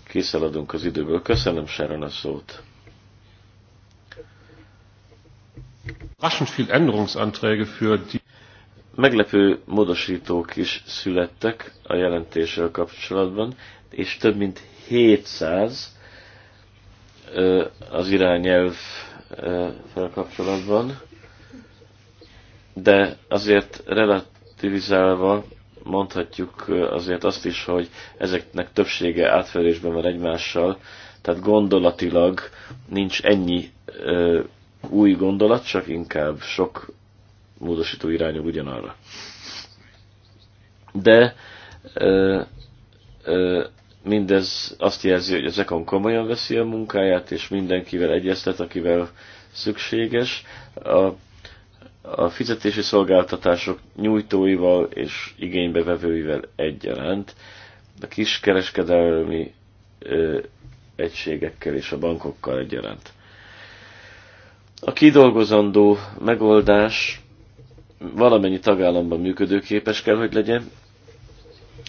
kiszaladunk az időből. Köszönöm Sharon a szót! Meglepő módosítók is születtek a jelentéssel kapcsolatban, és több mint 700 az irányelv felkapcsolatban, de azért relativizálva mondhatjuk azért azt is, hogy ezeknek többsége átfedésben van egymással, tehát gondolatilag nincs ennyi új gondolat, csak inkább sok módosító irányú ugyanarra. De ö, ö, mindez azt jelzi, hogy az Econ komolyan veszi a munkáját, és mindenkivel egyeztet, akivel szükséges. A, a fizetési szolgáltatások nyújtóival és igénybevevőivel egyaránt, a kiskereskedelmi ö, egységekkel és a bankokkal egyaránt. A kidolgozandó megoldás valamennyi tagállamban működőképes kell, hogy legyen,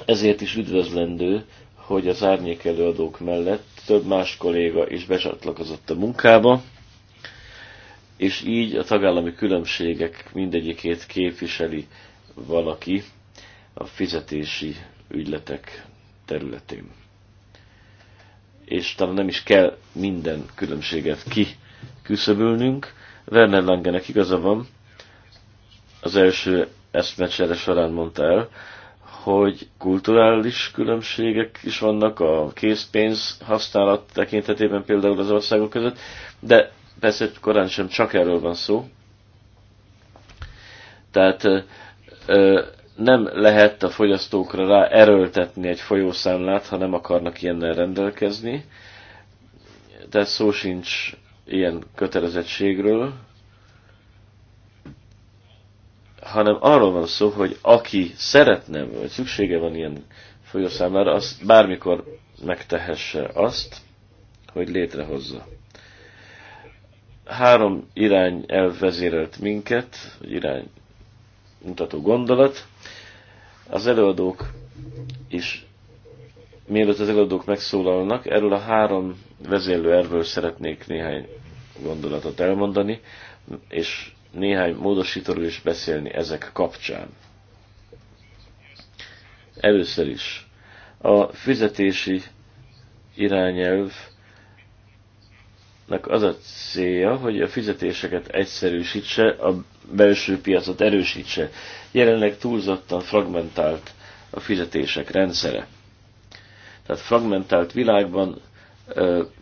ezért is üdvözlendő, hogy az árnyék előadók mellett több más kolléga is becsatlakozott a munkába, és így a tagállami különbségek mindegyikét képviseli valaki a fizetési ügyletek területén. És talán nem is kell minden különbséget ki küszöbölnünk. Werner Langenek igaza van, az első eszmecsere során mondta el, hogy kulturális különbségek is vannak a készpénz használat tekintetében például az országok között, de persze korán sem csak erről van szó. Tehát ö, nem lehet a fogyasztókra rá erőltetni egy folyószámlát, ha nem akarnak ilyennel rendelkezni. Tehát szó sincs ilyen kötelezettségről, hanem arról van szó, hogy aki szeretne, vagy szüksége van ilyen folyószámára, az bármikor megtehesse azt, hogy létrehozza. Három irány elvezérelt minket, vagy irány mutató gondolat. Az előadók is, mielőtt az előadók megszólalnak, erről a három vezérlő erről szeretnék néhány gondolatot elmondani, és néhány módosítóról is beszélni ezek kapcsán. Először is a fizetési irányelvnek az a célja, hogy a fizetéseket egyszerűsítse, a belső piacot erősítse. Jelenleg túlzottan fragmentált a fizetések rendszere. Tehát fragmentált világban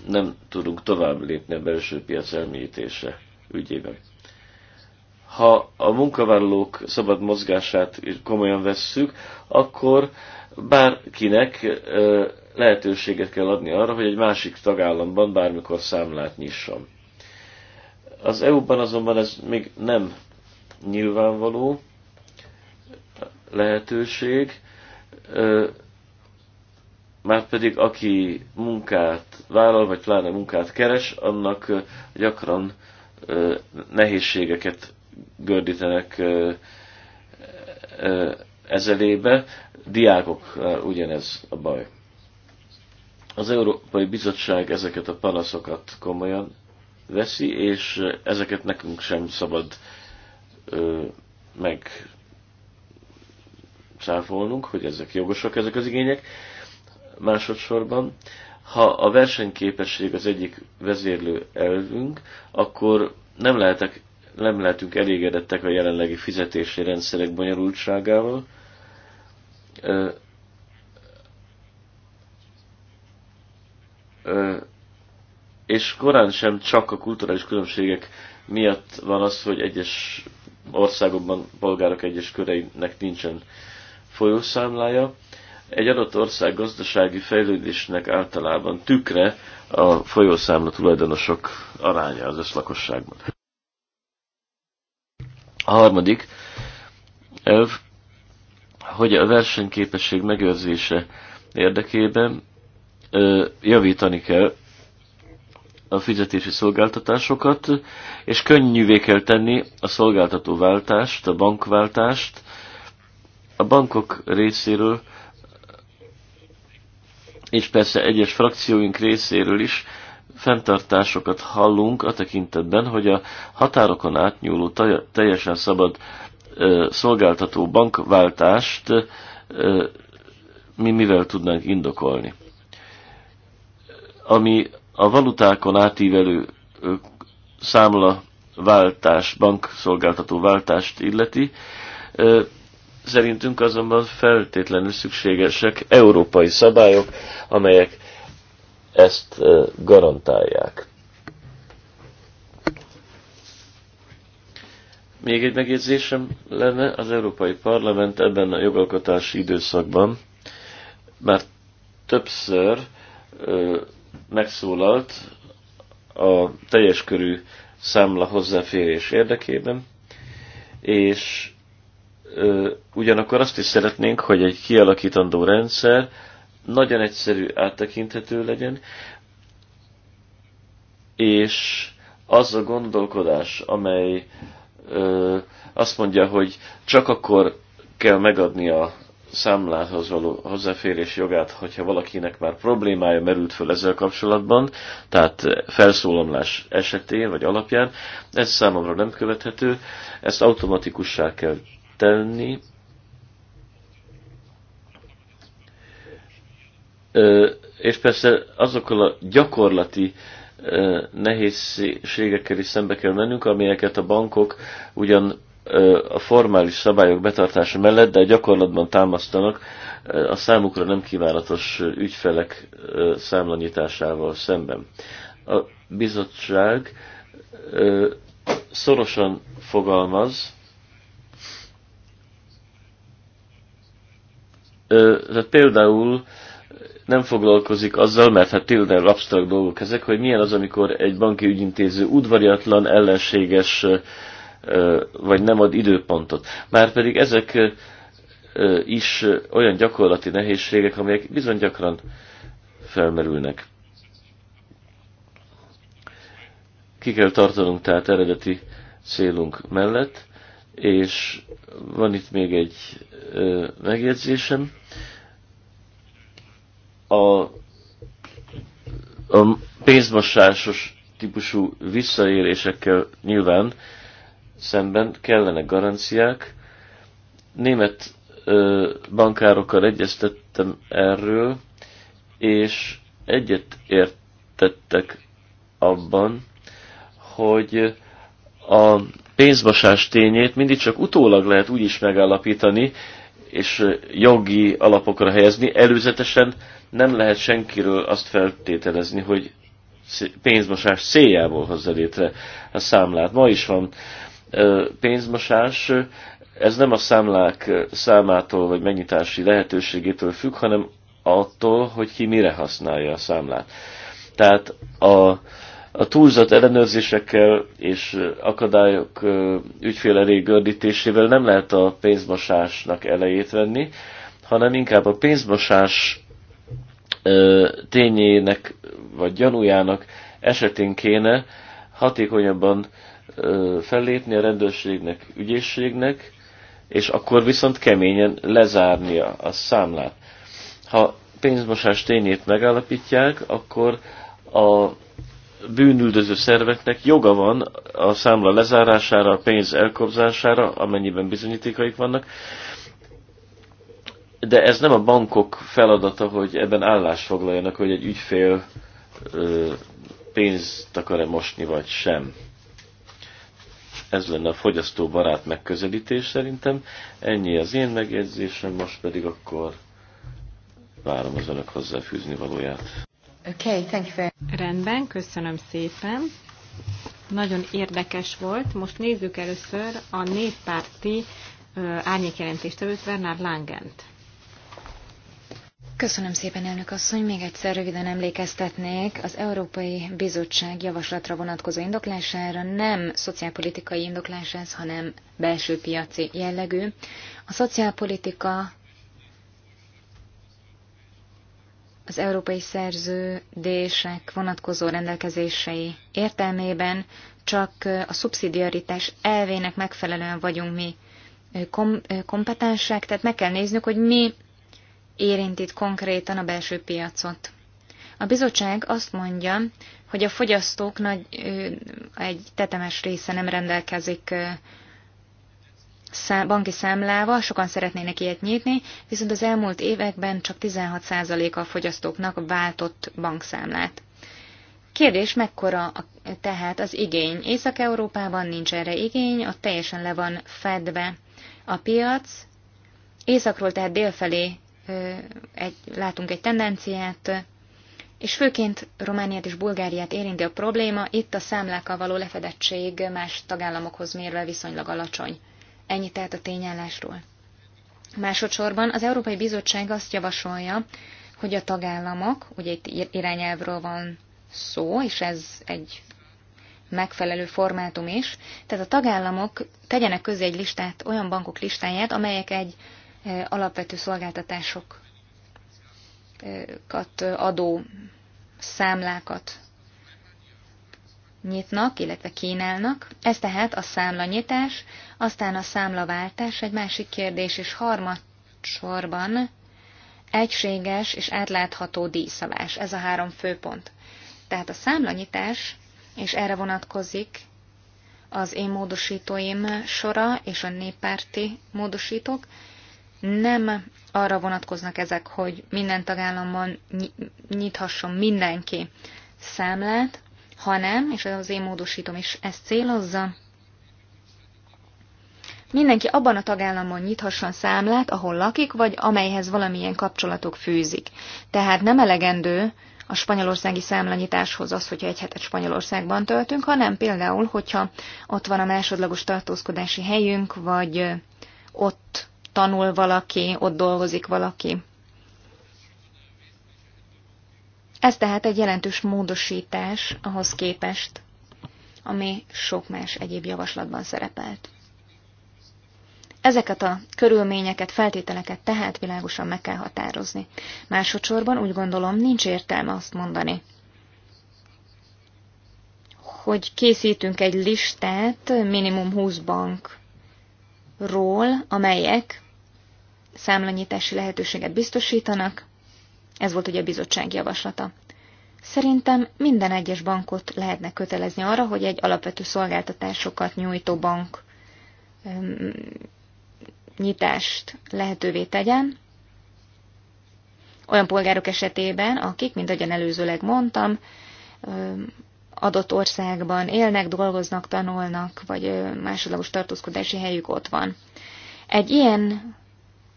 nem tudunk tovább lépni a belső piac elmélyítése ügyében. Ha a munkavállalók szabad mozgását komolyan vesszük, akkor bárkinek lehetőséget kell adni arra, hogy egy másik tagállamban bármikor számlát nyisson. Az EU-ban azonban ez még nem nyilvánvaló lehetőség, Márpedig aki munkát vállal, vagy pláne munkát keres, annak gyakran nehézségeket gördítenek ezelébe. Diákok ugyanez a baj. Az Európai Bizottság ezeket a panaszokat komolyan veszi, és ezeket nekünk sem szabad ö, meg hogy ezek jogosak, ezek az igények. Másodszorban, ha a versenyképesség az egyik vezérlő elvünk, akkor nem, lehetek, nem lehetünk elégedettek a jelenlegi fizetési rendszerek bonyolultságával. és korán sem csak a kulturális különbségek miatt van az, hogy egyes országokban polgárok egyes köreinek nincsen folyószámlája egy adott ország gazdasági fejlődésnek általában tükre a folyószámla tulajdonosok aránya az összlakosságban. A harmadik elv, hogy a versenyképesség megőrzése érdekében javítani kell a fizetési szolgáltatásokat, és könnyűvé kell tenni a szolgáltatóváltást, a bankváltást. A bankok részéről és persze egyes frakcióink részéről is fenntartásokat hallunk a tekintetben, hogy a határokon átnyúló teljesen szabad szolgáltató bankváltást mi mivel tudnánk indokolni. Ami a valutákon átívelő számla váltás, bankszolgáltató váltást illeti, Szerintünk azonban feltétlenül szükségesek európai szabályok, amelyek ezt garantálják. Még egy megjegyzésem lenne, az Európai Parlament ebben a jogalkotási időszakban már többször ö, megszólalt a teljes körű számla hozzáférés érdekében, és ugyanakkor azt is szeretnénk, hogy egy kialakítandó rendszer nagyon egyszerű, áttekinthető legyen, és az a gondolkodás, amely ö, azt mondja, hogy csak akkor kell megadni a számlához való hozzáférés jogát, hogyha valakinek már problémája merült föl ezzel kapcsolatban, tehát felszólomlás esetén vagy alapján, ez számomra nem követhető, ezt automatikussá kell tenni. És persze azokkal a gyakorlati nehézségekkel is szembe kell mennünk, amelyeket a bankok ugyan a formális szabályok betartása mellett, de a gyakorlatban támasztanak a számukra nem kívánatos ügyfelek számlanyításával szemben. A bizottság szorosan fogalmaz tehát például nem foglalkozik azzal, mert hát például absztrakt dolgok ezek, hogy milyen az, amikor egy banki ügyintéző udvariatlan, ellenséges, vagy nem ad időpontot. Márpedig ezek is olyan gyakorlati nehézségek, amelyek bizony gyakran felmerülnek. Ki kell tartanunk tehát eredeti célunk mellett, és van itt még egy megjegyzésem. A, a pénzmosásos típusú visszaélésekkel nyilván szemben kellene garanciák. Német ö, bankárokkal egyeztettem erről, és egyet értettek abban, hogy a pénzmosás tényét mindig csak utólag lehet úgy is megállapítani, és jogi alapokra helyezni. Előzetesen nem lehet senkiről azt feltételezni, hogy pénzmosás céljából hozza létre a számlát. Ma is van pénzmosás, ez nem a számlák számától vagy megnyitási lehetőségétől függ, hanem attól, hogy ki mire használja a számlát. Tehát a a túlzott ellenőrzésekkel és akadályok ügyfél elé gördítésével nem lehet a pénzmosásnak elejét venni, hanem inkább a pénzmosás tényének vagy gyanújának esetén kéne hatékonyabban fellépni a rendőrségnek, ügyészségnek, és akkor viszont keményen lezárnia a számlát. Ha pénzmosás tényét megállapítják, akkor a bűnüldöző szerveknek joga van a számla lezárására, a pénz elkobzására, amennyiben bizonyítékaik vannak, de ez nem a bankok feladata, hogy ebben állást foglaljanak, hogy egy ügyfél pénzt akar-e mosni, vagy sem. Ez lenne a fogyasztóbarát megközelítés szerintem. Ennyi az én megjegyzésem, most pedig akkor várom az önök hozzáfűzni valóját. Okay, thank you very Rendben, köszönöm szépen. Nagyon érdekes volt. Most nézzük először a néppárti előtt Bernard Langent. Köszönöm szépen, elnök asszony. Még egyszer röviden emlékeztetnék az Európai Bizottság javaslatra vonatkozó indoklására nem szociálpolitikai indoklás ez, hanem belső piaci jellegű. A szociálpolitika az európai szerződések vonatkozó rendelkezései értelmében csak a szubszidiaritás elvének megfelelően vagyunk mi kom- kompetensek, tehát meg kell néznünk, hogy mi érint itt konkrétan a belső piacot. A bizottság azt mondja, hogy a fogyasztók nagy, egy tetemes része nem rendelkezik banki számlával, sokan szeretnének ilyet nyitni, viszont az elmúlt években csak 16%-a a fogyasztóknak váltott bankszámlát. Kérdés, mekkora a, tehát az igény? Észak-Európában nincs erre igény, ott teljesen le van fedve a piac. Északról tehát délfelé egy, látunk egy tendenciát, és főként Romániát és Bulgáriát érinti a probléma, itt a számlákkal való lefedettség más tagállamokhoz mérve viszonylag alacsony. Ennyit tehát a tényállásról. Másodszorban az Európai Bizottság azt javasolja, hogy a tagállamok, ugye itt irányelvről van szó, és ez egy megfelelő formátum is, tehát a tagállamok tegyenek közé egy listát, olyan bankok listáját, amelyek egy alapvető szolgáltatásokat adó számlákat nyitnak, illetve kínálnak. Ez tehát a számlanyitás, aztán a számlaváltás, egy másik kérdés, és harmadsorban egységes és átlátható díjszabás. Ez a három főpont. Tehát a számlanyitás, és erre vonatkozik az én módosítóim sora és a néppárti módosítók, nem arra vonatkoznak ezek, hogy minden tagállamban nyithasson mindenki számlát, hanem, és az én módosítom is ezt célozza, mindenki abban a tagállamon nyithasson számlát, ahol lakik, vagy amelyhez valamilyen kapcsolatok fűzik. Tehát nem elegendő a spanyolországi számlanyításhoz az, hogyha egy hetet Spanyolországban töltünk, hanem például, hogyha ott van a másodlagos tartózkodási helyünk, vagy ott tanul valaki, ott dolgozik valaki. Ez tehát egy jelentős módosítás ahhoz képest, ami sok más egyéb javaslatban szerepelt. Ezeket a körülményeket, feltételeket tehát világosan meg kell határozni. Másodszorban úgy gondolom, nincs értelme azt mondani, hogy készítünk egy listát minimum 20 bankról, amelyek számlanyítási lehetőséget biztosítanak, ez volt ugye a bizottság javaslata. Szerintem minden egyes bankot lehetne kötelezni arra, hogy egy alapvető szolgáltatásokat nyújtó bank nyitást lehetővé tegyen, olyan polgárok esetében, akik, mint ahogyan előzőleg mondtam, adott országban élnek, dolgoznak, tanulnak, vagy másodlagos tartózkodási helyük ott van. Egy ilyen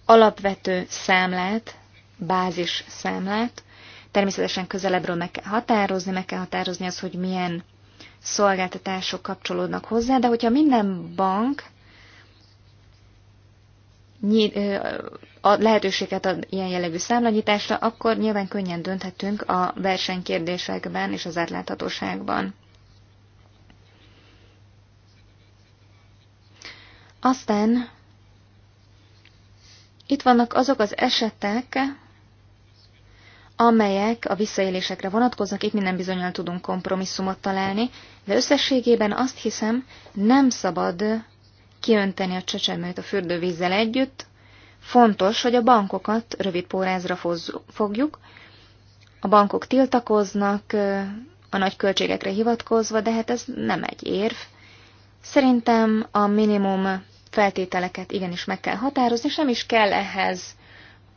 alapvető számlát bázis számlát. Természetesen közelebbről meg kell határozni, meg kell határozni az, hogy milyen szolgáltatások kapcsolódnak hozzá, de hogyha minden bank a lehetőséget ad ilyen jellegű számlanyításra, akkor nyilván könnyen dönthetünk a versenykérdésekben és az átláthatóságban. Aztán itt vannak azok az esetek, amelyek a visszaélésekre vonatkoznak, itt minden bizonyal tudunk kompromisszumot találni, de összességében azt hiszem, nem szabad kiönteni a csecsemőt a fürdővízzel együtt, fontos, hogy a bankokat rövid pórázra fogjuk, a bankok tiltakoznak, a nagy költségekre hivatkozva, de hát ez nem egy érv. Szerintem a minimum feltételeket igenis meg kell határozni, és nem is kell ehhez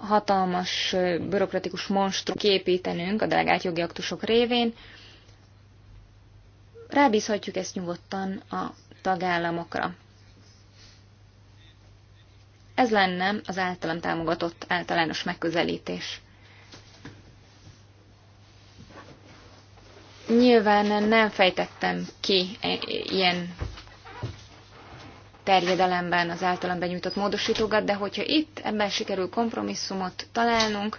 hatalmas bürokratikus monstrum képítenünk a delegált jogi aktusok révén, rábízhatjuk ezt nyugodtan a tagállamokra. Ez lenne az általam támogatott általános megközelítés. Nyilván nem fejtettem ki eh, ilyen terjedelemben az általam benyújtott módosítókat, de hogyha itt ebben sikerül kompromisszumot találnunk,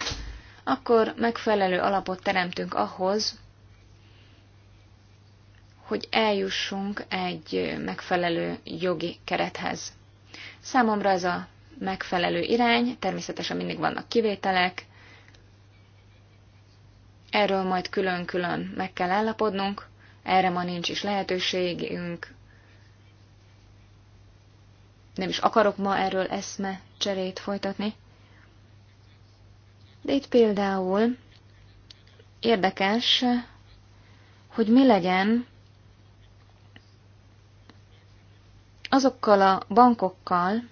akkor megfelelő alapot teremtünk ahhoz, hogy eljussunk egy megfelelő jogi kerethez. Számomra ez a megfelelő irány, természetesen mindig vannak kivételek, erről majd külön-külön meg kell állapodnunk, erre ma nincs is lehetőségünk, nem is akarok ma erről eszme cserét folytatni. De itt például érdekes, hogy mi legyen azokkal a bankokkal,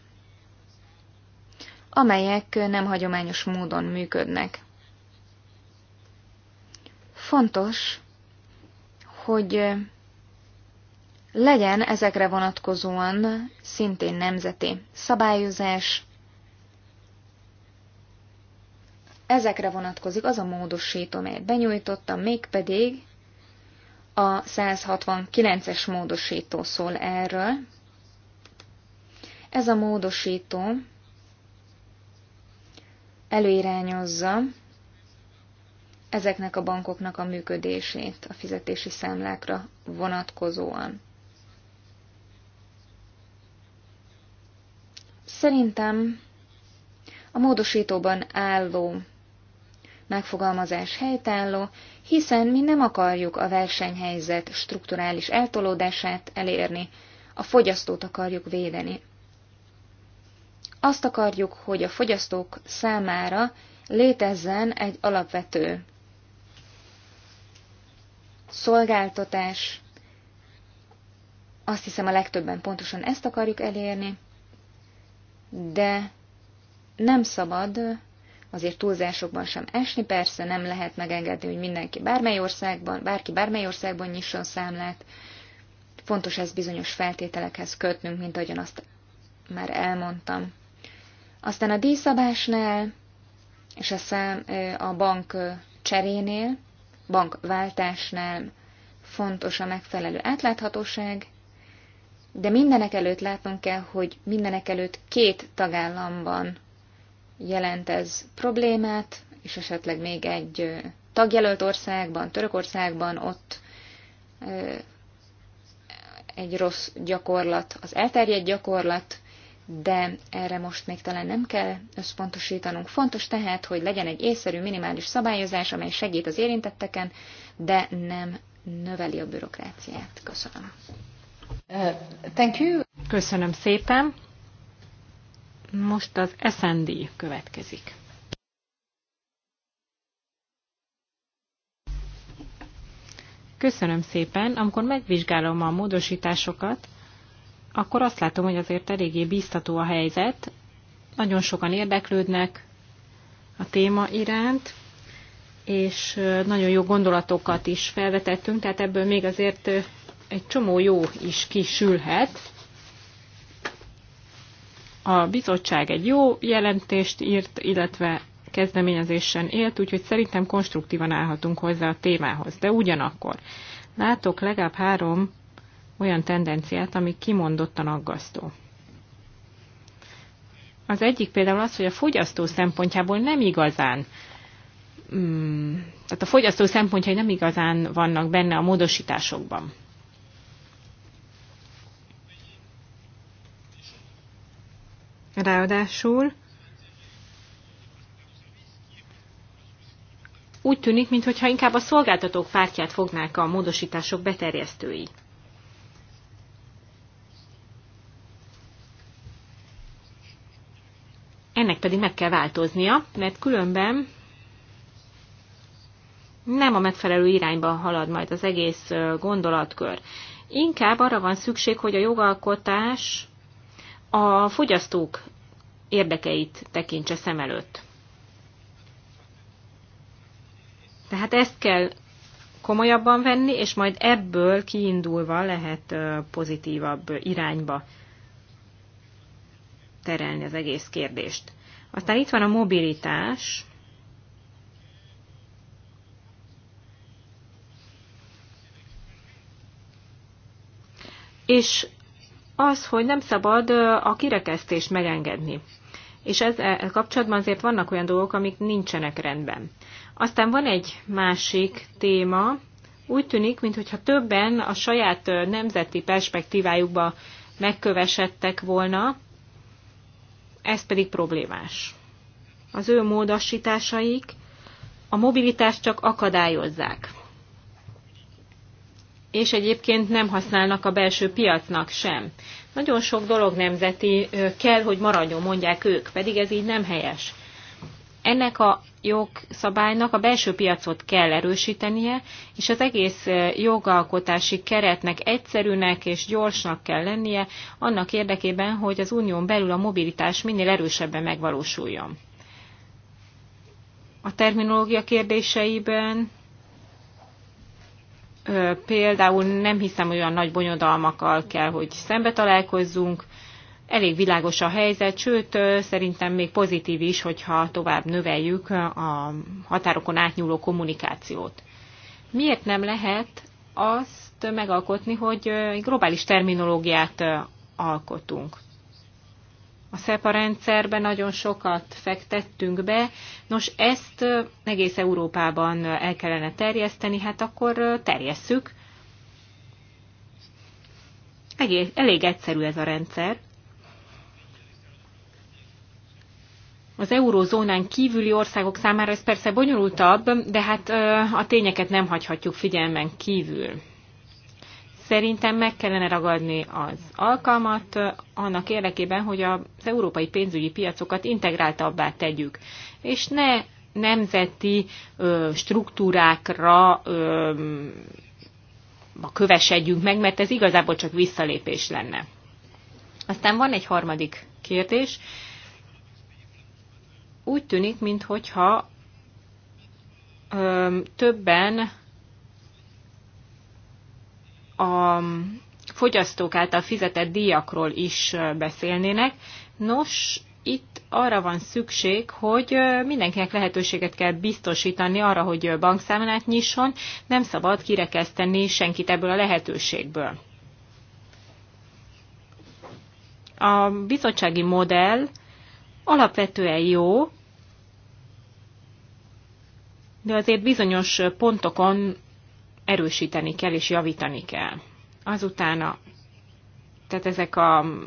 amelyek nem hagyományos módon működnek. Fontos, hogy legyen ezekre vonatkozóan szintén nemzeti szabályozás. Ezekre vonatkozik az a módosító, amelyet benyújtottam, mégpedig a 169-es módosító szól erről. Ez a módosító előirányozza ezeknek a bankoknak a működését a fizetési számlákra vonatkozóan. Szerintem a módosítóban álló megfogalmazás helytálló, hiszen mi nem akarjuk a versenyhelyzet strukturális eltolódását elérni, a fogyasztót akarjuk védeni. Azt akarjuk, hogy a fogyasztók számára létezzen egy alapvető szolgáltatás, azt hiszem a legtöbben pontosan ezt akarjuk elérni, de nem szabad azért túlzásokban sem esni, persze nem lehet megengedni, hogy mindenki bármely országban, bárki bármely országban nyisson számlát. Fontos ezt bizonyos feltételekhez kötnünk, mint ahogyan azt már elmondtam. Aztán a díjszabásnál és a, szám, a bank cserénél, bankváltásnál fontos a megfelelő átláthatóság, de mindenek előtt látnunk kell, hogy mindenek előtt két tagállamban jelent ez problémát, és esetleg még egy tagjelölt országban, Törökországban, ott egy rossz gyakorlat, az elterjedt gyakorlat, de erre most még talán nem kell összpontosítanunk. Fontos tehát, hogy legyen egy észszerű minimális szabályozás, amely segít az érintetteken, de nem növeli a bürokráciát. Köszönöm. Uh, thank you. Köszönöm szépen. Most az SND következik. Köszönöm szépen. Amikor megvizsgálom a módosításokat, akkor azt látom, hogy azért eléggé biztató a helyzet. Nagyon sokan érdeklődnek a téma iránt, és nagyon jó gondolatokat is felvetettünk, tehát ebből még azért egy csomó jó is kisülhet. A bizottság egy jó jelentést írt, illetve kezdeményezésen élt, úgyhogy szerintem konstruktívan állhatunk hozzá a témához. De ugyanakkor látok legalább három olyan tendenciát, ami kimondottan aggasztó. Az egyik például az, hogy a fogyasztó szempontjából nem igazán, mm, tehát a fogyasztó szempontjai nem igazán vannak benne a módosításokban. Ráadásul úgy tűnik, mintha inkább a szolgáltatók pártját fognák a módosítások beterjesztői. Ennek pedig meg kell változnia, mert különben nem a megfelelő irányba halad majd az egész gondolatkör. Inkább arra van szükség, hogy a jogalkotás a fogyasztók érdekeit tekintse szem előtt. Tehát ezt kell komolyabban venni, és majd ebből kiindulva lehet pozitívabb irányba terelni az egész kérdést. Aztán itt van a mobilitás. És az, hogy nem szabad a kirekesztést megengedni. És ezzel kapcsolatban azért vannak olyan dolgok, amik nincsenek rendben. Aztán van egy másik téma, úgy tűnik, mintha többen a saját nemzeti perspektívájukba megkövesedtek volna, ez pedig problémás. Az ő módosításaik a mobilitást csak akadályozzák és egyébként nem használnak a belső piacnak sem. Nagyon sok dolog nemzeti kell, hogy maradjon, mondják ők, pedig ez így nem helyes. Ennek a jogszabálynak a belső piacot kell erősítenie, és az egész jogalkotási keretnek egyszerűnek és gyorsnak kell lennie, annak érdekében, hogy az unión belül a mobilitás minél erősebben megvalósuljon. A terminológia kérdéseiben például nem hiszem hogy olyan nagy bonyodalmakkal kell, hogy szembe találkozzunk. Elég világos a helyzet, sőt szerintem még pozitív is, hogyha tovább növeljük a határokon átnyúló kommunikációt. Miért nem lehet azt megalkotni, hogy globális terminológiát alkotunk? a SEPA rendszerbe nagyon sokat fektettünk be. Nos, ezt egész Európában el kellene terjeszteni, hát akkor terjesszük. Egész, elég egyszerű ez a rendszer. Az eurózónán kívüli országok számára ez persze bonyolultabb, de hát a tényeket nem hagyhatjuk figyelmen kívül. Szerintem meg kellene ragadni az alkalmat annak érdekében, hogy az európai pénzügyi piacokat integráltabbá tegyük, és ne nemzeti ö, struktúrákra ö, kövesedjünk meg, mert ez igazából csak visszalépés lenne. Aztán van egy harmadik kérdés. Úgy tűnik, mintha többen a fogyasztók által fizetett díjakról is beszélnének. Nos, itt arra van szükség, hogy mindenkinek lehetőséget kell biztosítani arra, hogy bankszámlát nyisson, nem szabad kirekeszteni senkit ebből a lehetőségből. A bizottsági modell alapvetően jó, de azért bizonyos pontokon erősíteni kell és javítani kell. Azután a, tehát ezek a mm,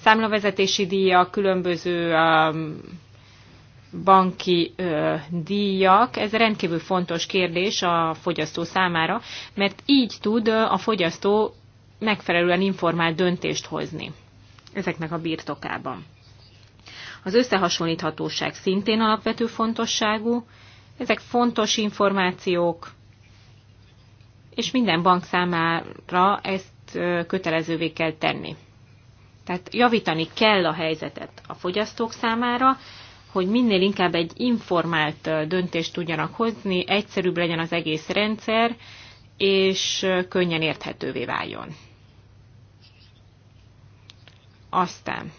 számlavezetési díjak, különböző mm, banki ö, díjak. Ez rendkívül fontos kérdés a fogyasztó számára, mert így tud a fogyasztó megfelelően informált döntést hozni ezeknek a birtokában. Az összehasonlíthatóság szintén alapvető fontosságú. Ezek fontos információk, és minden bank számára ezt kötelezővé kell tenni. Tehát javítani kell a helyzetet a fogyasztók számára, hogy minél inkább egy informált döntést tudjanak hozni, egyszerűbb legyen az egész rendszer, és könnyen érthetővé váljon. Aztán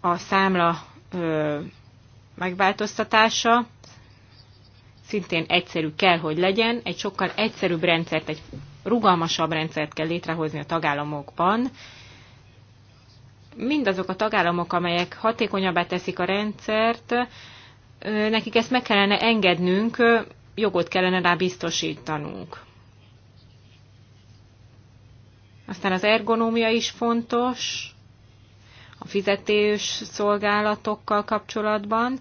a számla ö, megváltoztatása szintén egyszerű kell, hogy legyen, egy sokkal egyszerűbb rendszert, egy rugalmasabb rendszert kell létrehozni a tagállamokban. Mindazok a tagállamok, amelyek hatékonyabbá teszik a rendszert, nekik ezt meg kellene engednünk, jogot kellene rá biztosítanunk. Aztán az ergonómia is fontos, a fizetős szolgálatokkal kapcsolatban.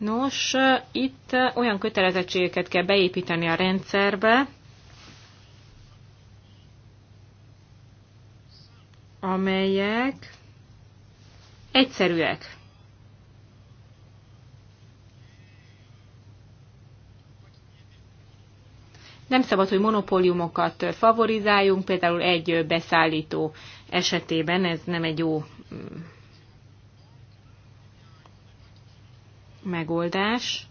Nos, itt olyan kötelezettségeket kell beépíteni a rendszerbe, amelyek egyszerűek. Nem szabad, hogy monopóliumokat favorizáljunk, például egy beszállító esetében ez nem egy jó mm, megoldás.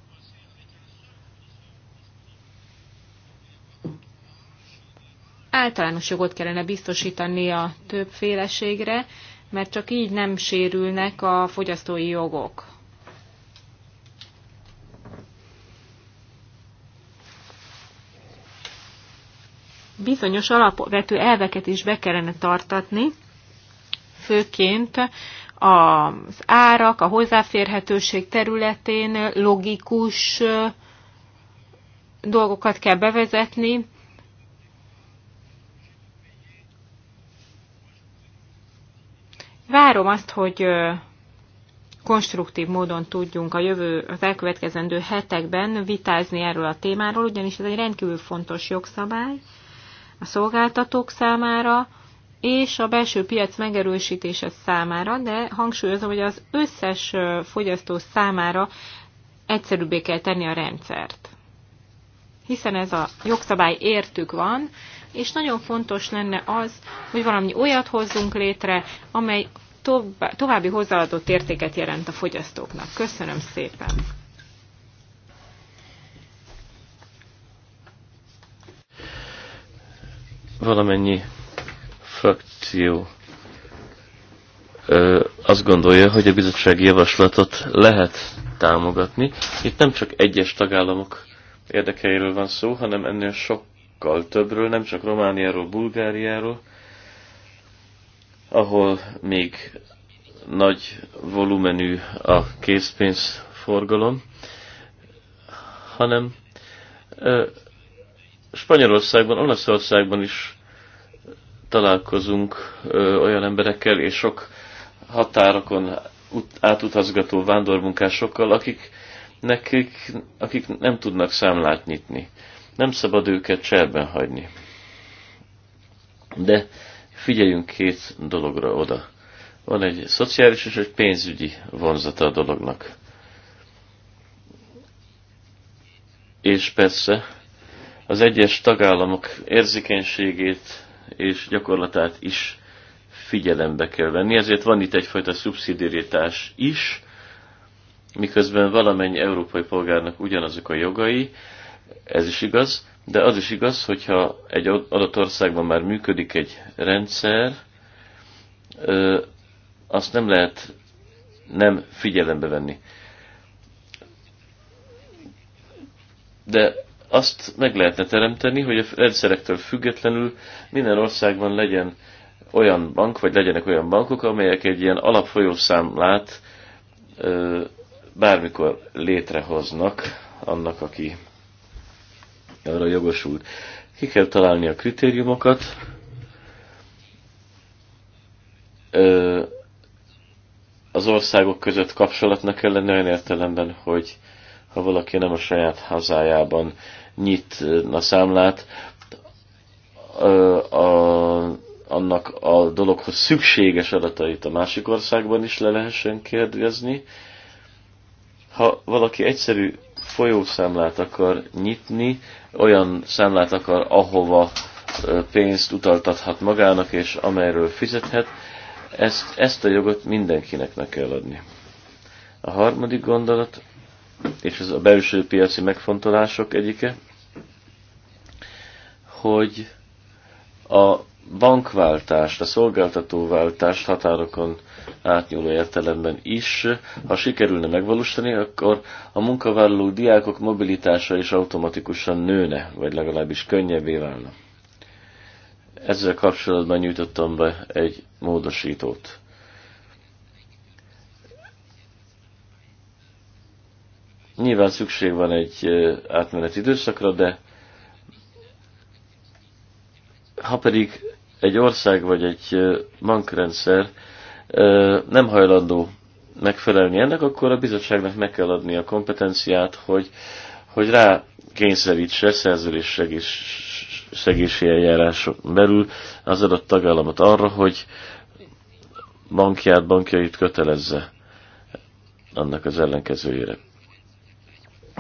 Általános jogot kellene biztosítani a többféleségre, mert csak így nem sérülnek a fogyasztói jogok. Bizonyos alapvető elveket is be kellene tartatni, főként az árak, a hozzáférhetőség területén logikus dolgokat kell bevezetni. Várom azt, hogy konstruktív módon tudjunk a jövő, az elkövetkezendő hetekben vitázni erről a témáról, ugyanis ez egy rendkívül fontos jogszabály a szolgáltatók számára, és a belső piac megerősítése számára, de hangsúlyozom, hogy az összes fogyasztó számára egyszerűbbé kell tenni a rendszert. Hiszen ez a jogszabály értük van, és nagyon fontos lenne az, hogy valami olyat hozzunk létre, amely további hozzáadott értéket jelent a fogyasztóknak. Köszönöm szépen! Valamennyi frakció azt gondolja, hogy a bizottsági javaslatot lehet támogatni. Itt nem csak egyes tagállamok érdekeiről van szó, hanem ennél sokkal többről, nem csak Romániáról, Bulgáriáról, ahol még nagy volumenű a készpénzforgalom, hanem Spanyolországban, Olaszországban is találkozunk olyan emberekkel és sok határokon átutazgató vándormunkásokkal, akik, nekik, akik nem tudnak számlát nyitni. Nem szabad őket cserben hagyni. De figyeljünk két dologra oda. Van egy szociális és egy pénzügyi vonzata a dolognak. És persze az egyes tagállamok érzékenységét és gyakorlatát is figyelembe kell venni. Ezért van itt egyfajta szubszidiritás is, miközben valamennyi európai polgárnak ugyanazok a jogai, ez is igaz, de az is igaz, hogyha egy adott országban már működik egy rendszer, azt nem lehet nem figyelembe venni. De azt meg lehetne teremteni, hogy a rendszerektől függetlenül minden országban legyen olyan bank, vagy legyenek olyan bankok, amelyek egy ilyen alapfolyószámlát bármikor létrehoznak annak, aki arra jogosult. Ki kell találni a kritériumokat, az országok között kapcsolatnak kell lenni olyan értelemben, hogy ha valaki nem a saját hazájában nyitna eh, számlát a, annak a dologhoz szükséges adatait a másik országban is le lehessen kérdezni. Ha valaki egyszerű folyószámlát akar nyitni, olyan számlát akar, ahova pénzt utaltathat magának, és amelyről fizethet, ezt, ezt a jogot mindenkinek meg kell adni. A harmadik gondolat és ez a belső piaci megfontolások egyike, hogy a bankváltást, a szolgáltatóváltást határokon átnyúló értelemben is, ha sikerülne megvalósítani, akkor a munkavállaló diákok mobilitása is automatikusan nőne, vagy legalábbis könnyebbé válna. Ezzel kapcsolatban nyújtottam be egy módosítót. Nyilván szükség van egy átmeneti időszakra, de ha pedig egy ország vagy egy bankrendszer nem hajlandó megfelelni ennek, akkor a bizottságnak meg kell adni a kompetenciát, hogy, hogy rá kényszerítse szerződés segési eljáráson belül az adott tagállamot arra, hogy bankját, bankjait kötelezze annak az ellenkezőjére.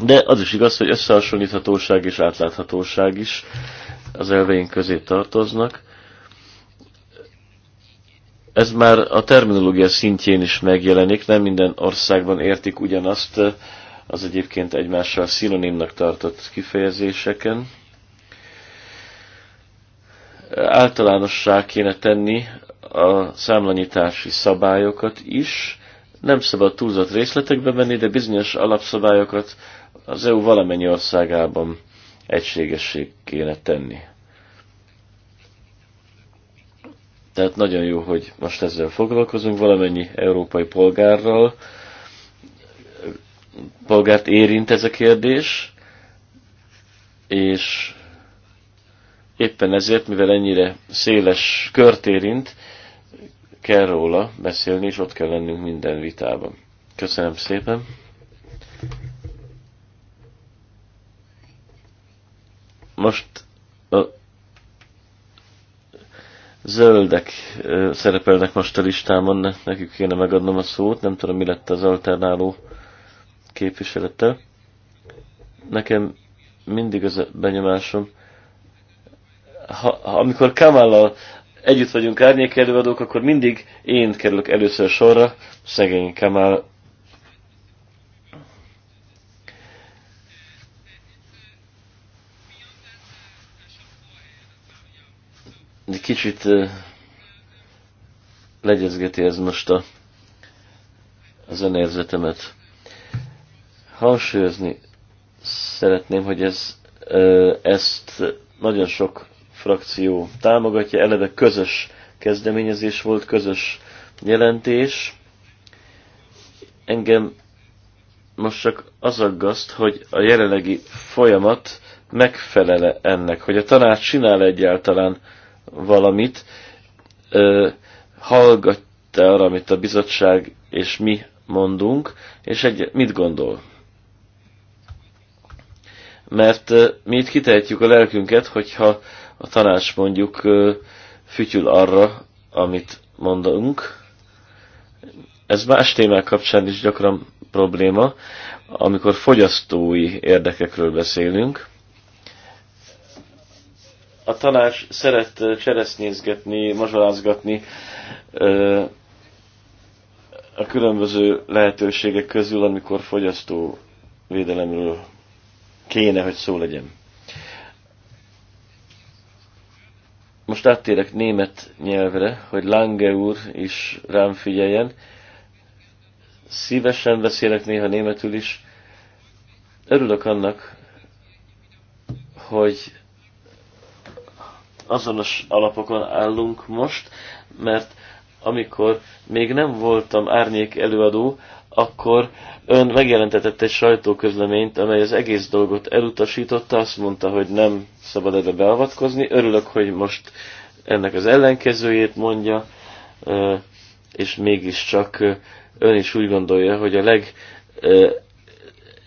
De az is igaz, hogy összehasonlíthatóság és átláthatóság is az elveink közé tartoznak. Ez már a terminológia szintjén is megjelenik, nem minden országban értik ugyanazt az egyébként egymással szinonimnak tartott kifejezéseken. Általánossá kéne tenni a számlanyítási szabályokat is, nem szabad túlzott részletekbe menni, de bizonyos alapszabályokat az EU valamennyi országában egységessé kéne tenni. Tehát nagyon jó, hogy most ezzel foglalkozunk, valamennyi európai polgárral, polgárt érint ez a kérdés, és éppen ezért, mivel ennyire széles kört érint, kell róla beszélni, és ott kell lennünk minden vitában. Köszönöm szépen! Most a zöldek szerepelnek most a listámon, nekik kéne megadnom a szót, nem tudom mi lett az alternáló képviselettel. Nekem mindig az a benyomásom, ha, ha, amikor Kamállal együtt vagyunk árnyék előadók, akkor mindig én kerülök először sorra, szegény Kamál kicsit legyezgeti ez most a, az önérzetemet. Hangsúlyozni szeretném, hogy ez, ezt nagyon sok frakció támogatja, eleve közös kezdeményezés volt, közös jelentés. Engem most csak az aggaszt, hogy a jelenlegi folyamat megfelele ennek, hogy a tanács csinál egyáltalán valamit, hallgatta arra, amit a bizottság és mi mondunk, és egy, mit gondol? Mert mi itt kitehetjük a lelkünket, hogyha a tanács mondjuk fütyül arra, amit mondunk. Ez más témák kapcsán is gyakran probléma, amikor fogyasztói érdekekről beszélünk, a tanács szeret cseresznyézgetni, mazsolázgatni a különböző lehetőségek közül, amikor fogyasztó védelemről kéne, hogy szó legyen. Most áttérek német nyelvre, hogy Lange úr is rám figyeljen. Szívesen beszélek néha németül is. Örülök annak, hogy azonos alapokon állunk most, mert amikor még nem voltam árnyék előadó, akkor ön megjelentetett egy sajtóközleményt, amely az egész dolgot elutasította, azt mondta, hogy nem szabad ebbe beavatkozni. Örülök, hogy most ennek az ellenkezőjét mondja, és mégiscsak ön is úgy gondolja, hogy a leg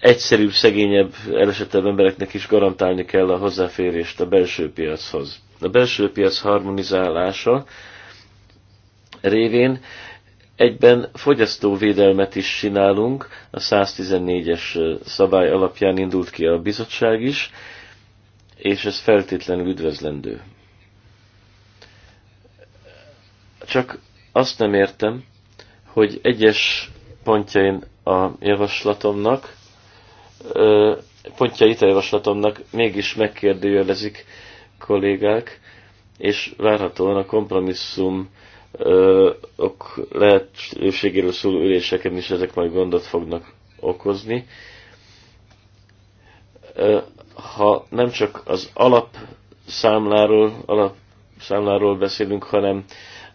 egyszerűbb, szegényebb, elesettebb embereknek is garantálni kell a hozzáférést a belső piachoz. A belső piac harmonizálása révén egyben fogyasztóvédelmet is csinálunk, a 114-es szabály alapján indult ki a bizottság is, és ez feltétlenül üdvözlendő. Csak azt nem értem, hogy egyes pontjain a javaslatomnak pontjait a javaslatomnak mégis megkérdőjelezik kollégák, és várhatóan a kompromisszum ok lehetőségéről szóló üléseken is ezek majd gondot fognak okozni. Ha nem csak az alapszámláról, alapszámláról beszélünk, hanem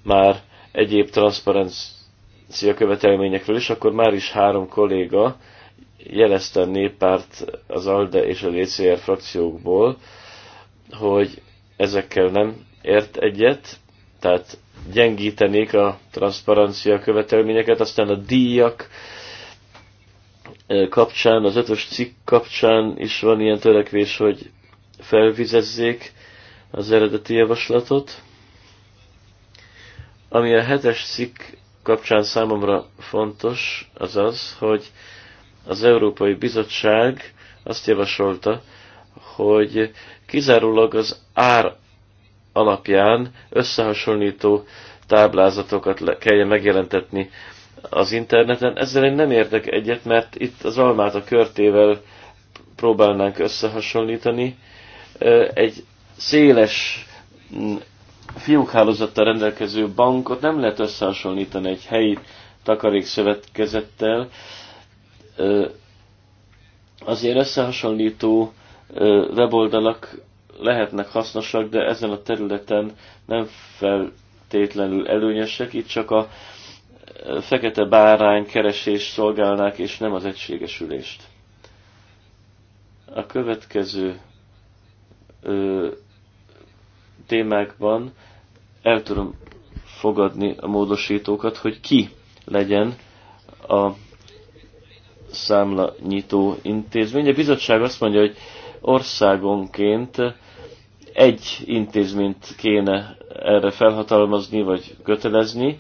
már egyéb transzparencia követelményekről is, akkor már is három kolléga jelezte a néppárt az ALDE és a DCR frakciókból, hogy ezekkel nem ért egyet, tehát gyengítenék a transzparencia követelményeket, aztán a díjak eh, kapcsán, az ötös cikk kapcsán is van ilyen törekvés, hogy felvizezzék az eredeti javaslatot. Ami a hetes cikk kapcsán számomra fontos, az az, hogy az Európai Bizottság azt javasolta, hogy kizárólag az ár alapján összehasonlító táblázatokat kelljen megjelentetni az interneten. Ezzel én nem értek egyet, mert itt az almát a körtével próbálnánk összehasonlítani. Egy széles mm, fiúkhálózattal rendelkező bankot nem lehet összehasonlítani egy helyi takarékszövetkezettel, azért összehasonlító weboldalak lehetnek hasznosak, de ezen a területen nem feltétlenül előnyesek, itt csak a fekete bárány keresés szolgálnák, és nem az egységesülést. A következő ö, témákban el tudom fogadni a módosítókat, hogy ki legyen a számla nyitó intézmény. A bizottság azt mondja, hogy országonként egy intézményt kéne erre felhatalmazni, vagy kötelezni.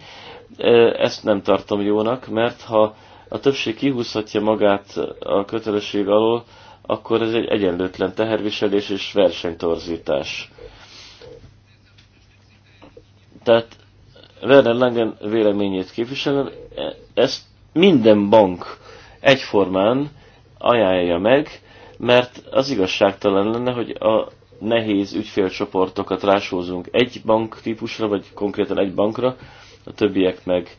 E, ezt nem tartom jónak, mert ha a többség kihúzhatja magát a kötelesség alól, akkor ez egy egyenlőtlen teherviselés és versenytorzítás. Tehát Werner Langen véleményét képviselem, e, ezt minden bank egyformán ajánlja meg, mert az igazságtalan lenne, hogy a nehéz ügyfélcsoportokat rásózunk egy bank típusra, vagy konkrétan egy bankra, a többiek meg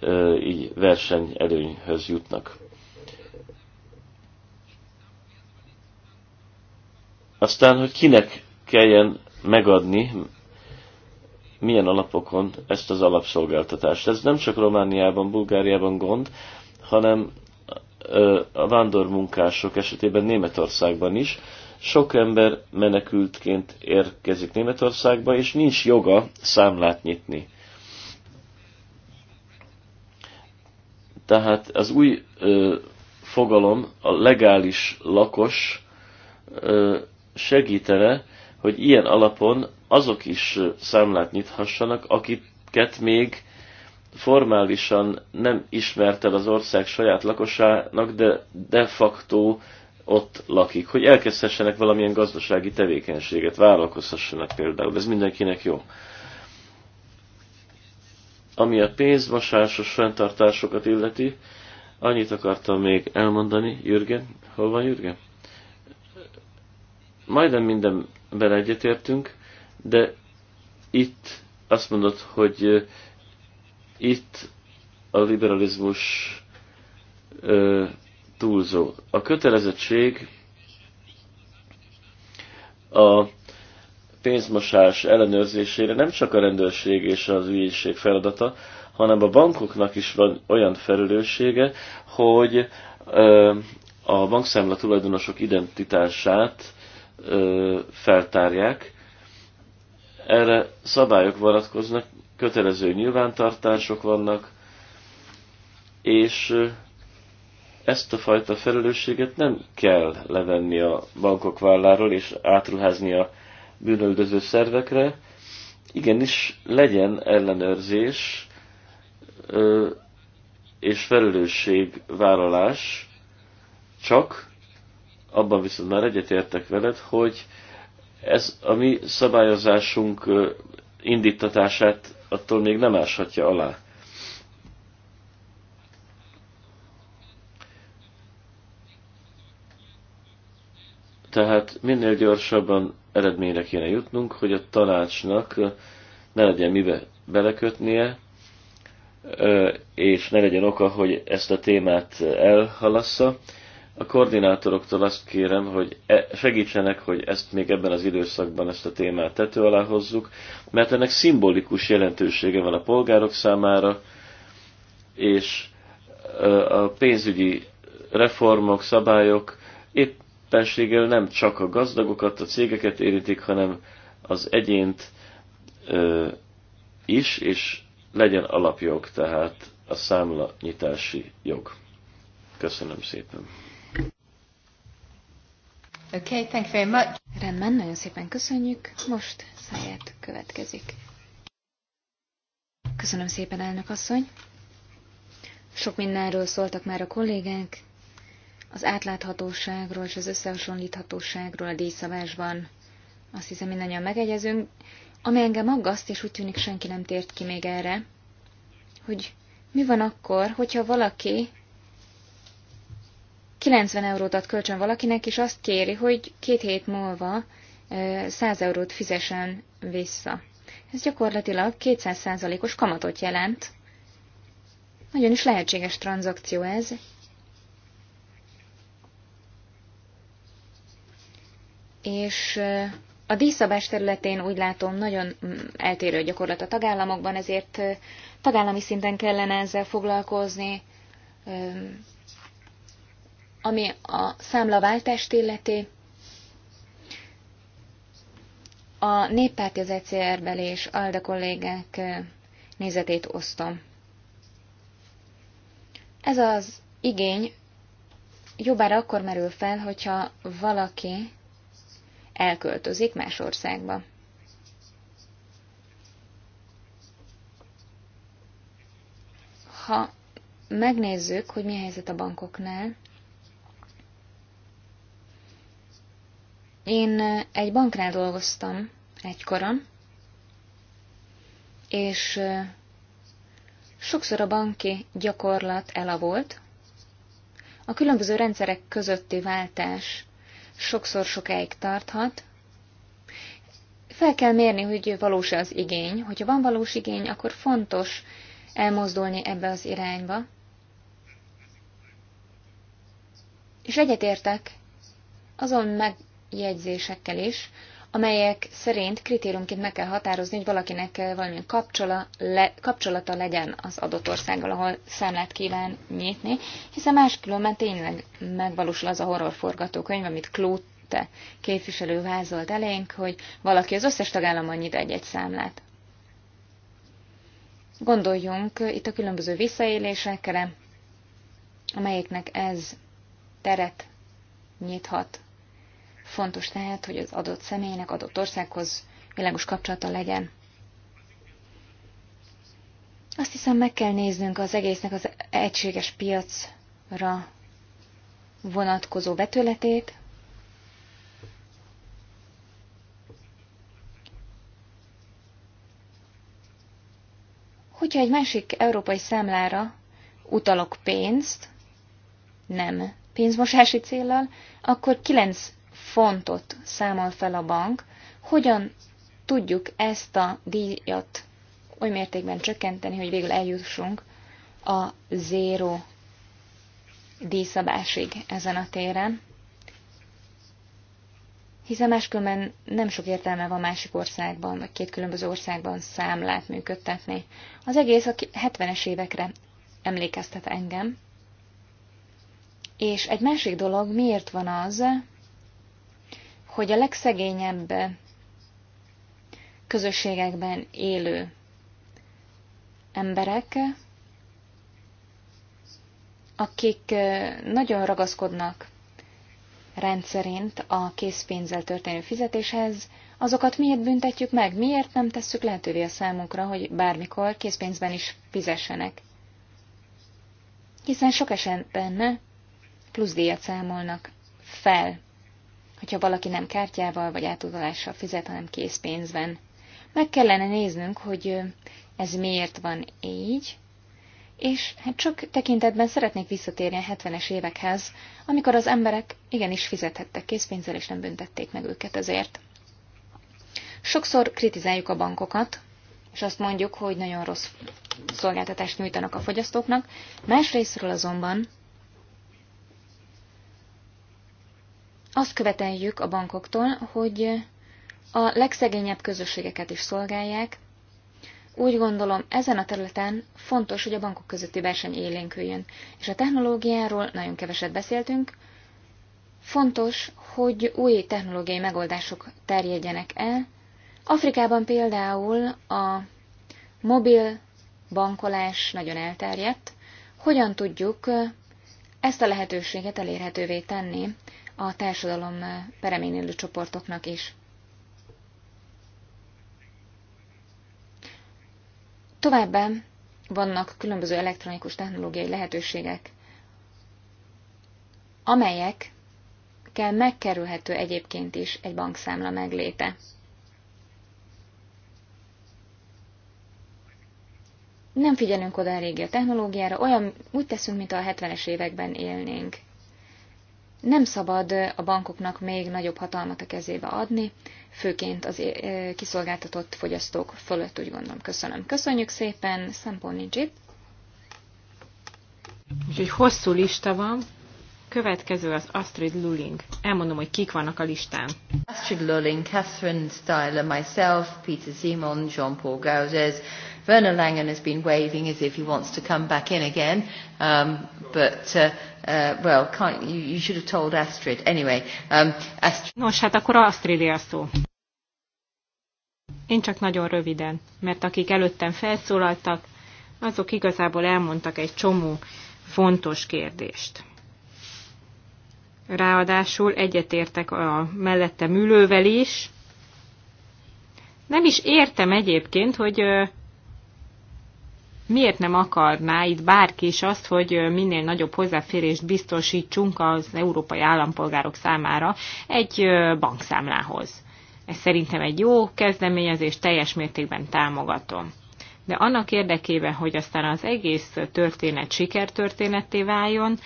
e, így versenyelőnyhöz jutnak. Aztán, hogy kinek kelljen megadni, milyen alapokon ezt az alapszolgáltatást. Ez nem csak Romániában, Bulgáriában gond, hanem a vándormunkások esetében Németországban is. Sok ember menekültként érkezik Németországba, és nincs joga számlát nyitni. Tehát az új ö, fogalom, a legális lakos ö, segítene, hogy ilyen alapon azok is számlát nyithassanak, akiket még formálisan nem ismert el az ország saját lakosának, de de facto ott lakik, hogy elkezdhessenek valamilyen gazdasági tevékenységet, vállalkozhassanak például. Ez mindenkinek jó. Ami a pénzmosásos fenntartásokat illeti, annyit akartam még elmondani, Jürgen. Hol van Jürgen? Majdnem mindenben egyetértünk, de itt azt mondod, hogy itt a liberalizmus ö, túlzó. A kötelezettség a pénzmosás ellenőrzésére nem csak a rendőrség és az ügyészség feladata, hanem a bankoknak is van olyan felelőssége, hogy ö, a bankszámla tulajdonosok identitását ö, feltárják. Erre szabályok vonatkoznak, kötelező nyilvántartások vannak, és ezt a fajta felelősséget nem kell levenni a bankok válláról és átruházni a bűnöldöző szervekre. Igenis legyen ellenőrzés és felelősségvállalás, csak abban viszont már egyetértek veled, hogy ez a mi szabályozásunk indítatását attól még nem áshatja alá. Tehát minél gyorsabban eredményre kéne jutnunk, hogy a tanácsnak ne legyen mibe belekötnie, és ne legyen oka, hogy ezt a témát elhalassza. A koordinátoroktól azt kérem, hogy e, segítsenek, hogy ezt még ebben az időszakban ezt a témát tető alá hozzuk, mert ennek szimbolikus jelentősége van a polgárok számára, és a pénzügyi reformok, szabályok éppenséggel nem csak a gazdagokat, a cégeket érintik, hanem az egyént ö, is, és legyen alapjog, tehát a számla nyitási jog. Köszönöm szépen! Okay, thank you very much. Rendben, nagyon szépen köszönjük. Most száját következik. Köszönöm szépen, elnök asszony. Sok mindenről szóltak már a kollégánk. Az átláthatóságról és az összehasonlíthatóságról a díjszabásban azt hiszem mindannyian megegyezünk. Ami engem aggaszt, és úgy tűnik senki nem tért ki még erre, hogy mi van akkor, hogyha valaki 90 eurót ad kölcsön valakinek, és azt kéri, hogy két hét múlva 100 eurót fizessen vissza. Ez gyakorlatilag 200%-os kamatot jelent. Nagyon is lehetséges tranzakció ez. És a díjszabás területén úgy látom nagyon mm, eltérő gyakorlat a tagállamokban, ezért tagállami szinten kellene ezzel foglalkozni, ami a számlaváltást illeti, a néppárti az ecr és ALDA kollégák nézetét osztom. Ez az igény jobbára akkor merül fel, hogyha valaki elköltözik más országba. Ha megnézzük, hogy mi a helyzet a bankoknál, Én egy banknál dolgoztam egykoron, és sokszor a banki gyakorlat elavult. A különböző rendszerek közötti váltás sokszor sokáig tarthat. Fel kell mérni, hogy valós -e az igény. Hogyha van valós igény, akkor fontos elmozdulni ebbe az irányba. És egyetértek azon meg jegyzésekkel is, amelyek szerint kritériumként meg kell határozni, hogy valakinek valamilyen kapcsola, le, kapcsolata legyen az adott országgal, ahol számlát kíván nyitni, hiszen máskülönben tényleg megvalósul az a horror forgatókönyv, amit Klóte képviselő vázolt elénk, hogy valaki az összes tagállamon nyit egy-egy számlát. Gondoljunk itt a különböző visszaélésekre, amelyeknek ez teret nyithat. Fontos tehát, hogy az adott személynek adott országhoz világos kapcsolata legyen. Azt hiszem, meg kell néznünk az egésznek az egységes piacra vonatkozó vetületét. Hogyha egy másik európai számlára utalok pénzt, nem pénzmosási céllal, akkor 9 fontot számol fel a bank, hogyan tudjuk ezt a díjat oly mértékben csökkenteni, hogy végül eljussunk a zéro díjszabásig ezen a téren, hiszen máskülönben nem sok értelme van másik országban, vagy két különböző országban számlát működtetni. Az egész a 70-es évekre emlékeztet engem. És egy másik dolog, miért van az, hogy a legszegényebb közösségekben élő emberek, akik nagyon ragaszkodnak rendszerint a készpénzzel történő fizetéshez, azokat miért büntetjük meg? Miért nem tesszük lehetővé a számukra, hogy bármikor készpénzben is fizessenek? Hiszen sok esetben plusz díjat számolnak fel hogyha valaki nem kártyával vagy átutalással fizet, hanem készpénzben. Meg kellene néznünk, hogy ez miért van így, és hát csak tekintetben szeretnék visszatérni a 70-es évekhez, amikor az emberek igenis fizethettek készpénzzel, és nem büntették meg őket ezért. Sokszor kritizáljuk a bankokat, és azt mondjuk, hogy nagyon rossz szolgáltatást nyújtanak a fogyasztóknak, másrésztről azonban azt követeljük a bankoktól, hogy a legszegényebb közösségeket is szolgálják. Úgy gondolom, ezen a területen fontos, hogy a bankok közötti verseny élénküljön. És a technológiáról nagyon keveset beszéltünk. Fontos, hogy új technológiai megoldások terjedjenek el. Afrikában például a mobil bankolás nagyon elterjedt. Hogyan tudjuk eh, ezt a lehetőséget elérhetővé tenni a társadalom eh, peremén élő csoportoknak is. Továbbá vannak különböző elektronikus technológiai lehetőségek, amelyek kell megkerülhető egyébként is egy bankszámla megléte. Nem figyelünk oda eléggé a technológiára, olyan úgy teszünk, mint a 70-es években élnénk. Nem szabad a bankoknak még nagyobb hatalmat a kezébe adni, főként az eh, kiszolgáltatott fogyasztók fölött, úgy gondolom. Köszönöm. Köszönjük szépen, szempont nincs itt. Úgyhogy hosszú lista van. Következő az Astrid Luling. Elmondom, hogy kik vannak a listán. Astrid Luling, Catherine Styler, myself, Peter Simon, Jean-Paul Gauzes, Werner Langen has been waving as if he wants to come back in again, um, but uh, uh, well, can't, you, you should have told Astrid. Anyway, um, Astrid. Nos, hát akkor Astrid a szó. Én csak nagyon röviden, mert akik előttem felszólaltak, azok igazából elmondtak egy csomó fontos kérdést. Ráadásul egyetértek a mellettem ülővel is. Nem is értem egyébként, hogy miért nem akarná itt bárki is azt, hogy minél nagyobb hozzáférést biztosítsunk az európai állampolgárok számára egy bankszámlához. Ez szerintem egy jó kezdeményezés, teljes mértékben támogatom. De annak érdekében, hogy aztán az egész történet sikertörténetté váljon,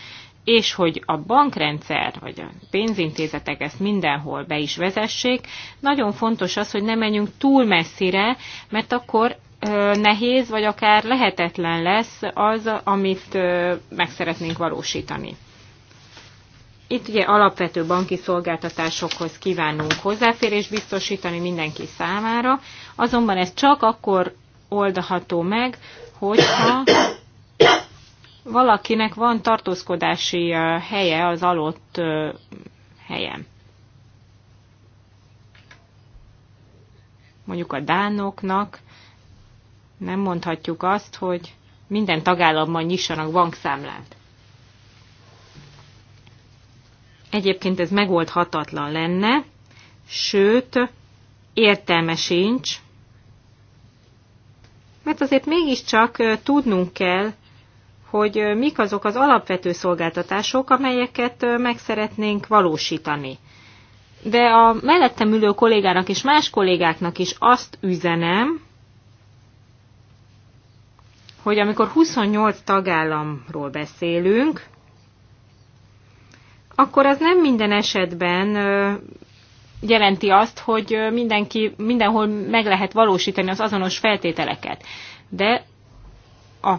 és hogy a bankrendszer vagy a pénzintézetek ezt mindenhol be is vezessék, nagyon fontos az, hogy ne menjünk túl messzire, mert akkor nehéz, vagy akár lehetetlen lesz az, amit meg szeretnénk valósítani. Itt ugye alapvető banki szolgáltatásokhoz kívánunk hozzáférés biztosítani mindenki számára, azonban ez csak akkor oldható meg, hogyha valakinek van tartózkodási helye az alott helyen. Mondjuk a dánoknak nem mondhatjuk azt, hogy minden tagállamban nyissanak bankszámlát. Egyébként ez megoldhatatlan lenne, sőt, értelme sincs, mert azért mégiscsak tudnunk kell, hogy mik azok az alapvető szolgáltatások, amelyeket meg szeretnénk valósítani. De a mellettem ülő kollégának és más kollégáknak is azt üzenem, hogy amikor 28 tagállamról beszélünk, akkor az nem minden esetben jelenti azt, hogy mindenki, mindenhol meg lehet valósítani az azonos feltételeket. De a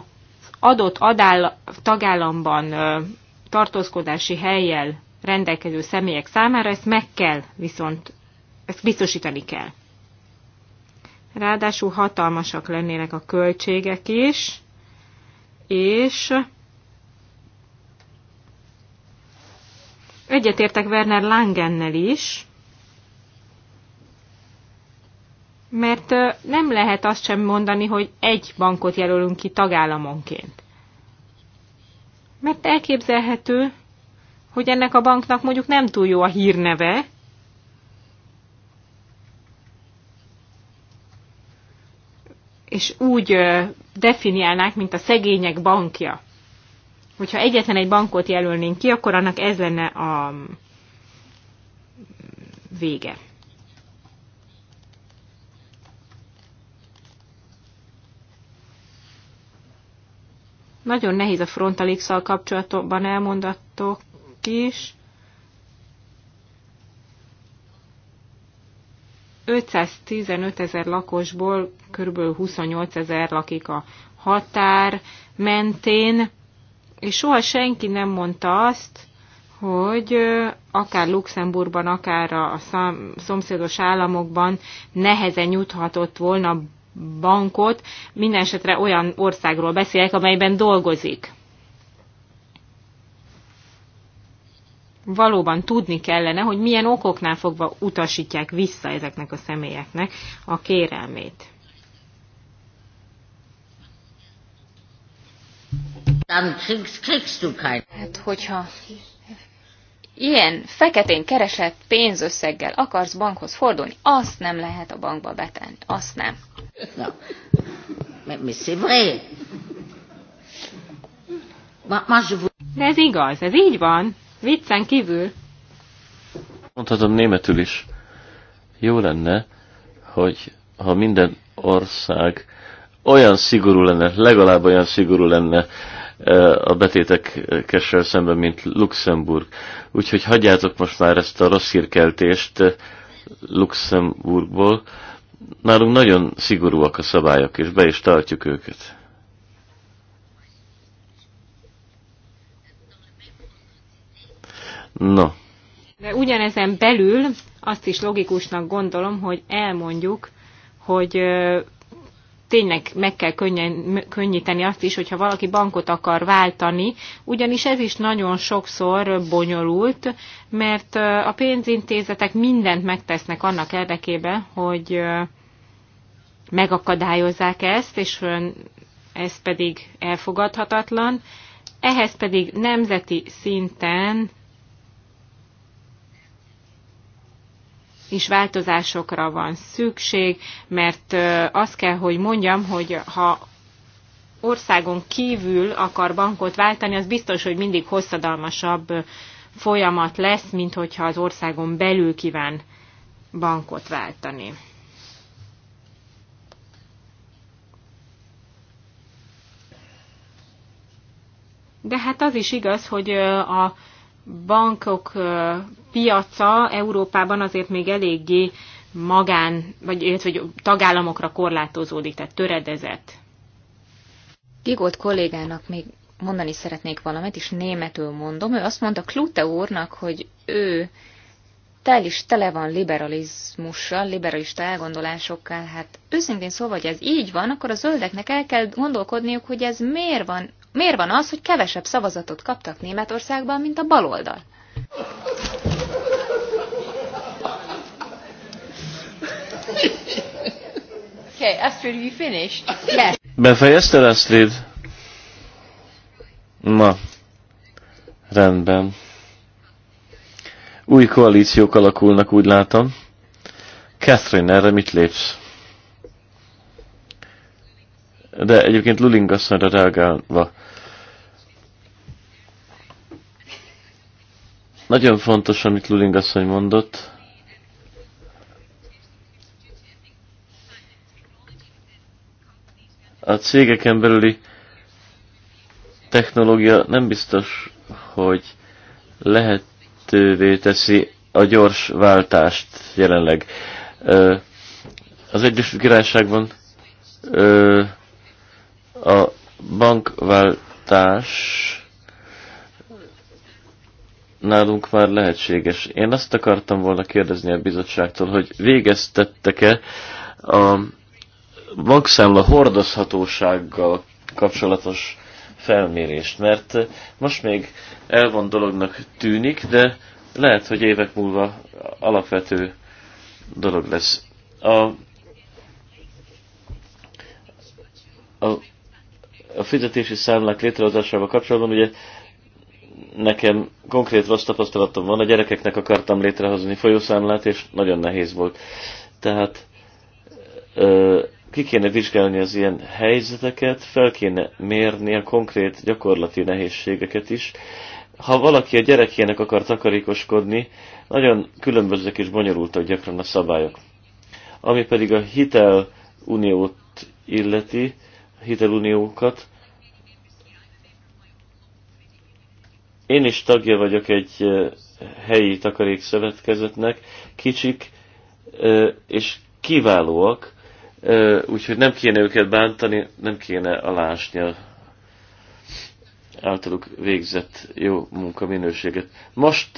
adott adál tagállamban tartózkodási helyjel rendelkező személyek számára ezt meg kell viszont, ezt biztosítani kell. Ráadásul hatalmasak lennének a költségek is, és egyetértek Werner Langennel is, mert nem lehet azt sem mondani, hogy egy bankot jelölünk ki tagállamonként. Mert elképzelhető, hogy ennek a banknak mondjuk nem túl jó a hírneve, és úgy definiálnák, mint a szegények bankja. Hogyha egyetlen egy bankot jelölnénk ki, akkor annak ez lenne a mm, vége. Nagyon nehéz a frontalix kapcsolatban elmondatok is. 515 ezer lakosból kb. 28 ezer lakik a határ mentén, és soha senki nem mondta azt, hogy akár Luxemburgban, akár a szomszédos államokban nehezen juthatott volna bankot, minden esetre olyan országról beszélek, amelyben dolgozik. valóban tudni kellene, hogy milyen okoknál fogva utasítják vissza ezeknek a személyeknek a kérelmét. Hát, hogyha ilyen feketén keresett pénzösszeggel akarsz bankhoz fordulni, azt nem lehet a bankba betenni. Azt nem. No. mi De ez igaz, ez így van. Viccen kívül. Mondhatom németül is. Jó lenne, hogy ha minden ország olyan szigorú lenne, legalább olyan szigorú lenne e, a betétekkel szemben, mint Luxemburg. Úgyhogy hagyjátok most már ezt a rossz hírkeltést e, Luxemburgból. Nálunk nagyon szigorúak a szabályok, és be is tartjuk őket. No. De ugyanezen belül azt is logikusnak gondolom, hogy elmondjuk, hogy tényleg meg kell könnyen, könnyíteni azt is, hogyha valaki bankot akar váltani, ugyanis ez is nagyon sokszor bonyolult, mert a pénzintézetek mindent megtesznek annak érdekében, hogy megakadályozzák ezt, és ez pedig elfogadhatatlan. Ehhez pedig nemzeti szinten is változásokra van szükség, mert azt kell, hogy mondjam, hogy ha országon kívül akar bankot váltani, az biztos, hogy mindig hosszadalmasabb folyamat lesz, mint hogyha az országon belül kíván bankot váltani. De hát az is igaz, hogy a bankok piaca Európában azért még eléggé magán, vagy, illetve tagállamokra korlátozódik, tehát töredezett. Gigolt kollégának még mondani szeretnék valamit, és németül mondom. Ő azt mondta Klute úrnak, hogy ő tel is tele van liberalizmussal, liberalista elgondolásokkal. Hát őszintén szóval, hogy ez így van, akkor a zöldeknek el kell gondolkodniuk, hogy ez miért van, miért van az, hogy kevesebb szavazatot kaptak Németországban, mint a baloldal. Okay, Astrid, you finished? Yes. Befejezte Astrid? Ma. Rendben. Új koalíciók alakulnak, úgy látom. Catherine, erre mit lépsz? De egyébként Luling asszonyra reagálva. Nagyon fontos, amit Luling asszony mondott. A cégeken belüli technológia nem biztos, hogy lehet lehetővé teszi a gyors váltást jelenleg. Az Egyesült Királyságban a bankváltás nálunk már lehetséges. Én azt akartam volna kérdezni a bizottságtól, hogy végeztettek-e a bankszámla hordozhatósággal kapcsolatos felmérést, mert most még elvon dolognak tűnik, de lehet, hogy évek múlva alapvető dolog lesz. A, a, a fizetési számlák létrehozásával kapcsolatban ugye nekem konkrét rossz tapasztalatom van, a gyerekeknek akartam létrehozni folyószámlát, és nagyon nehéz volt. Tehát ö, ki kéne vizsgálni az ilyen helyzeteket, fel kéne mérni a konkrét gyakorlati nehézségeket is. Ha valaki a gyerekének akar takarékoskodni, nagyon különbözők és bonyolultak gyakran a szabályok. Ami pedig a hiteluniót illeti, hiteluniókat, én is tagja vagyok egy helyi takarékszövetkezetnek, kicsik és kiválóak, úgyhogy nem kéne őket bántani, nem kéne alásni a általuk végzett jó munka minőséget. Most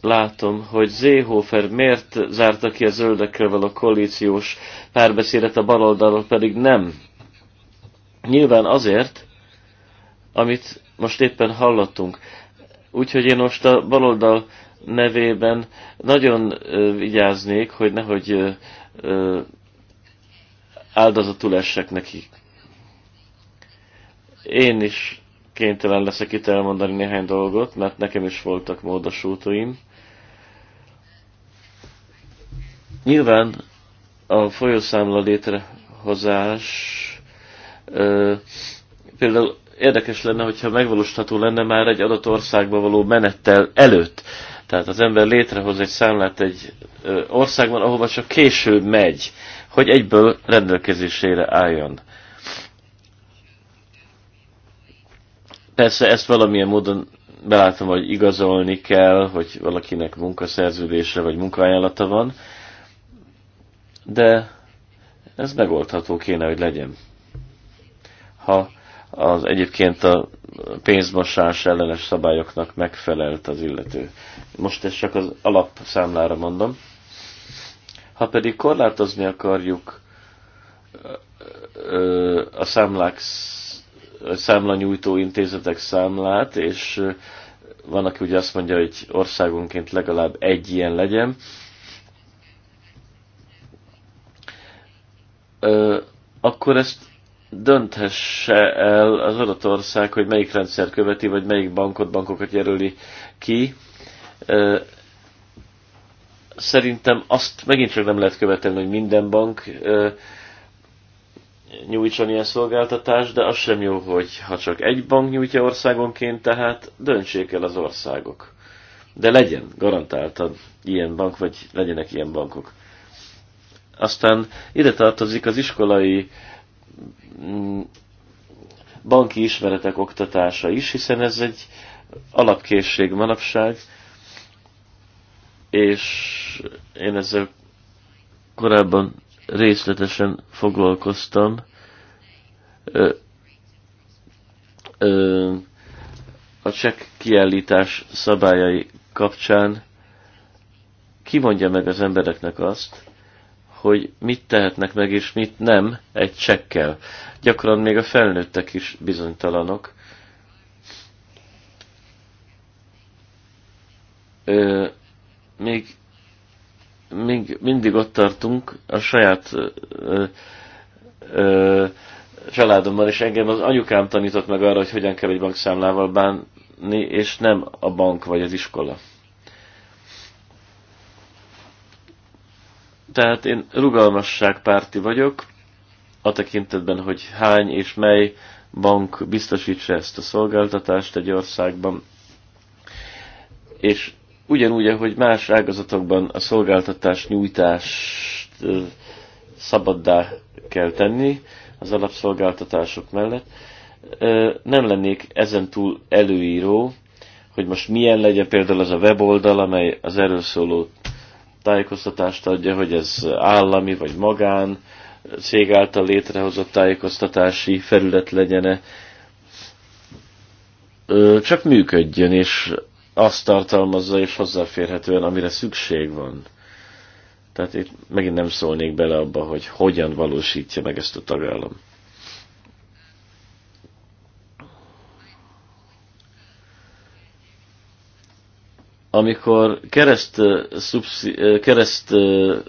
látom, hogy Zéhofer miért zárta ki a zöldekkel való koalíciós párbeszédet, a baloldalról pedig nem. Nyilván azért, amit most éppen hallottunk. Úgyhogy én most a baloldal nevében nagyon vigyáznék, hogy nehogy áldozatul essek nekik. Én is kénytelen leszek itt elmondani néhány dolgot, mert nekem is voltak módosultóim. Nyilván a folyószámla létrehozás ö, például érdekes lenne, hogyha megvalósítható lenne már egy adott országba való menettel előtt. Tehát az ember létrehoz egy számlát egy országban, ahova csak később megy hogy egyből rendelkezésére álljon. Persze ezt valamilyen módon belátom, hogy igazolni kell, hogy valakinek munkaszerződése vagy munkaajánlata van, de ez megoldható kéne, hogy legyen. Ha az egyébként a pénzmosás ellenes szabályoknak megfelelt az illető. Most ezt csak az alapszámlára mondom. Ha pedig korlátozni akarjuk a számlák, számlanyújtó intézetek számlát, és van, aki ugye azt mondja, hogy országunként legalább egy ilyen legyen, akkor ezt dönthesse el az adott ország, hogy melyik rendszer követi, vagy melyik bankot, bankokat jelöli ki szerintem azt megint csak nem lehet követelni, hogy minden bank nyújtson ilyen szolgáltatást, de az sem jó, hogy ha csak egy bank nyújtja országonként, tehát döntsék el az országok. De legyen garantáltan ilyen bank, vagy legyenek ilyen bankok. Aztán ide tartozik az iskolai mm, banki ismeretek oktatása is, hiszen ez egy alapkészség manapság, és én ezzel korábban részletesen foglalkoztam. Ö, ö, a csekk kiállítás szabályai kapcsán kimondja meg az embereknek azt, hogy mit tehetnek meg és mit nem egy csekkel. Gyakran még a felnőttek is bizonytalanok. Ö, még, még mindig ott tartunk a saját ö, ö, családommal, és engem az anyukám tanított meg arra, hogy hogyan kell egy bankszámlával bánni, és nem a bank vagy az iskola. Tehát én rugalmasságpárti vagyok, a tekintetben, hogy hány és mely bank biztosítsa ezt a szolgáltatást egy országban, és ugyanúgy, ahogy más ágazatokban a szolgáltatás nyújtást szabaddá kell tenni az alapszolgáltatások mellett, nem lennék ezen túl előíró, hogy most milyen legyen például az a weboldal, amely az erről szóló tájékoztatást adja, hogy ez állami vagy magán cég által létrehozott tájékoztatási felület legyen-e. Csak működjön, és azt tartalmazza és hozzáférhetően, amire szükség van. Tehát itt megint nem szólnék bele abba, hogy hogyan valósítja meg ezt a tagállam. Amikor kereszt, szubszi, kereszt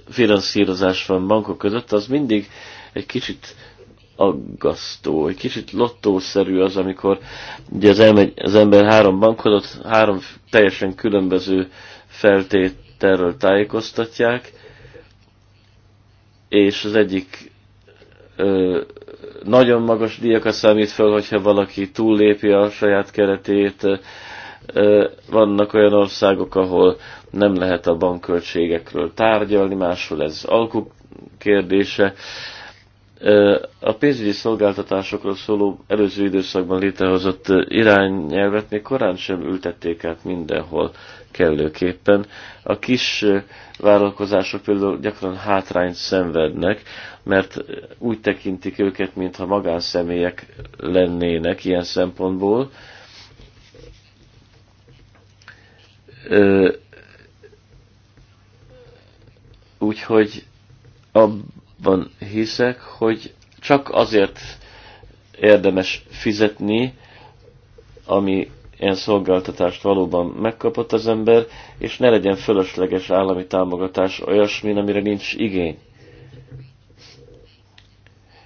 finanszírozás van bankok között, az mindig egy kicsit aggasztó. Egy kicsit lottószerű az, amikor ugye az, elmegy, az ember három bankodot, három teljesen különböző feltételről tájékoztatják, és az egyik ö, nagyon magas díjakat számít fel, hogyha valaki túllépi a saját keretét. Ö, vannak olyan országok, ahol nem lehet a bankköltségekről tárgyalni, máshol ez alkuk kérdése. A pénzügyi szolgáltatásokról szóló előző időszakban létrehozott irányelvet még korán sem ültették át mindenhol kellőképpen. A kis vállalkozások például gyakran hátrányt szenvednek, mert úgy tekintik őket, mintha magánszemélyek lennének ilyen szempontból. Úgyhogy a abban hiszek, hogy csak azért érdemes fizetni, ami ilyen szolgáltatást valóban megkapott az ember, és ne legyen fölösleges állami támogatás olyasmi, amire nincs igény.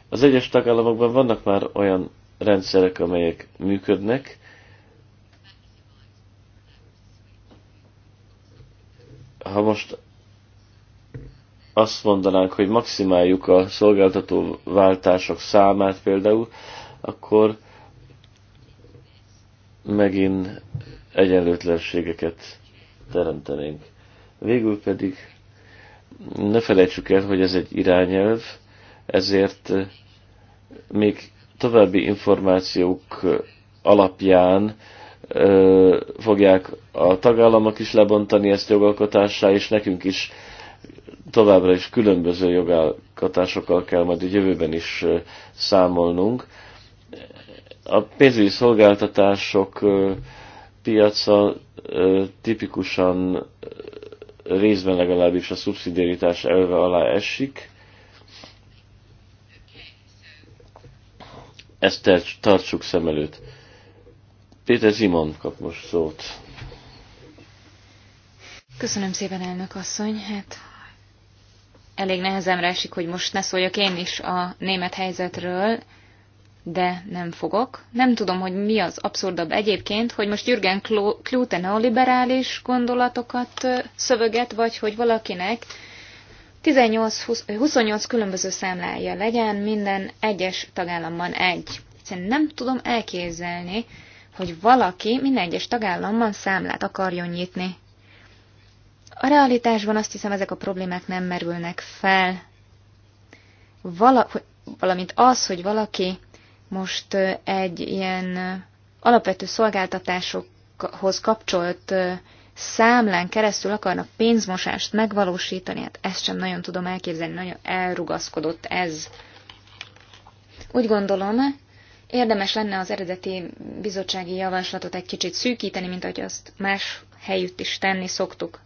Az egyes tagállamokban vannak már olyan rendszerek, amelyek működnek, ha most azt mondanánk, hogy maximáljuk a szolgáltató váltások számát például, akkor megint egyenlőtlenségeket teremtenénk. Végül pedig ne felejtsük el, hogy ez egy irányelv, ezért még további információk alapján ö, fogják a tagállamok is lebontani ezt jogalkotássá, és nekünk is továbbra is különböző jogalkatásokkal kell majd a jövőben is számolnunk. A pénzügyi szolgáltatások piaca tipikusan részben legalábbis a szubszidiaritás elve alá esik. Ezt tartsuk szem előtt. Péter Zimon kap most szót. Köszönöm szépen, elnök asszony. Hát elég nehezemre esik, hogy most ne szóljak én is a német helyzetről, de nem fogok. Nem tudom, hogy mi az abszurdabb egyébként, hogy most Jürgen Klute neoliberális gondolatokat szöveget, vagy hogy valakinek 18-28 különböző számlája legyen, minden egyes tagállamban egy. Egyszerűen nem tudom elképzelni, hogy valaki minden egyes tagállamban számlát akarjon nyitni. A realitásban azt hiszem ezek a problémák nem merülnek fel. Vala, valamint az, hogy valaki most egy ilyen alapvető szolgáltatásokhoz kapcsolt számlán keresztül akarna pénzmosást megvalósítani, hát ezt sem nagyon tudom elképzelni, nagyon elrugaszkodott ez. Úgy gondolom, érdemes lenne az eredeti bizottsági javaslatot egy kicsit szűkíteni, mint ahogy azt más helyütt is tenni szoktuk.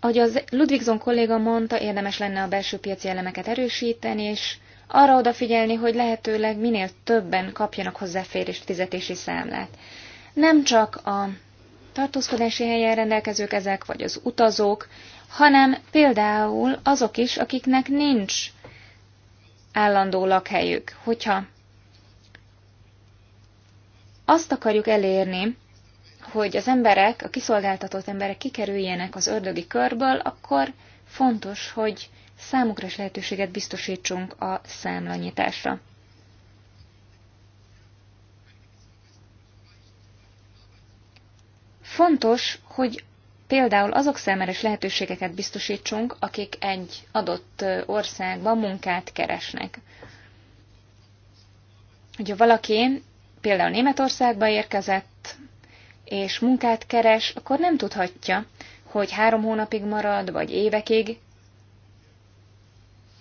Ahogy az Ludvigson kolléga mondta, érdemes lenne a belső piaci elemeket erősíteni, és arra odafigyelni, hogy lehetőleg minél többen kapjanak hozzáférést fizetési számlát. Nem csak a tartózkodási helyen rendelkezők ezek, vagy az utazók, hanem például azok is, akiknek nincs állandó lakhelyük. Hogyha azt akarjuk elérni, hogy az emberek, a kiszolgáltatott emberek kikerüljenek az ördögi körből, akkor fontos, hogy számukra is lehetőséget biztosítsunk a számlanyításra. Fontos, hogy például azok számára is lehetőségeket biztosítsunk, akik egy adott országban munkát keresnek. Hogyha valaki például Németországba érkezett, és munkát keres, akkor nem tudhatja, hogy három hónapig marad, vagy évekig.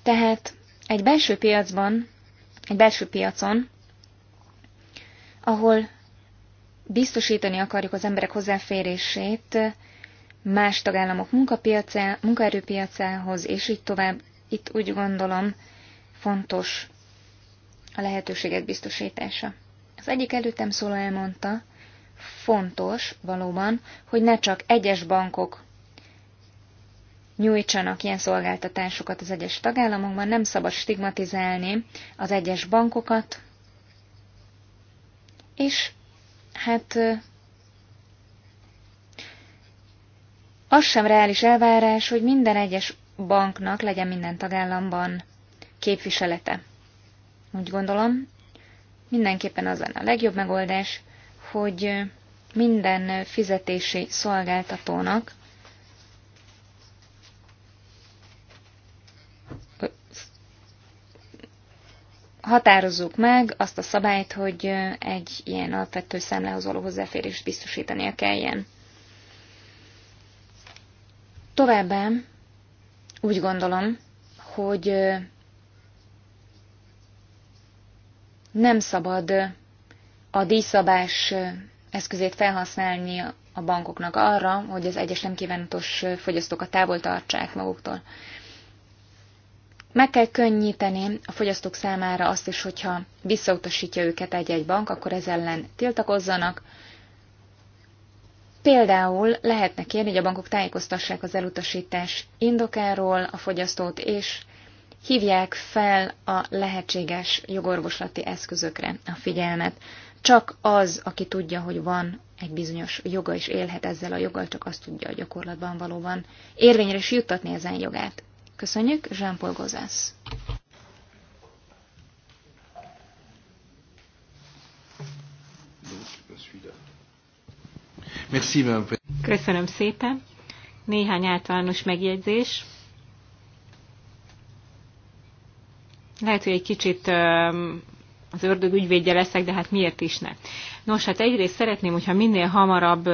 Tehát egy belső piacban, egy belső piacon, ahol biztosítani akarjuk az emberek hozzáférését más tagállamok munkaerőpiacához, és így tovább, itt úgy gondolom fontos a lehetőségek biztosítása. Az egyik előttem szóló elmondta, fontos valóban, hogy ne csak egyes bankok nyújtsanak ilyen szolgáltatásokat az egyes tagállamokban, nem szabad stigmatizálni az egyes bankokat, és hát az sem reális elvárás, hogy minden egyes banknak legyen minden tagállamban képviselete. Úgy gondolom, mindenképpen az lenne a legjobb megoldás, hogy minden fizetési szolgáltatónak határozzuk meg azt a szabályt, hogy egy ilyen alapvető számlához való hozzáférést biztosítania kelljen. Továbbá úgy gondolom, hogy nem szabad a díjszabás eszközét felhasználni a bankoknak arra, hogy az egyes nem kívánatos fogyasztókat távol tartsák maguktól. Meg kell könnyíteni a fogyasztók számára azt is, hogyha visszautasítja őket egy-egy bank, akkor ez ellen tiltakozzanak. Például lehetne kérni, hogy a bankok tájékoztassák az elutasítás indokáról a fogyasztót, és hívják fel a lehetséges jogorvoslati eszközökre a figyelmet. Csak az, aki tudja, hogy van egy bizonyos joga, és élhet ezzel a joggal, csak azt tudja a gyakorlatban valóban érvényre is juttatni ezen jogát. Köszönjük, Jean-Paul Gozász. Köszönöm szépen. Néhány általános megjegyzés. Lehet, hogy egy kicsit az ördög ügyvédje leszek, de hát miért is ne. Nos, hát egyrészt szeretném, hogyha minél hamarabb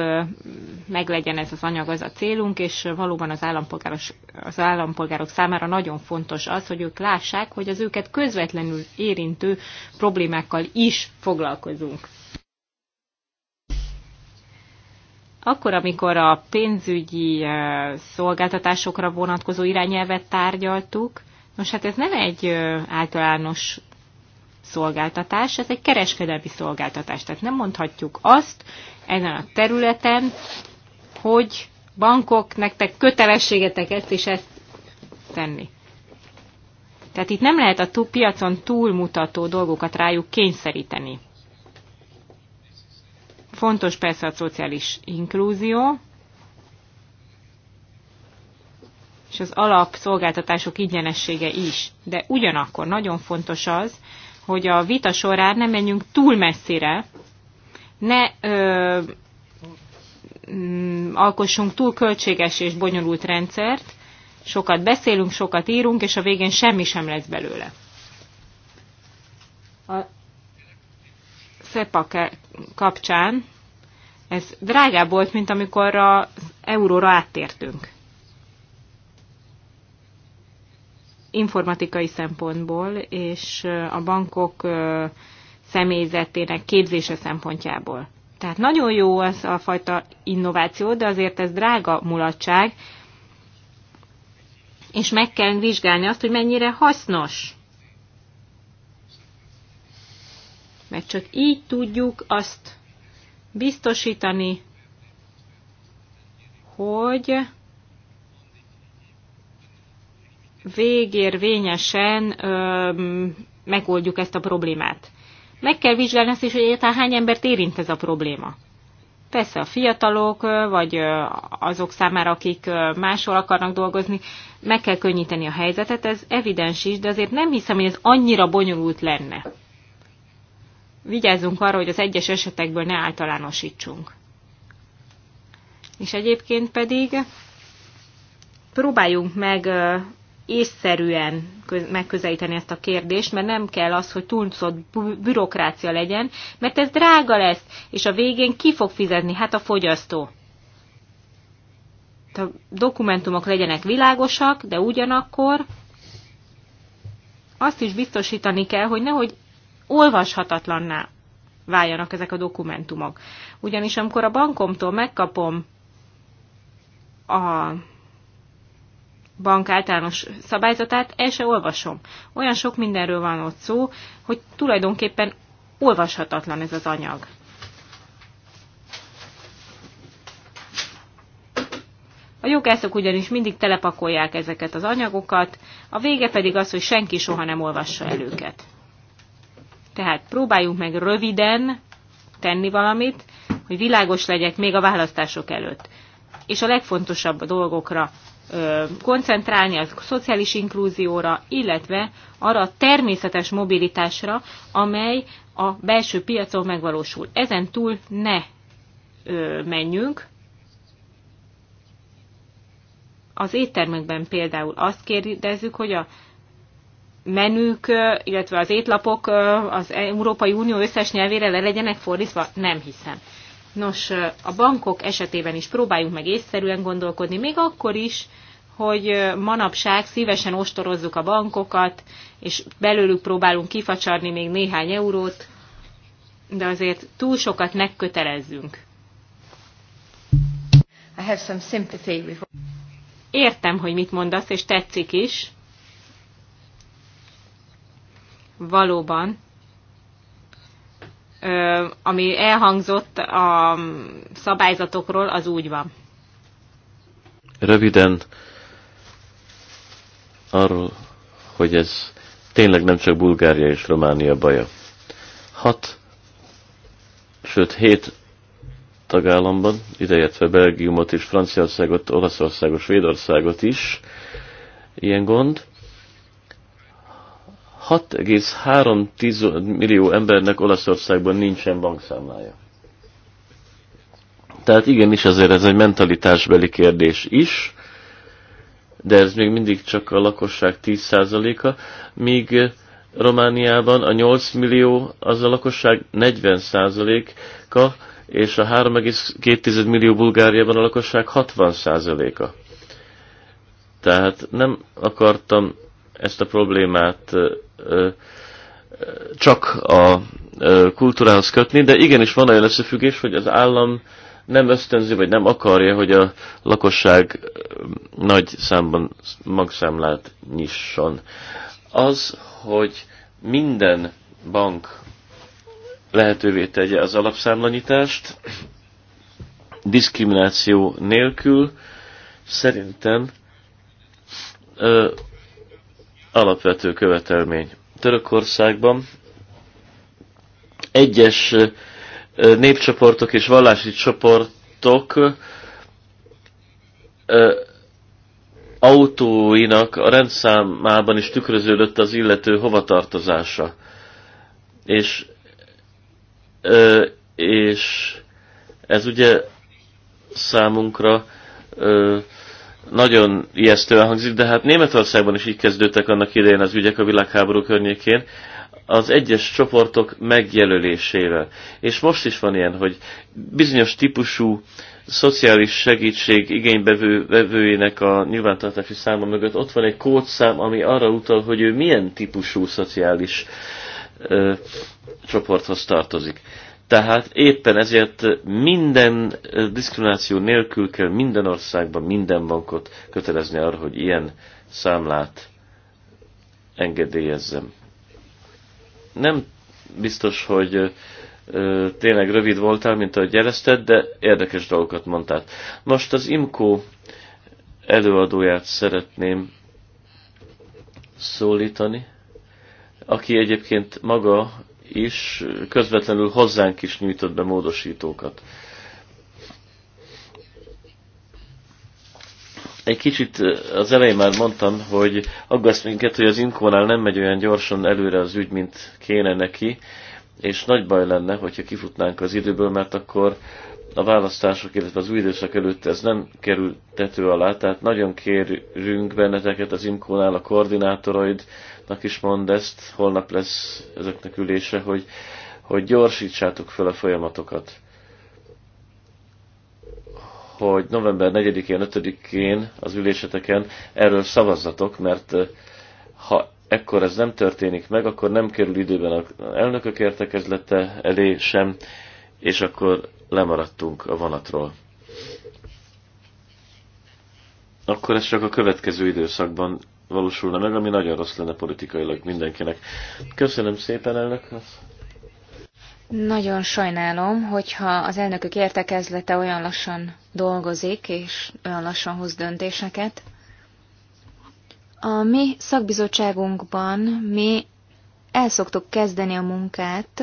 meglegyen ez az anyag, az a célunk, és valóban az, állampolgárok, az állampolgárok számára nagyon fontos az, hogy ők lássák, hogy az őket közvetlenül érintő problémákkal is foglalkozunk. Akkor, amikor a pénzügyi szolgáltatásokra vonatkozó irányelvet tárgyaltuk, Nos, hát ez nem egy általános szolgáltatás, ez egy kereskedelmi szolgáltatás. Tehát nem mondhatjuk azt ezen a területen, hogy bankok, nektek kötelességetek ezt és ezt tenni. Tehát itt nem lehet a túl, piacon túlmutató dolgokat rájuk kényszeríteni. Fontos persze a szociális inklúzió, és az alapszolgáltatások ingyenessége is. De ugyanakkor nagyon fontos az, hogy a vita során nem menjünk túl messzire, ne ö, mm, alkossunk túl költséges és bonyolult rendszert, sokat beszélünk, sokat írunk, és a végén semmi sem lesz belőle. A szepak kapcsán ez drágább volt, mint amikor az euróra áttértünk. informatikai szempontból és a bankok személyzetének képzése szempontjából. Tehát nagyon jó az a fajta innováció, de azért ez drága mulatság, és meg kell vizsgálni azt, hogy mennyire hasznos. Mert csak így tudjuk azt biztosítani, hogy végérvényesen ö, megoldjuk ezt a problémát. Meg kell vizsgálni azt is, hogy egyáltalán hány embert érint ez a probléma. Persze a fiatalok, vagy azok számára, akik máshol akarnak dolgozni, meg kell könnyíteni a helyzetet, ez evidens is, de azért nem hiszem, hogy ez annyira bonyolult lenne. Vigyázzunk arra, hogy az egyes esetekből ne általánosítsunk. És egyébként pedig próbáljunk meg észszerűen megközelíteni ezt a kérdést, mert nem kell az, hogy tuncott bürokrácia legyen, mert ez drága lesz, és a végén ki fog fizetni? Hát a fogyasztó. A dokumentumok legyenek világosak, de ugyanakkor azt is biztosítani kell, hogy nehogy olvashatatlanná váljanak ezek a dokumentumok. Ugyanis amikor a bankomtól megkapom a bank általános szabályzatát, el se olvasom. Olyan sok mindenről van ott szó, hogy tulajdonképpen olvashatatlan ez az anyag. A jogászok ugyanis mindig telepakolják ezeket az anyagokat, a vége pedig az, hogy senki soha nem olvassa el őket. Tehát próbáljunk meg röviden tenni valamit, hogy világos legyek még a választások előtt. És a legfontosabb dolgokra koncentrálni a szociális inklúzióra, illetve arra a természetes mobilitásra, amely a belső piacon megvalósul. Ezen túl ne menjünk. Az éttermekben például azt kérdezzük, hogy a menük, illetve az étlapok az Európai Unió összes nyelvére le legyenek fordítva? Nem hiszem. Nos, a bankok esetében is próbáljuk meg észszerűen gondolkodni, még akkor is, hogy manapság szívesen ostorozzuk a bankokat, és belőlük próbálunk kifacsarni még néhány eurót, de azért túl sokat megkötelezzünk. I have some sympathy with... Értem, hogy mit mondasz, és tetszik is. Valóban, ami elhangzott a szabályzatokról, az úgy van. Röviden arról, hogy ez tényleg nem csak Bulgária és Románia baja. Hat, sőt hét tagállamban, ideértve Belgiumot és Franciaországot, Olaszországot, Svédországot is ilyen gond. 6,3 millió embernek Olaszországban nincsen bankszámlája. Tehát igenis azért ez egy mentalitásbeli kérdés is, de ez még mindig csak a lakosság 10%-a, míg Romániában a 8 millió az a lakosság 40%-a, és a 3,2 millió Bulgáriában a lakosság 60%-a. Tehát nem akartam ezt a problémát csak a kultúrához kötni, de igenis van olyan összefüggés, hogy az állam nem ösztönzi, vagy nem akarja, hogy a lakosság nagy számban magszámlát nyisson. Az, hogy minden bank lehetővé tegye az alapszámlanyítást, diszkrimináció nélkül, szerintem alapvető követelmény. Törökországban egyes népcsoportok és vallási csoportok autóinak a rendszámában is tükröződött az illető hovatartozása. És, és ez ugye számunkra nagyon ijesztően hangzik, de hát Németországban is így kezdődtek annak idején az ügyek a világháború környékén, az egyes csoportok megjelölésével. És most is van ilyen, hogy bizonyos típusú szociális segítség igénybevőjének a nyilvántartási száma mögött ott van egy kódszám, ami arra utal, hogy ő milyen típusú szociális ö, csoporthoz tartozik. Tehát éppen ezért minden diszkrimináció nélkül kell minden országban minden bankot kötelezni arra, hogy ilyen számlát engedélyezzem. Nem biztos, hogy tényleg rövid voltál, mint ahogy jelezted, de érdekes dolgokat mondtál. Most az IMCO előadóját szeretném szólítani, aki egyébként maga is közvetlenül hozzánk is nyújtott be módosítókat. Egy kicsit eh, az elején már mondtam, hogy aggaszt minket, hogy az inkónál nem megy olyan gyorsan előre az ügy, mint kéne neki, és nagy baj lenne, hogyha kifutnánk az időből, mert akkor a választások, illetve az új időszak előtt ez nem kerül tető alá, tehát nagyon kérünk benneteket az imkónál, a koordinátoroidnak is mond ezt, holnap lesz ezeknek ülése, hogy, hogy gyorsítsátok fel a folyamatokat. Hogy november 4-én, 5-én az üléseteken erről szavazzatok, mert ha ekkor ez nem történik meg, akkor nem kerül időben a elnökök értekezlete elé sem, és akkor lemaradtunk a vonatról. Akkor ez csak a következő időszakban valósulna meg, ami nagyon rossz lenne politikailag mindenkinek. Köszönöm szépen, elnök! Nagyon sajnálom, hogyha az elnökök értekezlete olyan lassan dolgozik, és olyan lassan hoz döntéseket. A mi szakbizottságunkban mi el szoktuk kezdeni a munkát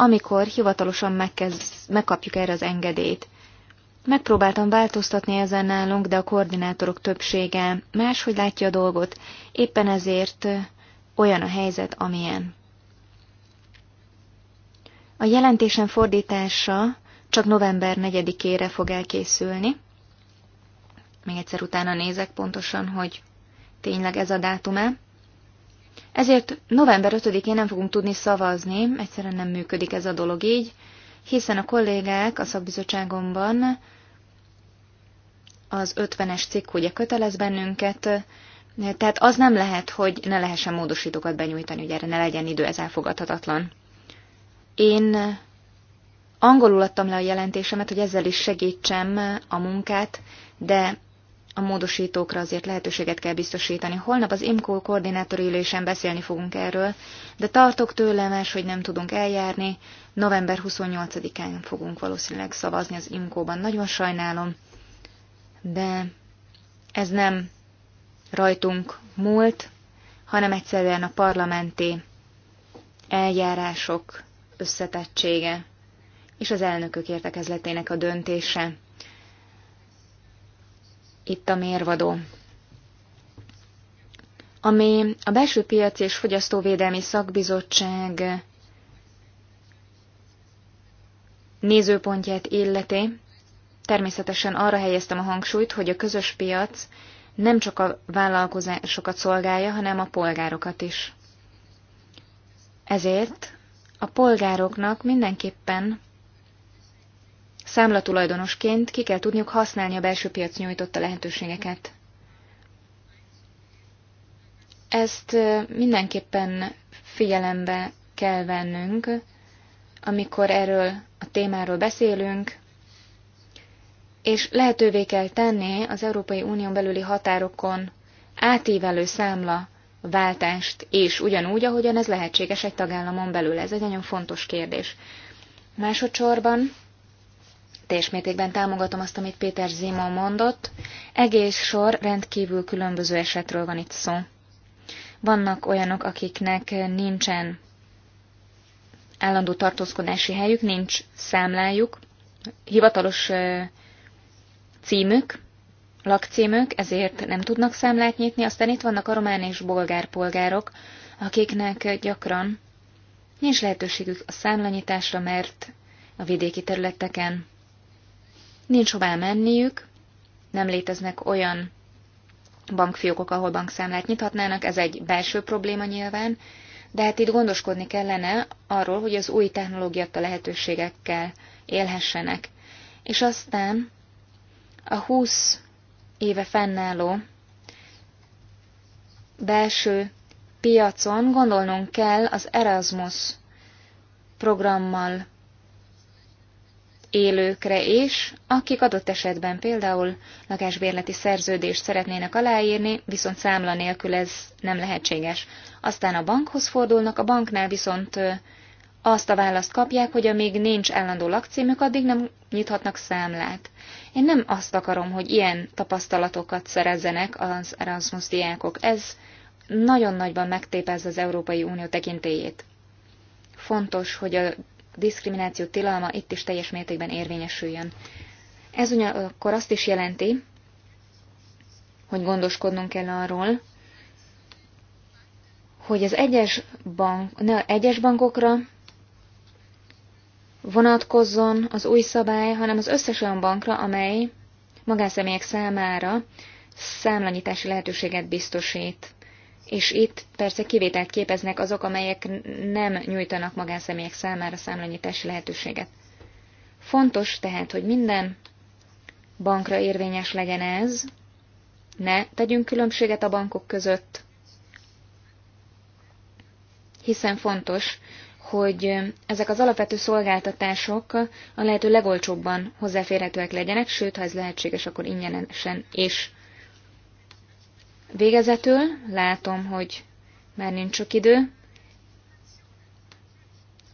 amikor hivatalosan megkezd, megkapjuk erre az engedélyt. Megpróbáltam változtatni ezen nálunk, de a koordinátorok többsége máshogy látja a dolgot, éppen ezért olyan a helyzet, amilyen. A jelentésen fordítása csak november 4-ére fog elkészülni. Még egyszer utána nézek pontosan, hogy tényleg ez a dátum-e. Ezért november 5-én nem fogunk tudni szavazni, egyszerűen nem működik ez a dolog így, hiszen a kollégák a szakbizottságomban az 50-es cikk ugye kötelez bennünket, tehát az nem lehet, hogy ne lehessen módosítókat benyújtani, hogy erre ne legyen idő, ez elfogadhatatlan. Én angolul adtam le a jelentésemet, hogy ezzel is segítsem a munkát, de a módosítókra azért lehetőséget kell biztosítani. Holnap az IMCO koordinátori ülésen beszélni fogunk erről, de tartok tőle mert hogy nem tudunk eljárni. November 28-án fogunk valószínűleg szavazni az IMCO-ban. Nagyon sajnálom, de ez nem rajtunk múlt, hanem egyszerűen a parlamenti eljárások összetettsége és az elnökök értekezletének a döntése itt a mérvadó. Ami a belső piac és fogyasztóvédelmi szakbizottság nézőpontját illeti, természetesen arra helyeztem a hangsúlyt, hogy a közös piac nem csak a vállalkozásokat szolgálja, hanem a polgárokat is. Ezért a polgároknak mindenképpen számlatulajdonosként ki kell tudniuk használni a belső piac nyújtotta lehetőségeket. Ezt mindenképpen figyelembe kell vennünk, amikor erről a témáról beszélünk, és lehetővé kell tenni az Európai Unión belüli határokon átívelő számla váltást és ugyanúgy, ahogyan ez lehetséges egy tagállamon belül. Ez egy nagyon fontos kérdés. Másodszorban teljes mértékben támogatom azt, amit Péter Zima mondott. Egész sor rendkívül különböző esetről van itt szó. Vannak olyanok, akiknek nincsen állandó tartózkodási helyük, nincs számlájuk, hivatalos címük, lakcímük, ezért nem tudnak számlát nyitni. Aztán itt vannak a román és bolgár polgárok, akiknek gyakran nincs lehetőségük a számlanyításra, mert a vidéki területeken nincs hová menniük, nem léteznek olyan bankfiókok, ahol bankszámlát nyithatnának, ez egy belső probléma nyilván, de hát itt gondoskodni kellene arról, hogy az új technológiát a lehetőségekkel élhessenek. És aztán a 20 éve fennálló belső piacon gondolnunk kell az Erasmus programmal élőkre is, akik adott esetben például lakásbérleti szerződést szeretnének aláírni, viszont számla nélkül ez nem lehetséges. Aztán a bankhoz fordulnak, a banknál viszont azt a választ kapják, hogy amíg nincs állandó lakcímük, addig nem nyithatnak számlát. Én nem azt akarom, hogy ilyen tapasztalatokat szerezzenek az Erasmus diákok. Ez nagyon nagyban megtépez az Európai Unió tekintélyét. Fontos, hogy a diszkrimináció tilalma itt is teljes mértékben érvényesüljön. Ez ugyanakkor azt is jelenti, hogy gondoskodnunk kell arról, hogy az egyes, bank, ne, egyes bankokra vonatkozzon az új szabály, hanem az összes olyan bankra, amely magánszemélyek számára számlanyítási lehetőséget biztosít és itt persze kivételt képeznek azok, amelyek nem nyújtanak magánszemélyek számára számlanyítási lehetőséget. Fontos tehát, hogy minden bankra érvényes legyen ez, ne tegyünk különbséget a bankok között, hiszen fontos, hogy ezek az alapvető szolgáltatások a lehető legolcsóbban hozzáférhetőek legyenek, sőt, ha ez lehetséges, akkor ingyenesen és Végezetül látom, hogy már nincs sok idő.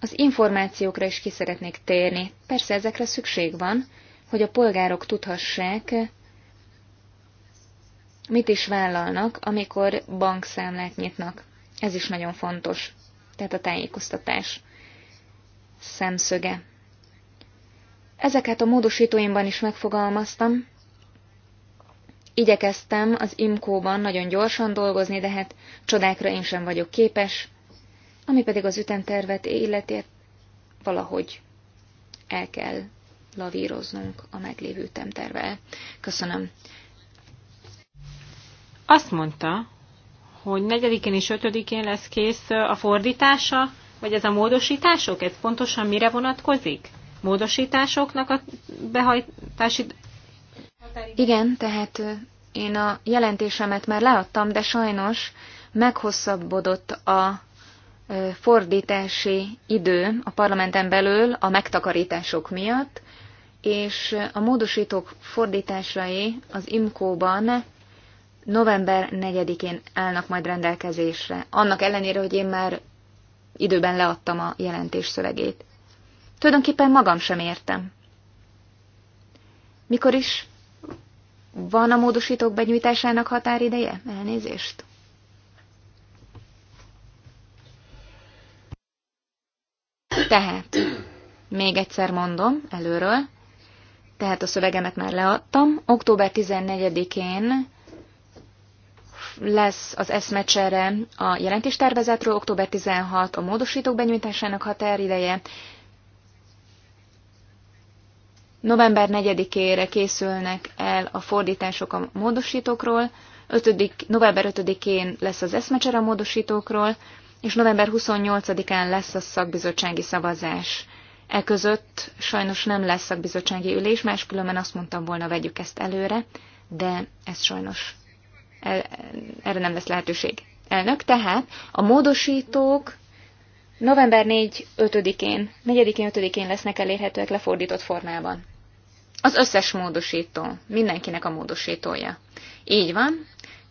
Az információkra is ki szeretnék térni. Persze ezekre szükség van, hogy a polgárok tudhassák, mit is vállalnak, amikor bankszámlát nyitnak. Ez is nagyon fontos. Tehát a tájékoztatás szemszöge. Ezeket a módosítóimban is megfogalmaztam. Igyekeztem az imkóban nagyon gyorsan dolgozni, de hát csodákra én sem vagyok képes, ami pedig az ütemtervet életét valahogy el kell lavíroznunk a meglévő ütemtervel. Köszönöm. Azt mondta, hogy negyedikén és ötödikén lesz kész a fordítása, vagy ez a módosítások? Ez pontosan mire vonatkozik? Módosításoknak a behajtási igen, tehát én a jelentésemet már leadtam, de sajnos meghosszabbodott a fordítási idő a parlamenten belül a megtakarítások miatt, és a módosítók fordításai az IMKO-ban november 4-én állnak majd rendelkezésre, annak ellenére, hogy én már időben leadtam a jelentés szövegét. Tulajdonképpen magam sem értem. Mikor is van a módosítók benyújtásának határideje? Elnézést. Tehát, még egyszer mondom előről, tehát a szövegemet már leadtam. Október 14-én lesz az eszmecsere a jelentéstervezetről, október 16 a módosítók benyújtásának határideje, November 4-ére készülnek el a fordítások a módosítókról, 5. november 5-én lesz az eszmecsere a módosítókról, és november 28-án lesz a szakbizottsági szavazás. E között sajnos nem lesz szakbizottsági ülés, máskülönben azt mondtam volna, vegyük ezt előre, de ez sajnos el, erre nem lesz lehetőség. Elnök, tehát a módosítók november 4-5-én, 4 5-én lesznek elérhetőek lefordított formában. Az összes módosító, mindenkinek a módosítója. Így van,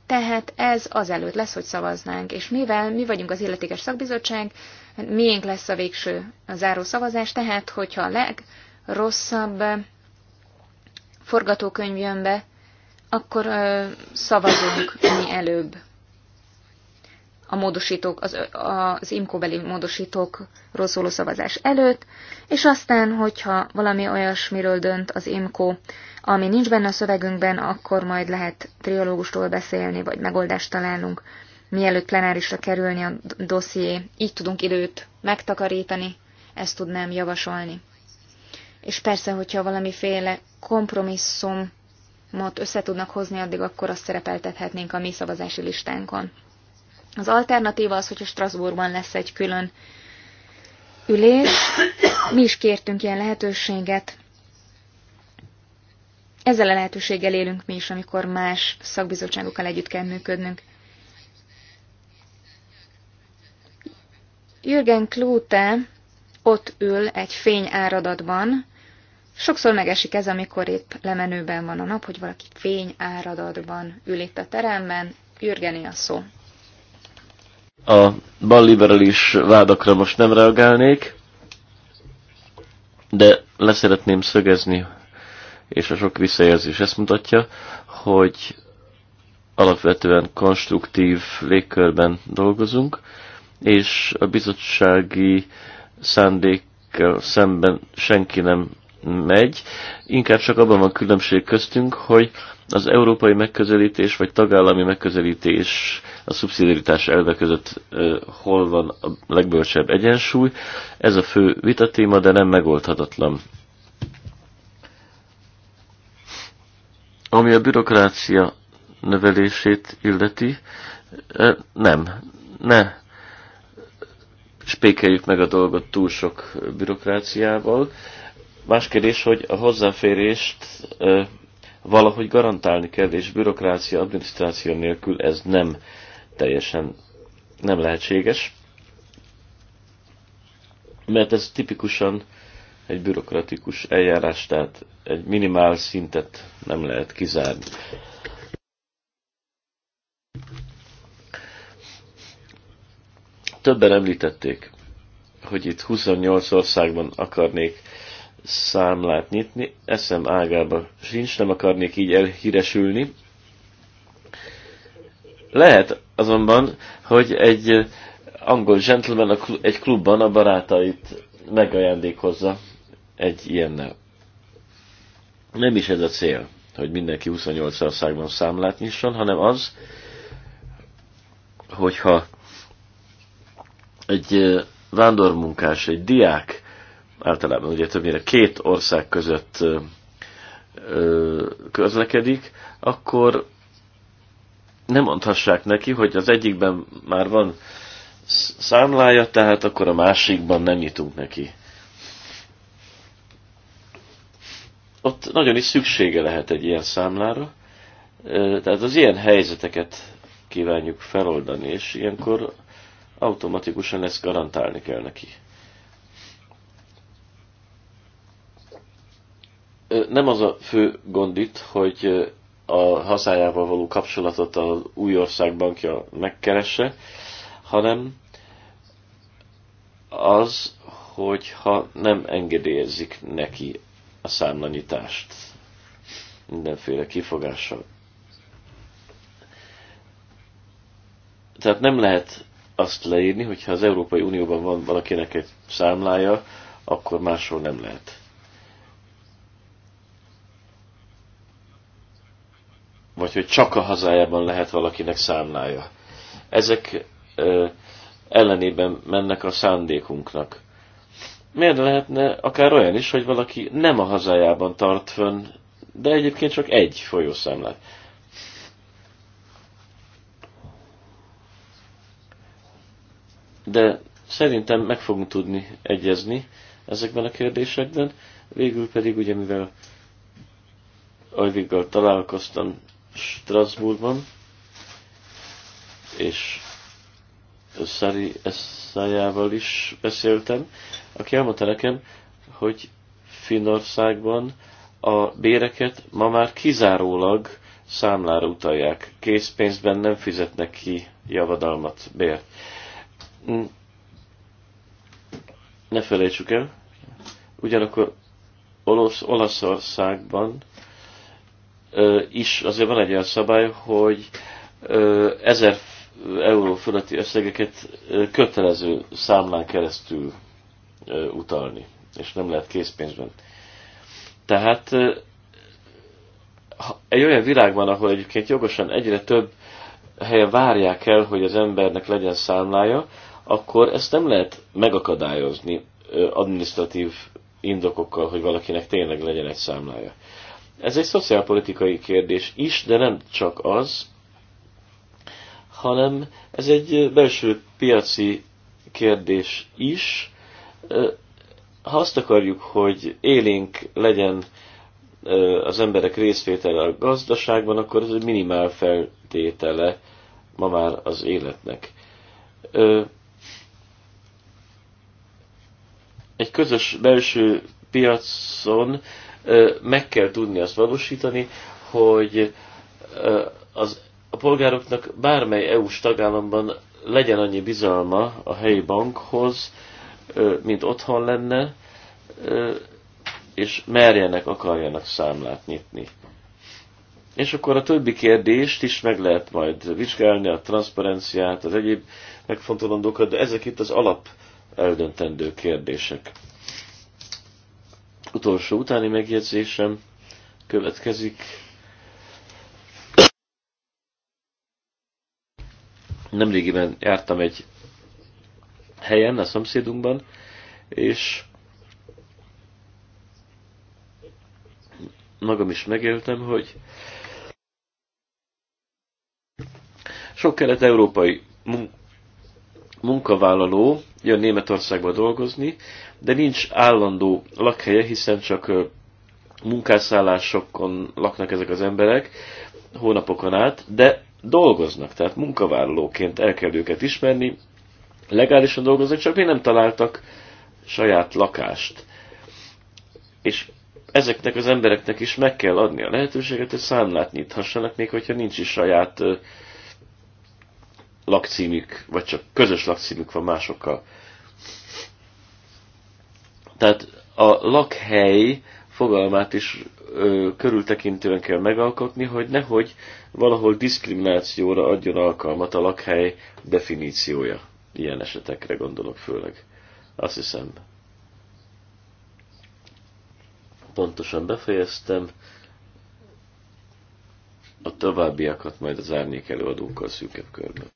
tehát ez az előtt lesz, hogy szavaznánk, és mivel mi vagyunk az illetékes szakbizottság, miénk lesz a végső a záró szavazás, tehát hogyha a legrosszabb forgatókönyv jön be, akkor ö, szavazunk mi előbb a módosítók, az, az imkóbeli módosítókról szóló szavazás előtt, és aztán, hogyha valami olyasmiről dönt az imkó, ami nincs benne a szövegünkben, akkor majd lehet triológustól beszélni, vagy megoldást találunk, mielőtt plenárisra kerülni a dosszié. Így tudunk időt megtakarítani, ezt tudnám javasolni. És persze, hogyha valamiféle kompromisszumot össze tudnak hozni, addig akkor azt szerepeltethetnénk a mi szavazási listánkon. Az alternatíva az, hogy a Strasbourgban lesz egy külön ülés. Mi is kértünk ilyen lehetőséget. Ezzel a lehetőséggel élünk mi is, amikor más szakbizottságokkal együtt kell működnünk. Jürgen Klute ott ül egy fényáradatban. Sokszor megesik ez, amikor épp lemenőben van a nap, hogy valaki fényáradatban ül itt a teremben. Jürgené a szó a balliberális vádakra most nem reagálnék, de leszeretném szögezni, és a sok visszajelzés ezt mutatja, hogy alapvetően konstruktív légkörben dolgozunk, és a bizottsági szándékkal szemben senki nem megy. Inkább csak abban van különbség köztünk, hogy az európai megközelítés vagy tagállami megközelítés a szubszidiaritás elve között hol van a legbölcsebb egyensúly. Ez a fő vitatéma, de nem megoldhatatlan. Ami a bürokrácia növelését illeti, nem, ne spékeljük meg a dolgot túl sok bürokráciával. Más kérdés, hogy a hozzáférést valahogy garantálni kell, és bürokrácia, adminisztráció nélkül ez nem teljesen nem lehetséges, mert ez tipikusan egy bürokratikus eljárás, tehát egy minimál szintet nem lehet kizárni. Többen említették, hogy itt 28 országban akarnék számlát nyitni, eszem ágába sincs, nem akarnék így elhíresülni. Lehet azonban, hogy egy angol gentleman egy klubban a barátait megajándékozza egy ilyennel. Nem is ez a cél, hogy mindenki 28 országban számlát nyisson, hanem az, hogyha egy vándormunkás, egy diák általában ugye többnyire két ország között közlekedik, akkor nem mondhassák neki, hogy az egyikben már van számlája, tehát akkor a másikban nem nyitunk neki. Ott nagyon is szüksége lehet egy ilyen számlára, tehát az ilyen helyzeteket kívánjuk feloldani, és ilyenkor automatikusan ezt garantálni kell neki. nem az a fő gond itt, hogy a haszájával való kapcsolatot az új ország bankja megkeresse, hanem az, hogyha nem engedélyezik neki a számlanyítást mindenféle kifogással. Tehát nem lehet azt leírni, hogyha az Európai Unióban van valakinek egy számlája, akkor máshol nem lehet. vagy hogy csak a hazájában lehet valakinek számlája. Ezek ö, ellenében mennek a szándékunknak. Miért lehetne akár olyan is, hogy valaki nem a hazájában tart fönn, de egyébként csak egy folyószámlát? De szerintem meg fogunk tudni egyezni ezekben a kérdésekben. Végül pedig ugye, mivel Ajviggal találkoztam, Strasbourgban, és Szari Eszájával is beszéltem, aki elmondta nekem, hogy Finnországban a béreket ma már kizárólag számlára utalják. Készpénzben nem fizetnek ki javadalmat, bért. Hm. Ne felejtsük el, ugyanakkor Olasz, Olaszországban is azért van egy olyan szabály, hogy ezer euró fölötti összegeket kötelező számlán keresztül utalni, és nem lehet készpénzben. Tehát egy olyan világban, ahol egyébként jogosan egyre több helyen várják el, hogy az embernek legyen számlája, akkor ezt nem lehet megakadályozni administratív indokokkal, hogy valakinek tényleg legyen egy számlája. Ez egy szociálpolitikai kérdés is, de nem csak az, hanem ez egy belső piaci kérdés is. Ha azt akarjuk, hogy élénk legyen az emberek részvétele a gazdaságban, akkor ez egy minimál feltétele ma már az életnek. Egy közös belső piacon meg kell tudni azt valósítani, hogy az, a polgároknak bármely EU-s tagállamban legyen annyi bizalma a helyi bankhoz, mint otthon lenne, és merjenek, akarjanak számlát nyitni. És akkor a többi kérdést is meg lehet majd vizsgálni, a transzparenciát, az egyéb megfontolandókat, de ezek itt az alap eldöntendő kérdések. Utolsó utáni megjegyzésem következik. Nemrégiben jártam egy helyen a szomszédunkban, és magam is megéltem, hogy sok kelet-európai munkavállaló jön Németországba dolgozni, de nincs állandó lakhelye, hiszen csak munkászállásokon laknak ezek az emberek hónapokon át, de dolgoznak, tehát munkavállalóként el kell őket ismerni, legálisan dolgoznak, csak még nem találtak saját lakást. És ezeknek az embereknek is meg kell adni a lehetőséget, hogy számlát nyithassanak, még hogyha nincs is saját lakcímük, vagy csak közös lakcímük van másokkal. Tehát a lakhely fogalmát is ö, körültekintően kell megalkotni, hogy nehogy valahol diszkriminációra adjon alkalmat a lakhely definíciója. Ilyen esetekre gondolok főleg. Azt hiszem. Pontosan befejeztem. A továbbiakat majd az árnyék előadókkal szűkebb körben.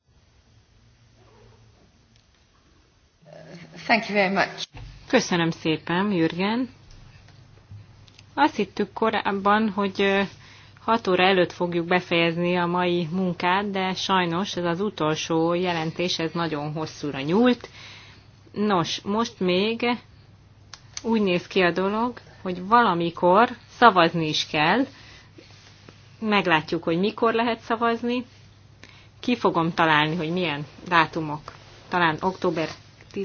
Thank you very much. Köszönöm szépen, Jürgen. Azt hittük korábban, hogy 6 óra előtt fogjuk befejezni a mai munkát, de sajnos ez az utolsó jelentés, ez nagyon hosszúra nyúlt. Nos, most még úgy néz ki a dolog, hogy valamikor szavazni is kell. Meglátjuk, hogy mikor lehet szavazni. Ki fogom találni, hogy milyen dátumok. Talán október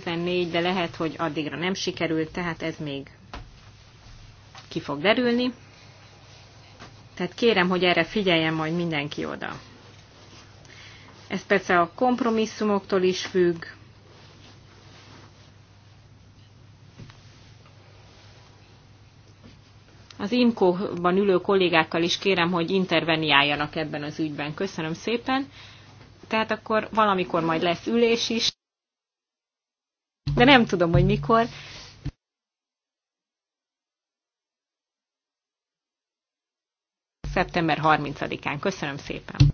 2014, de lehet, hogy addigra nem sikerült, tehát ez még ki fog derülni. Tehát kérem, hogy erre figyeljen majd mindenki oda. Ez persze a kompromisszumoktól is függ. Az imco ban ülő kollégákkal is kérem, hogy interveniáljanak ebben az ügyben. Köszönöm szépen. Tehát akkor valamikor majd lesz ülés is de nem tudom, hogy mikor. Szeptember 30-án. Köszönöm szépen!